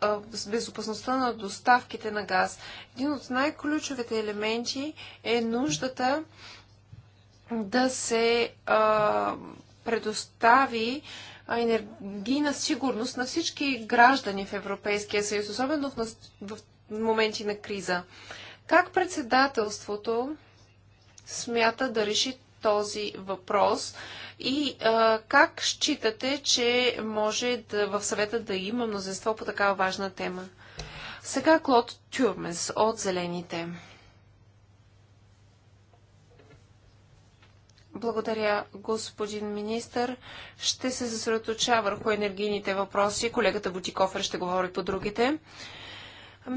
безопасността на доставките на газ. Един от най-ключовите елементи е нуждата да се предостави енергийна сигурност на всички граждани в Европейския съюз, особено в, в моменти на криза. Как председателството смята да реши този въпрос и а, как считате, че може да, в съвета да има мнозинство по такава важна тема? Сега Клод Тюрмес от Зелените. Благодаря, господин министър. Ще се съсредоточа върху енергийните въпроси. Колегата Бутикофер ще говори по другите.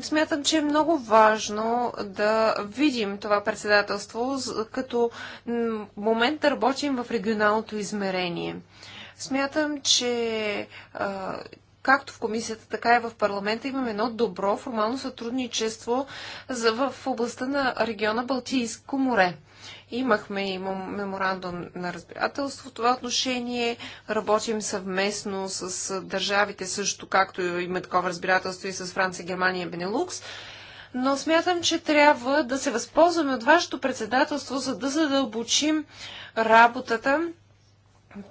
Смятам, че е много важно да видим това председателство като момент да работим в регионалното измерение. Смятам, че а, както в комисията, така и в парламента имаме едно добро формално сътрудничество за, в областта на региона Балтийско море. Имахме и меморандум на разбирателство в това отношение. Работим съвместно с държавите също, както има такова разбирателство и с Франция, Германия и Бенелукс но смятам, че трябва да се възползваме от вашето председателство, за да задълбочим работата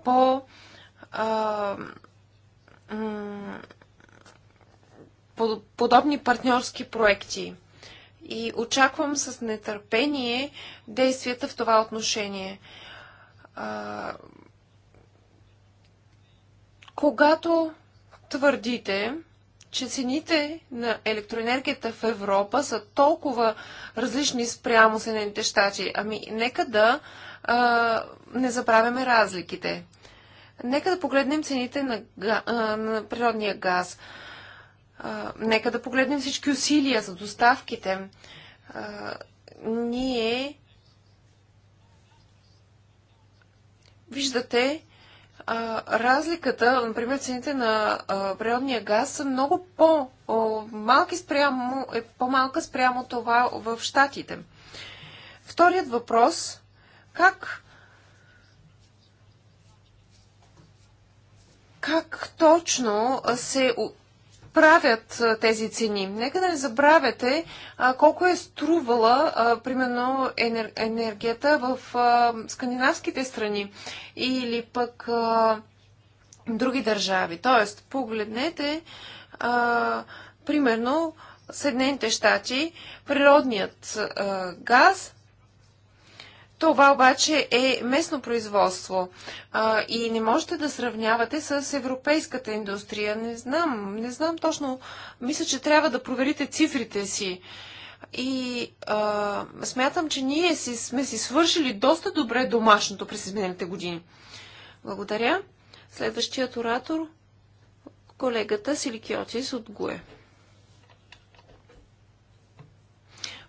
по а, подобни партньорски проекти. И очаквам с нетърпение действията в това отношение. когато твърдите, че цените на електроенергията в Европа са толкова различни спрямо Съединените щати, ами нека да а, не забравяме разликите. Нека да погледнем цените на, на природния газ. Нека да погледнем всички усилия за доставките. Ние виждате а, разликата, например, цените на а, природния газ са много по-малки спрямо, е по-малка спрямо това в Штатите. Вторият въпрос, как как точно се правят тези цени. Нека да не забравяте а, колко е струвала, а, примерно, енер... енергията в а, скандинавските страни или пък а, други държави. Тоест, погледнете, а, примерно, Съединените щати, природният а, газ това обаче е местно производство а, и не можете да сравнявате с европейската индустрия. Не знам, не знам точно. Мисля, че трябва да проверите цифрите си. И а, смятам, че ние си, сме си свършили доста добре домашното през изминалите години. Благодаря. Следващият оратор, колегата Силикиотис от ГУЕ.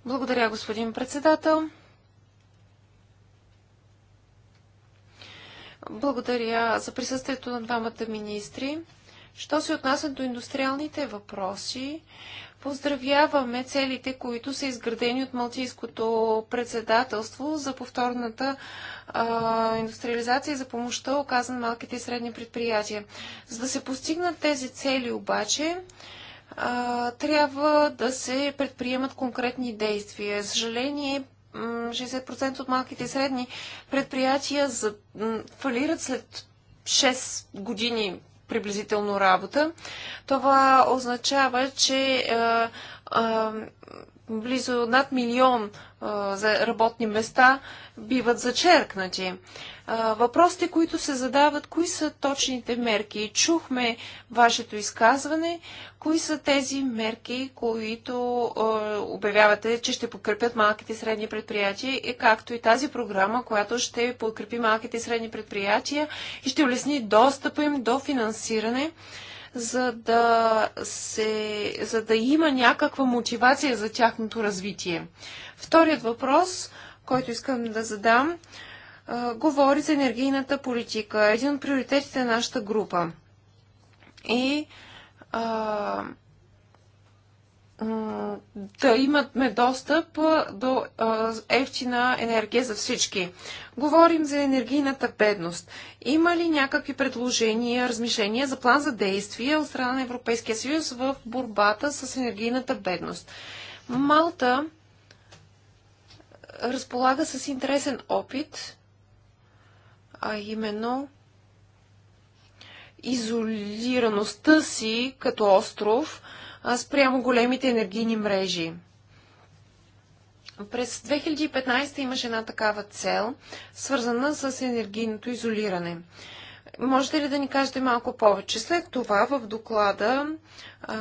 Благодаря, господин председател. Благодаря за присъствието на двамата министри. Що се отнася до индустриалните въпроси, поздравяваме целите, които са изградени от Малтийското председателство за повторната а, индустриализация и за помощта, оказана малките и средни предприятия. За да се постигнат тези цели обаче, а, трябва да се предприемат конкретни действия. Съжаление, 60% от малките и средни предприятия фалират след 6 години приблизително работа. Това означава, че а, а, близо над милион за работни места биват зачеркнати. въпросите, които се задават, кои са точните мерки? Чухме вашето изказване. Кои са тези мерки, които обявявате, че ще подкрепят малките и средни предприятия, и както и тази програма, която ще подкрепи малките и средни предприятия и ще улесни достъпа им до финансиране? за да, се, за да има някаква мотивация за тяхното развитие. Вторият въпрос, който искам да задам, говори за енергийната политика. Един от приоритетите на нашата група. И а, да имаме достъп до ефтина енергия за всички. Говорим за енергийната бедност. Има ли някакви предложения, размишления за план за действие от страна на Европейския съюз в борбата с енергийната бедност? Малта разполага с интересен опит, а именно изолираността си като остров спрямо големите енергийни мрежи. През 2015 имаше една такава цел, свързана с енергийното изолиране. Можете ли да ни кажете малко повече? След това в доклада а,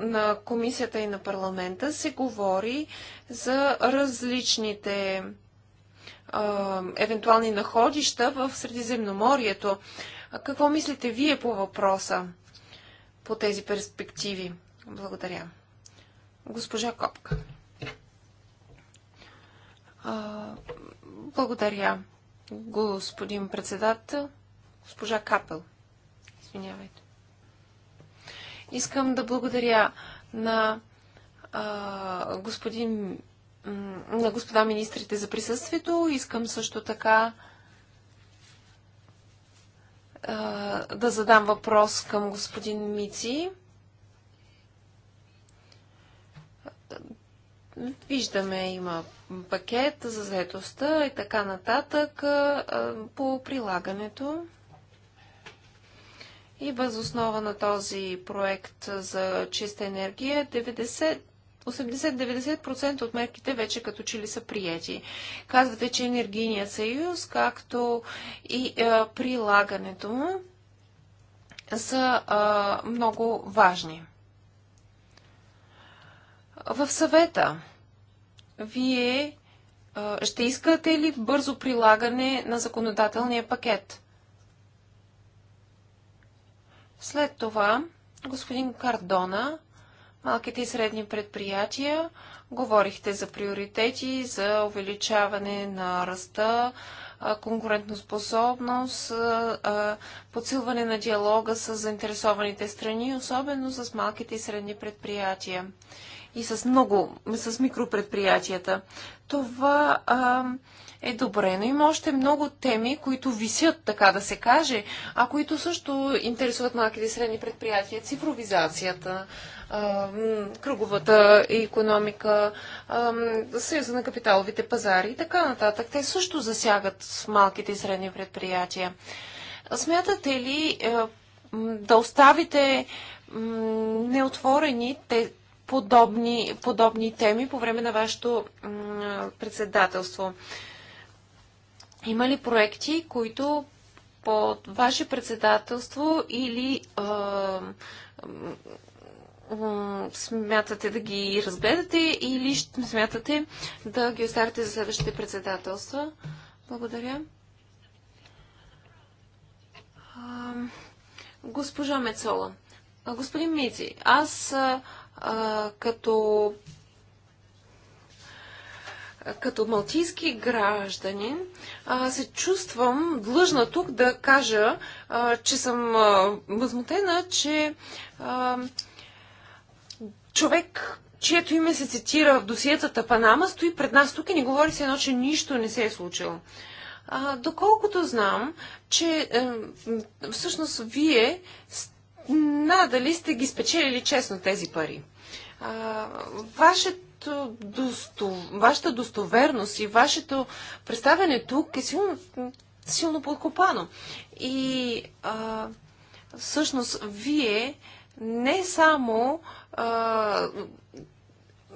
на комисията и на парламента се говори за различните а, евентуални находища в Средиземноморието. А какво мислите вие по въпроса, по тези перспективи? Благодаря. Госпожа Копка. А, благодаря, господин председател. Госпожа Капел. Извинявайте. Искам да благодаря на а, господин на господа министрите за присъствието. Искам също така да задам въпрос към господин Мици. Виждаме, има пакет за заедостта и така нататък по прилагането. И възоснова на този проект за чиста енергия 90 80-90% от мерките вече като че ли са приети. Казвате, че енергийният съюз, както и е, прилагането му, са е, много важни в съвета. Вие ще искате ли бързо прилагане на законодателния пакет? След това господин Кардона, малките и средни предприятия, говорихте за приоритети, за увеличаване на ръста, конкурентоспособност, подсилване на диалога с заинтересованите страни, особено с малките и средни предприятия и с много, с микропредприятията. Това а, е добре, но има още много теми, които висят, така да се каже, а които също интересуват малките и средни предприятия. Цифровизацията, а, кръговата економика, а, съюза на капиталовите пазари и така нататък. Те също засягат малките и средни предприятия. Смятате ли да оставите неотворени подобни, подобни теми по време на вашето председателство. Има ли проекти, които под ваше председателство или а, смятате да ги разгледате или смятате да ги оставите за следващите председателства? Благодаря. госпожа Мецола. Господин Мици, аз а, като като малтийски гражданин а, се чувствам длъжна тук да кажа, а, че съм а, възмутена, че а, човек, чието име се цитира в досиетата Панама, стои пред нас тук и не говори се едно, че нищо не се е случило. А, доколкото знам, че всъщност вие сте надали сте ги спечелили честно тези пари. А, вашето досто... Вашата достоверност и вашето представяне тук е силно, силно подкопано. И а, всъщност вие не само а,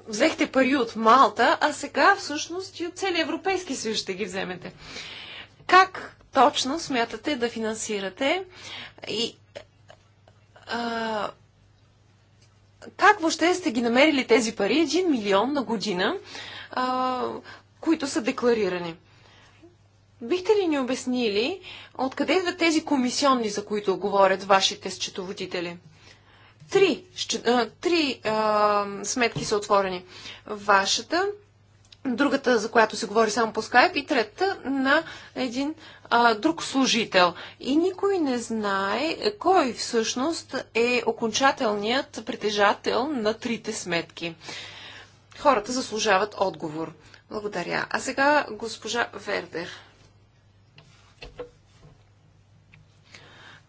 взехте пари от Малта, а сега всъщност и от целия Европейски съюз ще ги вземете. Как точно смятате да финансирате и а, как въобще сте ги намерили тези пари, 1 милион на година, а, които са декларирани? Бихте ли ни обяснили откъде идват тези комисионни, за които говорят вашите счетоводители? Три, три а, сметки са отворени. Вашата, другата, за която се говори само по скайп, и третата на един а, друг служител. И никой не знае е, кой всъщност е окончателният притежател на трите сметки. Хората заслужават отговор. Благодаря. А сега госпожа Вердер.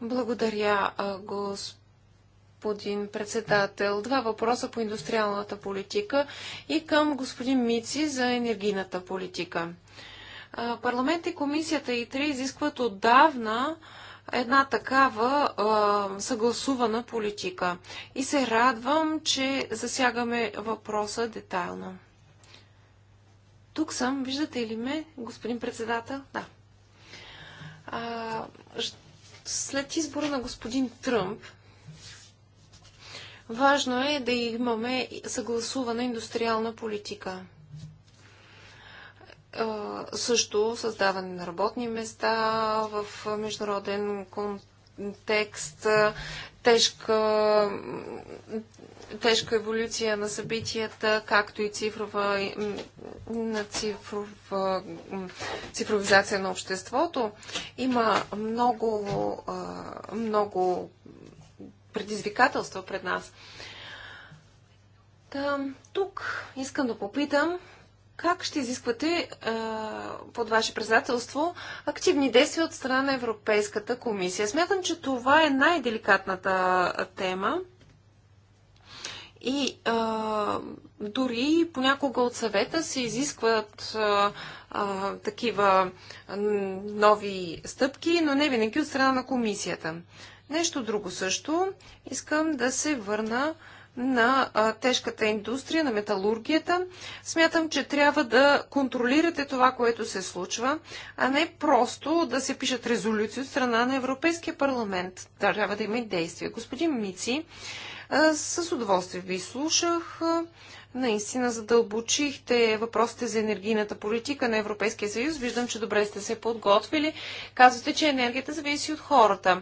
Благодаря, господин председател. Два въпроса по индустриалната политика и към господин Мици за енергийната политика. Парламент и комисията и три изискват отдавна една такава а, съгласувана политика. И се радвам, че засягаме въпроса детайлно. Тук съм, виждате ли ме, господин председател? Да. А, след избора на господин Тръмп, важно е да имаме съгласувана индустриална политика също създаване на работни места в международен контекст, тежка, тежка еволюция на събитията, както и цифрова, на цифрова, цифровизация на обществото. Има много, много предизвикателства пред нас. тук искам да попитам как ще изисквате е, под ваше председателство активни действия от страна на Европейската комисия? Смятам, че това е най-деликатната е, тема и а, е, дори понякога от съвета се изискват а, а, такива нови стъпки, но не винаги от страна на комисията. Нещо друго също. Искам да се върна на тежката индустрия, на металургията. Смятам, че трябва да контролирате това, което се случва, а не просто да се пишат резолюции от страна на Европейския парламент. Трябва да има и действия. Господин Мици, с удоволствие ви слушах. Наистина задълбочихте въпросите за енергийната политика на Европейския съюз. Виждам, че добре сте се подготвили. Казвате, че енергията зависи от хората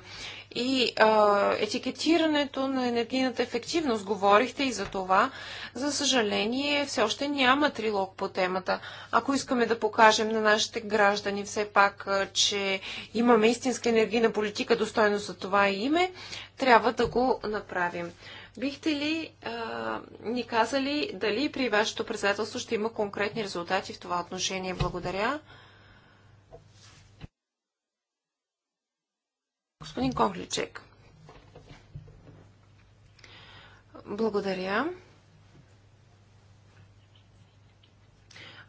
и а, етикетирането на енергийната ефективност. Говорихте и за това. За съжаление, все още няма трилог по темата. Ако искаме да покажем на нашите граждани все пак, че имаме истинска енергийна политика, достойно за това и име, трябва да го направим. Бихте ли а, ни казали дали при вашето председателство ще има конкретни резултати в това отношение? Благодаря. Господин Ковличек. Благодаря.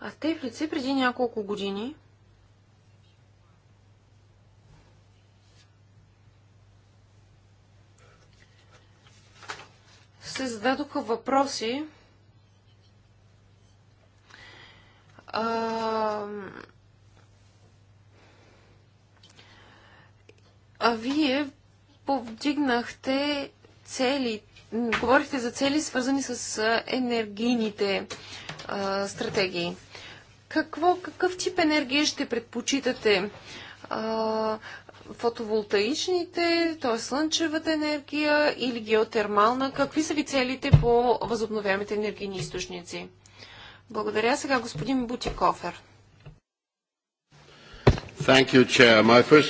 А сте в лице преди няколко години. Се зададоха въпроси а, А вие повдигнахте цели, говорихте за цели, свързани с енергийните а, стратегии. Какво, какъв тип енергия ще предпочитате? А, фотоволтаичните, т.е. слънчевата енергия или геотермална? Какви са ви целите по възобновяемите енергийни източници? Благодаря. Сега господин Бутикофер. You,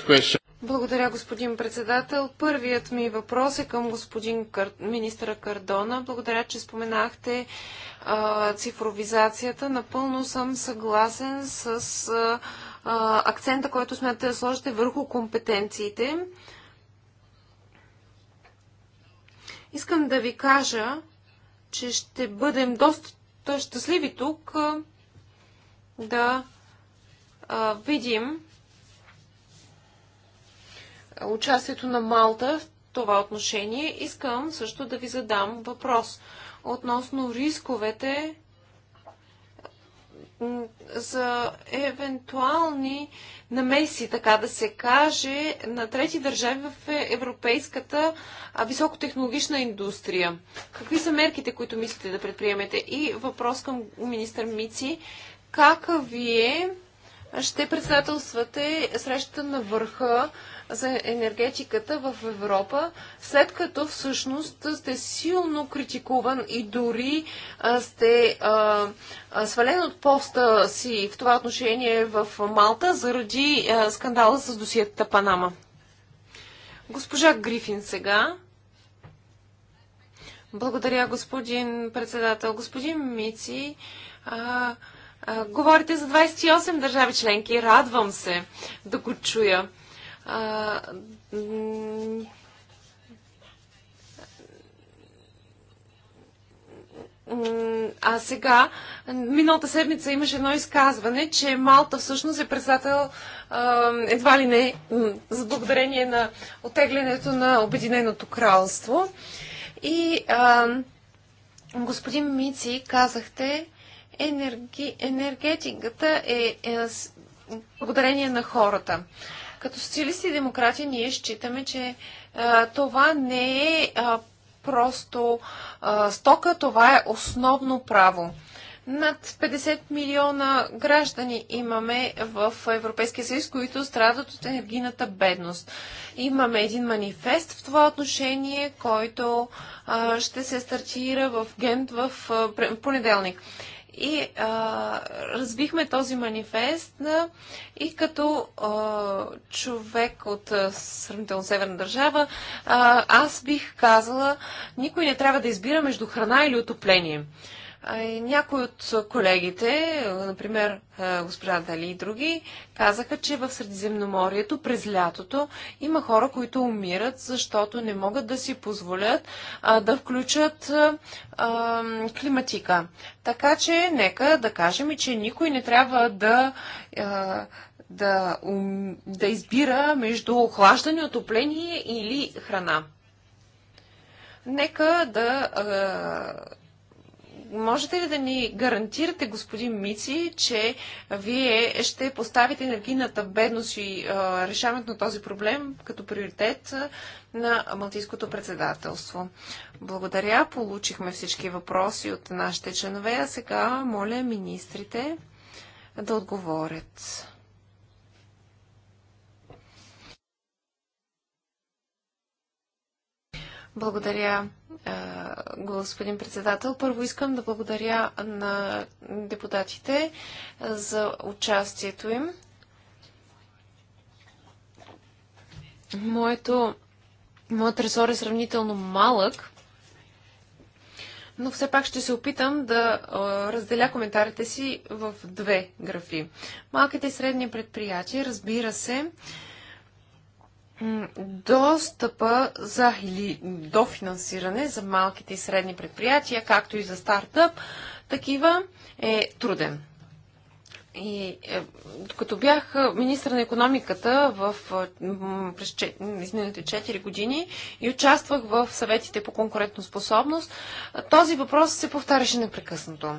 question... Благодаря, господин председател. Първият ми въпрос е към господин Кър... министра Кардона. Благодаря, че споменахте а, цифровизацията. Напълно съм съгласен с а, а, акцента, който смятате да сложите върху компетенциите. Искам да ви кажа, че ще бъдем доста щастливи тук да видим участието на Малта в това отношение, искам също да ви задам въпрос относно рисковете за евентуални намеси, така да се каже, на трети държави в европейската високотехнологична индустрия. Какви са мерките, които мислите да предприемете? И въпрос към министър Мици. Как вие ще председателствате срещата на върха за енергетиката в Европа, след като всъщност сте силно критикуван и дори сте свален от поста си в това отношение в Малта заради скандала с досиетата Панама. Госпожа Грифин сега. Благодаря, господин председател. Господин Мици, а, а, говорите за 28 държави членки. Радвам се да го чуя а, А сега, миналата седмица имаше едно изказване, че Малта всъщност е председател едва ли не за благодарение на отеглянето на Обединеното кралство. И а, господин Мици, казахте, енерги, енергетиката е, е благодарение на хората. Като социалисти и демократи ние считаме, че а, това не е а, просто а, стока, това е основно право. Над 50 милиона граждани имаме в Европейския съюз, които страдат от енергийната бедност. Имаме един манифест в това отношение, който а, ще се стартира в Гент в а, понеделник. И а, разбихме този манифест а, и като а, човек от сравнително северна държава, а, аз бих казала, никой не трябва да избира между храна или отопление. Някои от колегите, например госпожа Дали и други, казаха, че в Средиземноморието през лятото има хора, които умират, защото не могат да си позволят да включат климатика. Така че нека да кажем, че никой не трябва да да, ум, да избира между охлаждане, отопление или храна. Нека да а, можете ли да ни гарантирате, господин Мици, че вие ще поставите енергийната бедност и а, решаването на този проблем като приоритет на Малтийското председателство? Благодаря. Получихме всички въпроси от нашите членове, а сега моля министрите да отговорят. Благодаря, е, господин председател. Първо искам да благодаря на депутатите е, за участието им. Моето, моят ресор е сравнително малък, но все пак ще се опитам да е, разделя коментарите си в две графи. Малките и средни предприятия, разбира се, достъпа за или до финансиране за малките и средни предприятия, както и за стартъп, такива е труден. И е, като бях е, министър на економиката в, е, през 4 години и участвах в съветите по конкурентоспособност, този въпрос се повтаряше непрекъснато.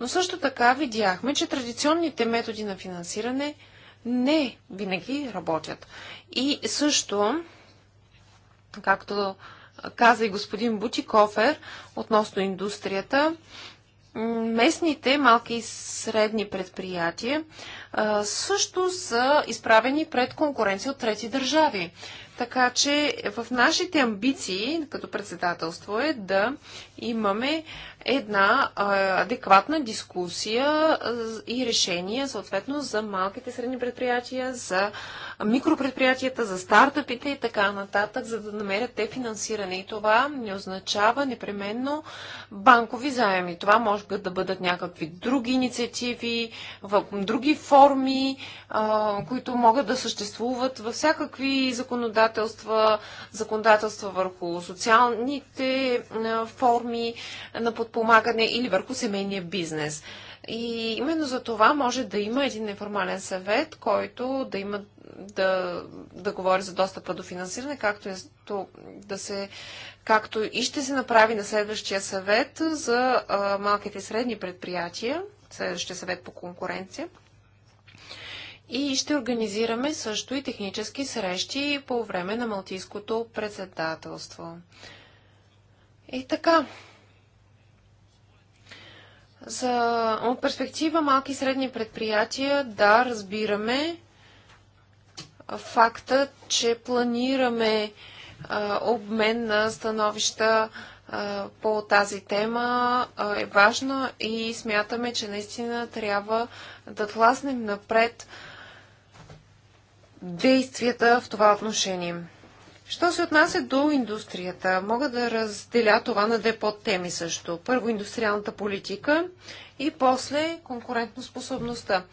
Но също така видяхме, че традиционните методи на финансиране – не винаги работят. И също, както каза и господин Бутикофер относно индустрията, местните малки и средни предприятия също са изправени пред конкуренция от трети държави. Така че в нашите амбиции като председателство е да имаме една адекватна дискусия и решение, съответно, за малките средни предприятия, за микропредприятията, за стартъпите и така нататък, за да намерят те финансиране. И това не означава непременно банкови заеми. Това може да бъдат някакви други инициативи, в други форми, които могат да съществуват във всякакви законодателства, законодателства върху социалните форми на подпомагане подпомагане или върху семейния бизнес. И именно за това може да има един неформален съвет, който да има да, да говори за достъпа до финансиране, както, е, то, да се, както и ще се направи на следващия съвет за а, малките и средни предприятия, следващия съвет по конкуренция. И ще организираме също и технически срещи по време на Малтийското председателство. И така, за, от перспектива малки и средни предприятия, да, разбираме факта, че планираме а, обмен на становища а, по тази тема а, е важна и смятаме, че наистина трябва да тласнем напред действията в това отношение. Що се отнася до индустрията, мога да разделя това на две подтеми също. Първо индустриалната политика и после способността.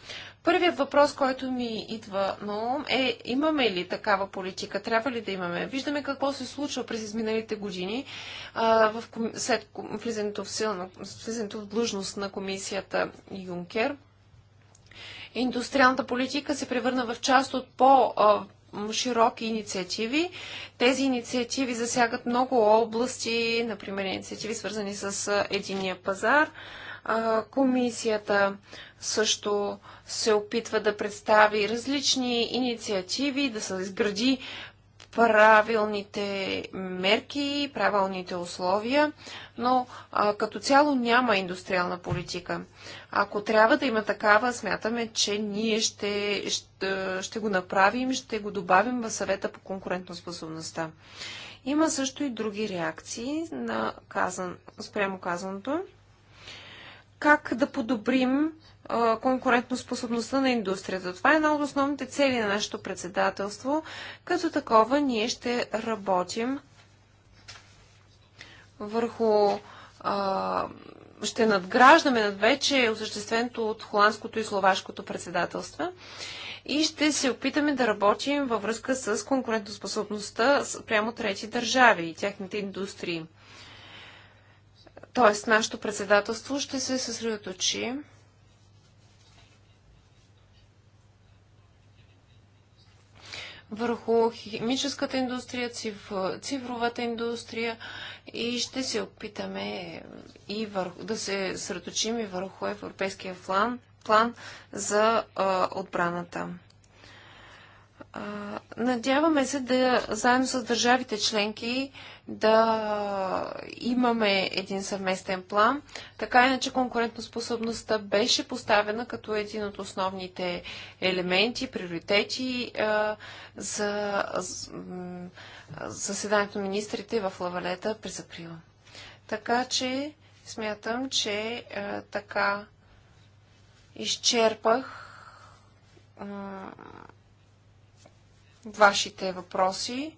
Първият въпрос, който ми идва на ум е имаме ли такава политика, трябва ли да имаме. Виждаме какво се случва през изминалите години а, в, след влизането в, силна, влизането в длъжност на комисията Юнкер. Индустриалната политика се превърна в част от по- широки инициативи. Тези инициативи засягат много области, например инициативи свързани с единия пазар. Комисията също се опитва да представи различни инициативи, да се изгради правилните мерки, правилните условия, но а, като цяло няма индустриална политика. Ако трябва да има такава, смятаме, че ние ще, ще, ще го направим, ще го добавим в съвета по конкурентоспособността. Има също и други реакции на казан, спрямо казаното. Как да подобрим конкурентоспособността на индустрията. Това е една от основните цели на нашето председателство. Като такова ние ще работим върху ще надграждаме над вече осъщественото от холандското и словашкото председателство и ще се опитаме да работим във връзка с конкурентоспособността прямо трети държави и тяхните индустрии. Тоест, нашето председателство ще се съсредоточи върху химическата индустрия, циф, цифровата индустрия и ще се опитаме и върху, да се средочим и върху европейския план, план за а, отбраната. Надяваме се да заедно с държавите членки да имаме един съвместен план. Така иначе конкурентоспособността беше поставена като един от основните елементи, приоритети а, за заседанието на министрите в Лавалета през април. Така че смятам, че а, така изчерпах а, вашите въпроси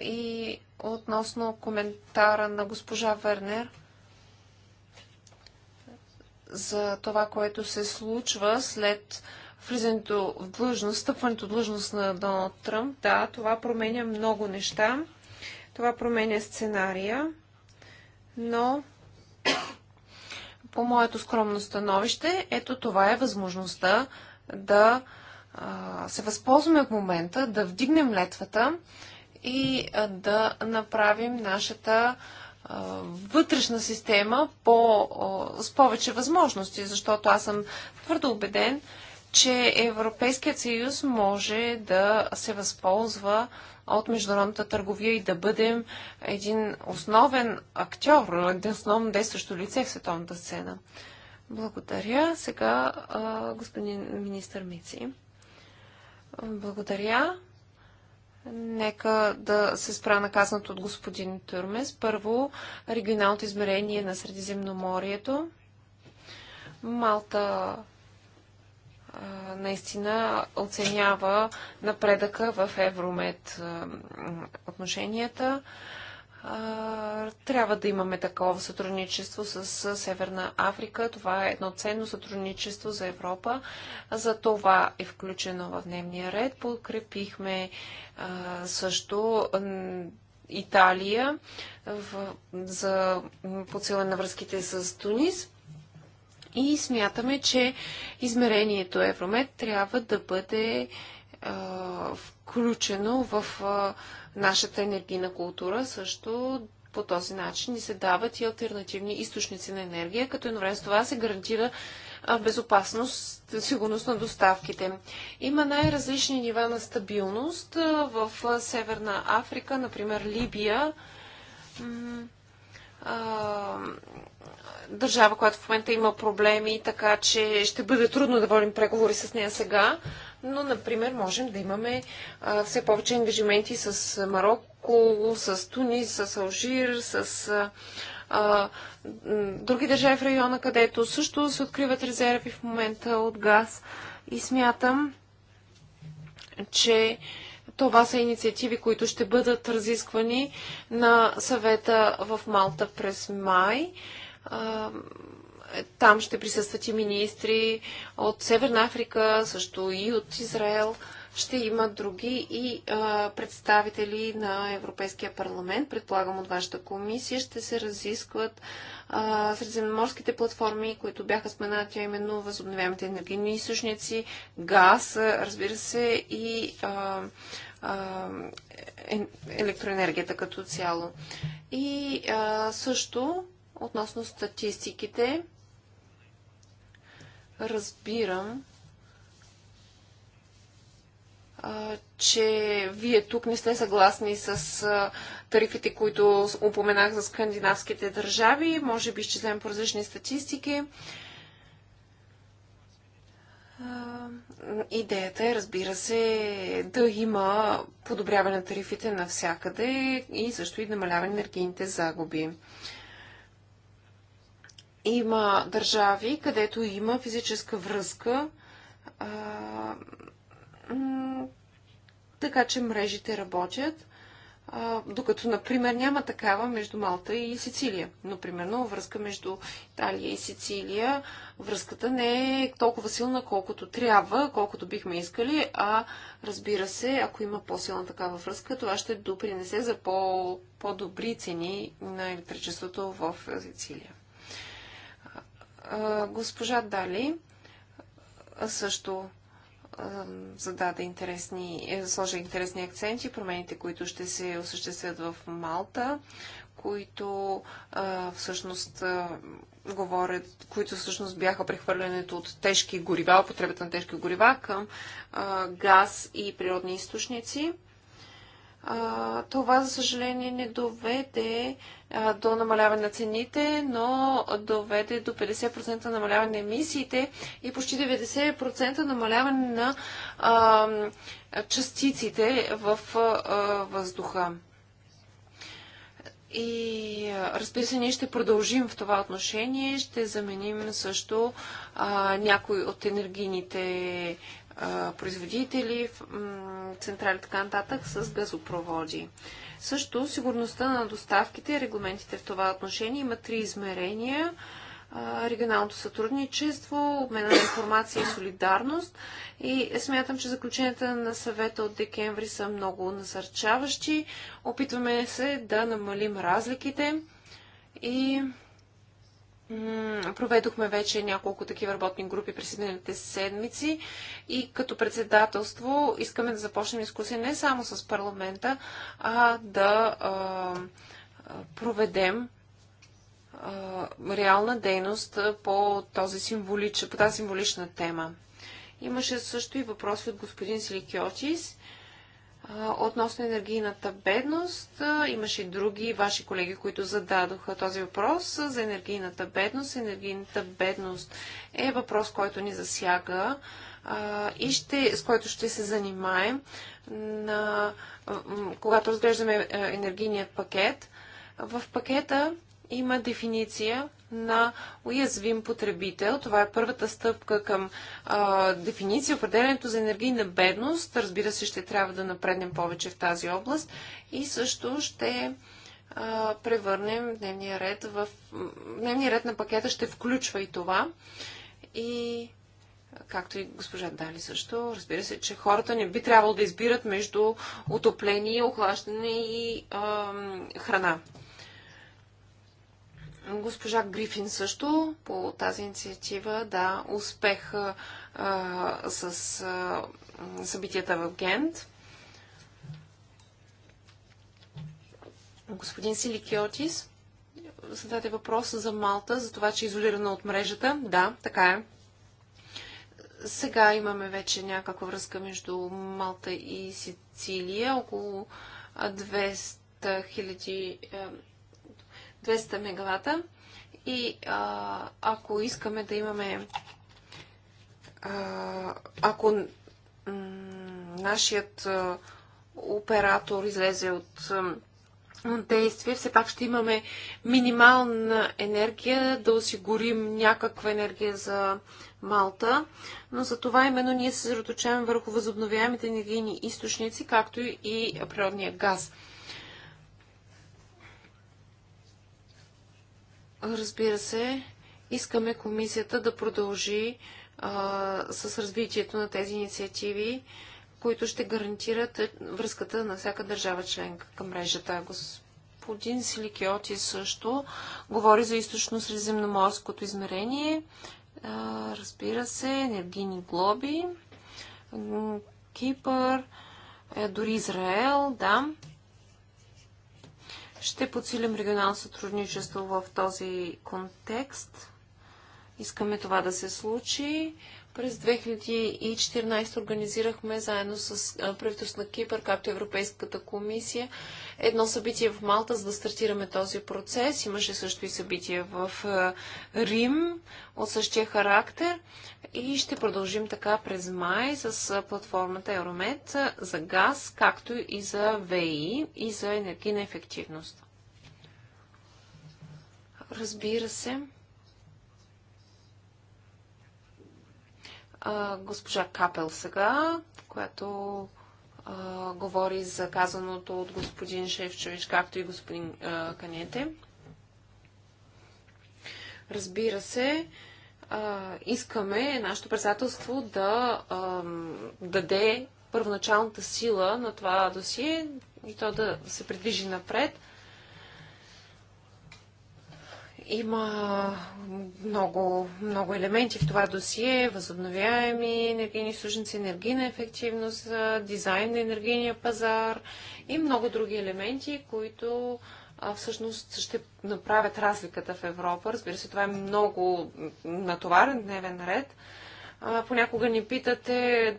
и относно коментара на госпожа Вернер за това, което се случва след влизането в длъжност, стъпването в длъжност на Доналд Тръмп. Да, това променя много неща. Това променя сценария, но по моето скромно становище, ето това е възможността да се възползваме от момента да вдигнем летвата и да направим нашата вътрешна система по, с повече възможности, защото аз съм твърдо убеден, че Европейският съюз може да се възползва от международната търговия и да бъдем един основен актьор, един основно действащо лице в световната сцена. Благодаря. Сега господин министър Мици. Благодаря. Нека да се спра наказаното от господин Тюрмес. Първо, регионалното измерение на Средиземноморието. Малта а, наистина оценява напредъка в Евромед а, отношенията трябва да имаме такова сътрудничество с Северна Африка. Това е едно ценно сътрудничество за Европа. За това е включено в дневния ред. Подкрепихме също Италия в, за подсилване на връзките с Тунис. И смятаме, че измерението Евромет трябва да бъде включено в Нашата енергийна култура също по този начин ни се дават и альтернативни източници на енергия, като едновременно с това се гарантира безопасност, сигурност на доставките. Има най-различни нива на стабилност в Северна Африка, например Либия, държава, която в момента има проблеми, така че ще бъде трудно да водим преговори с нея сега, но, например, можем да имаме а, все повече ангажименти с Марокко, с Тунис, с Алжир, с а, а, други държави в района, където също се откриват резерви в момента от газ. И смятам, че това са инициативи, които ще бъдат разисквани на съвета в Малта през май. Там ще присъстват и министри от Северна Африка, също и от Израел. Ще има други и а, представители на Европейския парламент, предполагам от вашата комисия. Ще се разискват а, средиземноморските платформи, които бяха споменати, а именно възобновяемите енергийни източници, газ, разбира се, и а, а, е, електроенергията като цяло. И а, също относно статистиките, разбирам, че вие тук не сте съгласни с тарифите, които упоменах за скандинавските държави. Може би изчислям по различни статистики. Идеята е, разбира се, да има подобряване на тарифите навсякъде и също и намаляване на енергийните загуби. Има държави, където има физическа връзка, а, така че мрежите работят, а, докато, например, няма такава между Малта и Сицилия. Например, примерно, връзка между Италия и Сицилия, връзката не е толкова силна, колкото трябва, колкото бихме искали, а разбира се, ако има по-силна такава връзка, това ще допринесе за по- по-добри цени на електричеството в Сицилия. Госпожа Дали също зададе интересни, е, сложи интересни акценти, промените, които ще се осъществят в Малта, които всъщност говорят, които всъщност бяха прехвърлянето от тежки горива, употребата на тежки горива към газ и природни източници това, за съжаление, не доведе до намаляване на цените, но доведе до 50% намаляване на емисиите и почти 90% намаляване на частиците в въздуха. И разбира се, ние ще продължим в това отношение. Ще заменим също а, някои от енергийните производители, централи, така нататък, с газопроводи. Също сигурността на доставките, регламентите в това отношение има три измерения. Регионалното сътрудничество, обмена на информация и солидарност. И смятам, че заключенията на съвета от декември са много насърчаващи. Опитваме се да намалим разликите и Проведохме вече няколко такива работни групи през следните седмици и като председателство искаме да започнем дискусия не само с парламента, а да а, проведем а, реална дейност по, този символич, по тази символична тема. Имаше също и въпроси от господин Силикиотис Относно енергийната бедност, имаше и други ваши колеги, които зададоха този въпрос за енергийната бедност. Енергийната бедност е въпрос, който ни засяга и ще, с който ще се занимаем, на, когато разглеждаме е, енергийният пакет. В пакета има дефиниция на уязвим потребител. Това е първата стъпка към а, дефиниция, определенето за енергийна бедност. Разбира се, ще трябва да напреднем повече в тази област и също ще а, превърнем дневния ред в... Дневния ред на пакета ще включва и това. И както и госпожа Дали също, разбира се, че хората не би трябвало да избират между отопление, охлаждане и а, храна. Госпожа Грифин също по тази инициатива, да, успех а, с а, събитията в Гент. Господин Силикиотис зададе въпрос за Малта, за това, че е изолирана от мрежата. Да, така е. Сега имаме вече някаква връзка между Малта и Сицилия. Около 200 000 200 мегавата. И а, ако искаме да имаме. А, ако нашият а, оператор излезе от действие, все пак ще имаме минимална енергия, да осигурим някаква енергия за Малта, но за това именно ние се съсредоточаваме върху възобновяемите енергийни източници, както и природния газ. Разбира се, искаме комисията да продължи а, с развитието на тези инициативи, които ще гарантират е, връзката на всяка държава членка към мрежата. Господин Силикиоти също говори за източно-средиземноморското измерение. А, разбира се, енергийни глоби, Кипър, е, дори Израел, да. Ще подсилим регионално сътрудничество в този контекст. Искаме това да се случи. През 2014 организирахме заедно с правителството на Кипър, както Европейската комисия, едно събитие в Малта, за да стартираме този процес. Имаше също и събитие в Рим от същия характер. И ще продължим така през май с платформата Euromed за газ, както и за ВИ и за енергийна ефективност. Разбира се, госпожа Капел сега, която а, говори за казаното от господин Шевчевич, както и господин а, Канете. Разбира се, а, искаме нашето председателство да а, даде първоначалната сила на това досие и то да се придвижи напред. Има много, много елементи в това досие. Възобновяеми енергийни източници, енергийна ефективност, дизайн на енергийния пазар и много други елементи, които всъщност ще направят разликата в Европа. Разбира се, това е много натоварен дневен ред. понякога ни питате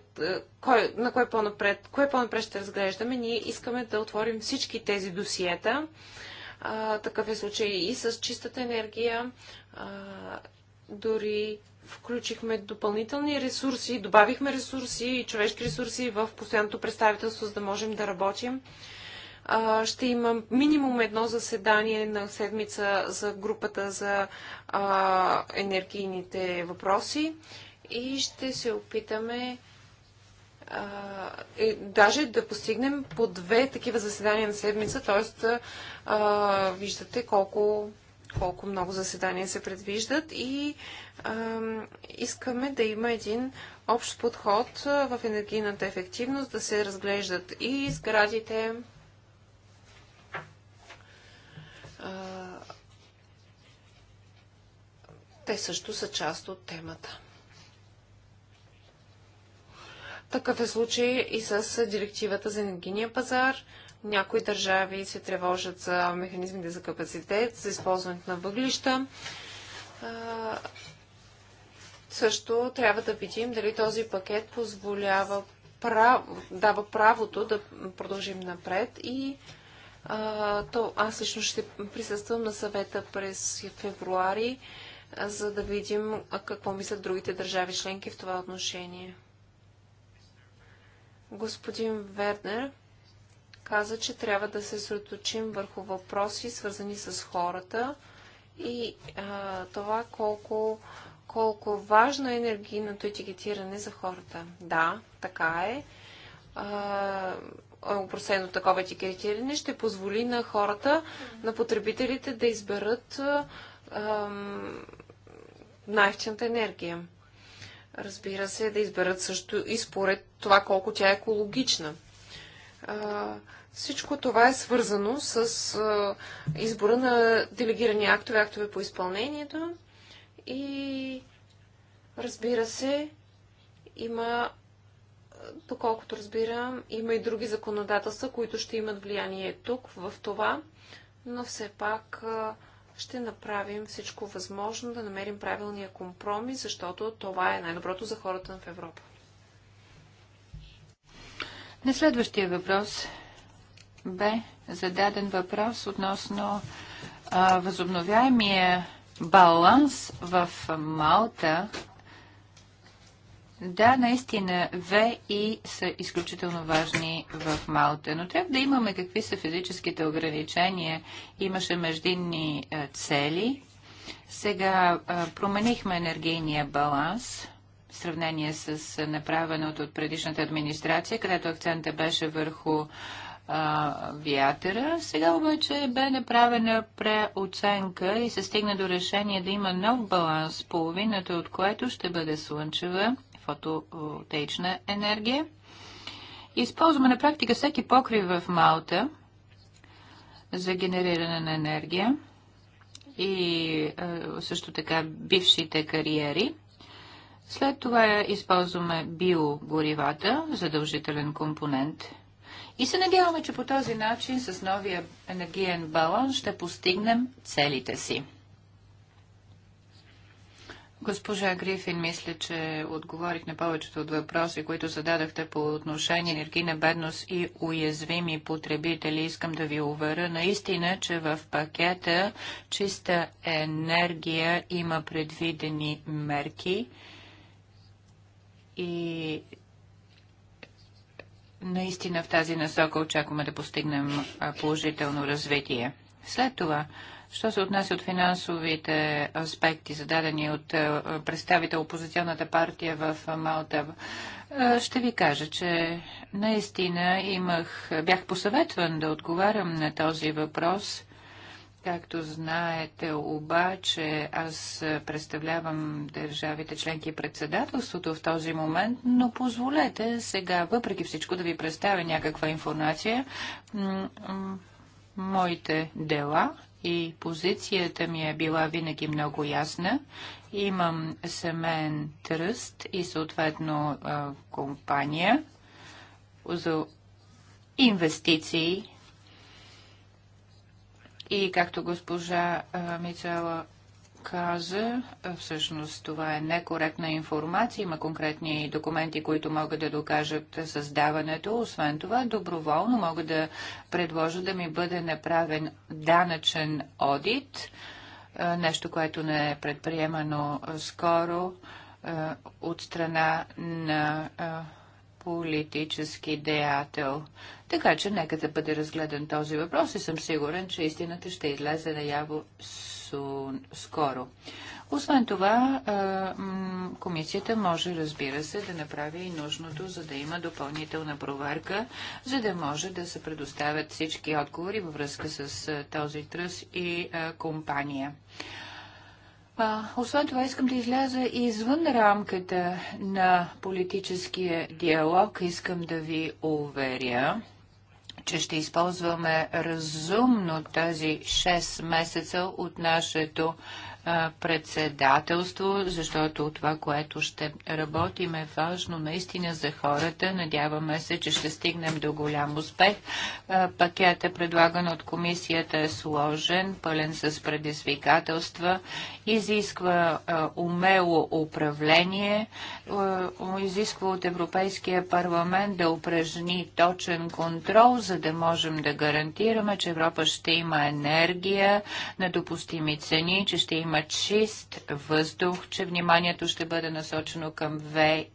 кой, на кой по-напред, кое по-напред ще разглеждаме. Ние искаме да отворим всички тези досиета. А, такъв е случай и с чистата енергия. А, дори включихме допълнителни ресурси, добавихме ресурси и човешки ресурси в постоянното представителство, за да можем да работим. А, ще имам минимум едно заседание на седмица за групата за а, енергийните въпроси и ще се опитаме и даже да постигнем по две такива заседания на седмица, т.е. виждате колко, колко много заседания се предвиждат и а, искаме да има един общ подход в енергийната ефективност, да се разглеждат и сградите, а, те също са част от темата. Такъв е случай и с директивата за енергийния пазар. Някои държави се тревожат за механизмите за капацитет, за използването на въглища. също трябва да видим дали този пакет позволява право, дава правото да продължим напред и а, то аз лично ще присъствам на съвета през февруари, за да видим какво мислят другите държави членки в това отношение. Господин Вернер каза, че трябва да се сръточим върху въпроси, свързани с хората и а, това колко, колко важно е енергийното етикетиране за хората. Да, така е. А, такова етикетиране ще позволи на хората, на потребителите да изберат най-ефтината енергия разбира се, да изберат също и според това колко тя е екологична. А, всичко това е свързано с а, избора на делегирани актове, актове по изпълнението и разбира се, има, доколкото разбирам, има и други законодателства, които ще имат влияние тук в това, но все пак а, ще направим всичко възможно да намерим правилния компромис, защото това е най-доброто за хората в Европа. На следващия въпрос бе зададен въпрос относно а, възобновяемия баланс в Малта да, наистина, и са изключително важни в Малта, но трябва да имаме какви са физическите ограничения. Имаше междинни е, цели. Сега е, променихме енергийния баланс в сравнение с направеното от предишната администрация, където акцента беше върху е, вятъра. Сега обаче бе направена преоценка и се стигна до решение да има нов баланс, половината от което ще бъде слънчева фотоволтаична енергия. Използваме на практика всеки покрив в Малта за генериране на енергия и е, също така бившите кариери. След това използваме биогоривата, задължителен компонент. И се надяваме, че по този начин с новия енергиен баланс ще постигнем целите си. Госпожа Грифин, мисля, че отговорих на повечето от въпроси, които зададахте по отношение енергийна бедност и уязвими потребители. Искам да ви уверя наистина, че в пакета чиста енергия има предвидени мерки и наистина в тази насока очакваме да постигнем положително развитие. След това Що се отнася от финансовите аспекти, зададени от е, представител опозиционната партия в е, Малта, е, ще ви кажа, че наистина имах, бях посъветван да отговарям на този въпрос – Както знаете, обаче аз представлявам държавите членки и председателството в този момент, но позволете сега, въпреки всичко, да ви представя някаква информация. Моите дела и позицията ми е била винаги много ясна. Имам семен тръст и съответно а, компания за инвестиции. И както госпожа Мицела каза, всъщност това е некоректна информация. Има конкретни документи, които могат да докажат създаването. Освен това, доброволно мога да предложа да ми бъде направен данъчен одит, нещо, което не е предприемано скоро от страна на политически деятел. Така че нека да бъде разгледан този въпрос и съм сигурен, че истината ще излезе наяво с so, скоро. Освен това, комисията може, разбира се, да направи и нужното, за да има допълнителна проверка, за да може да се предоставят всички отговори във връзка с този тръс и компания. Освен това, искам да изляза извън рамката на политическия диалог. Искам да ви уверя, че ще използваме разумно тези 6 месеца от нашето председателство, защото това, което ще работим е важно наистина за хората. Надяваме се, че ще стигнем до голям успех. е предлаган от комисията, е сложен, пълен с предизвикателства, изисква умело управление, изисква от Европейския парламент да упражни точен контрол, за да можем да гарантираме, че Европа ще има енергия на допустими цени, че ще има има чист въздух, че вниманието ще бъде насочено към ВИ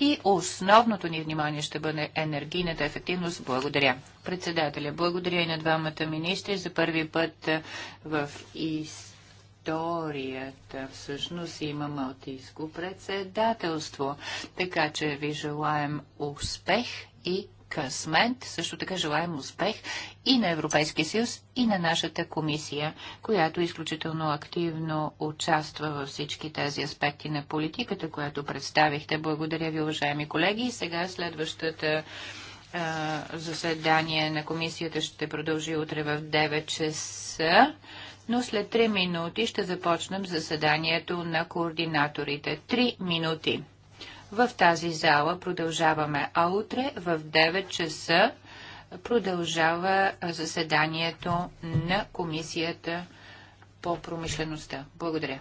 и основното ни внимание ще бъде енергийната ефективност. Благодаря. Председателя, благодаря и на двамата министри за първи път в ИС историята. Всъщност има малтийско председателство. Така че ви желаем успех и късмет. Също така желаем успех и на Европейския съюз, и на нашата комисия, която изключително активно участва във всички тези аспекти на политиката, която представихте. Благодаря ви, уважаеми колеги. И сега следващата заседание на комисията ще продължи утре в 9 часа но след 3 минути ще започнем заседанието на координаторите. 3 минути в тази зала. Продължаваме, а утре в 9 часа продължава заседанието на комисията по промишлеността. Благодаря.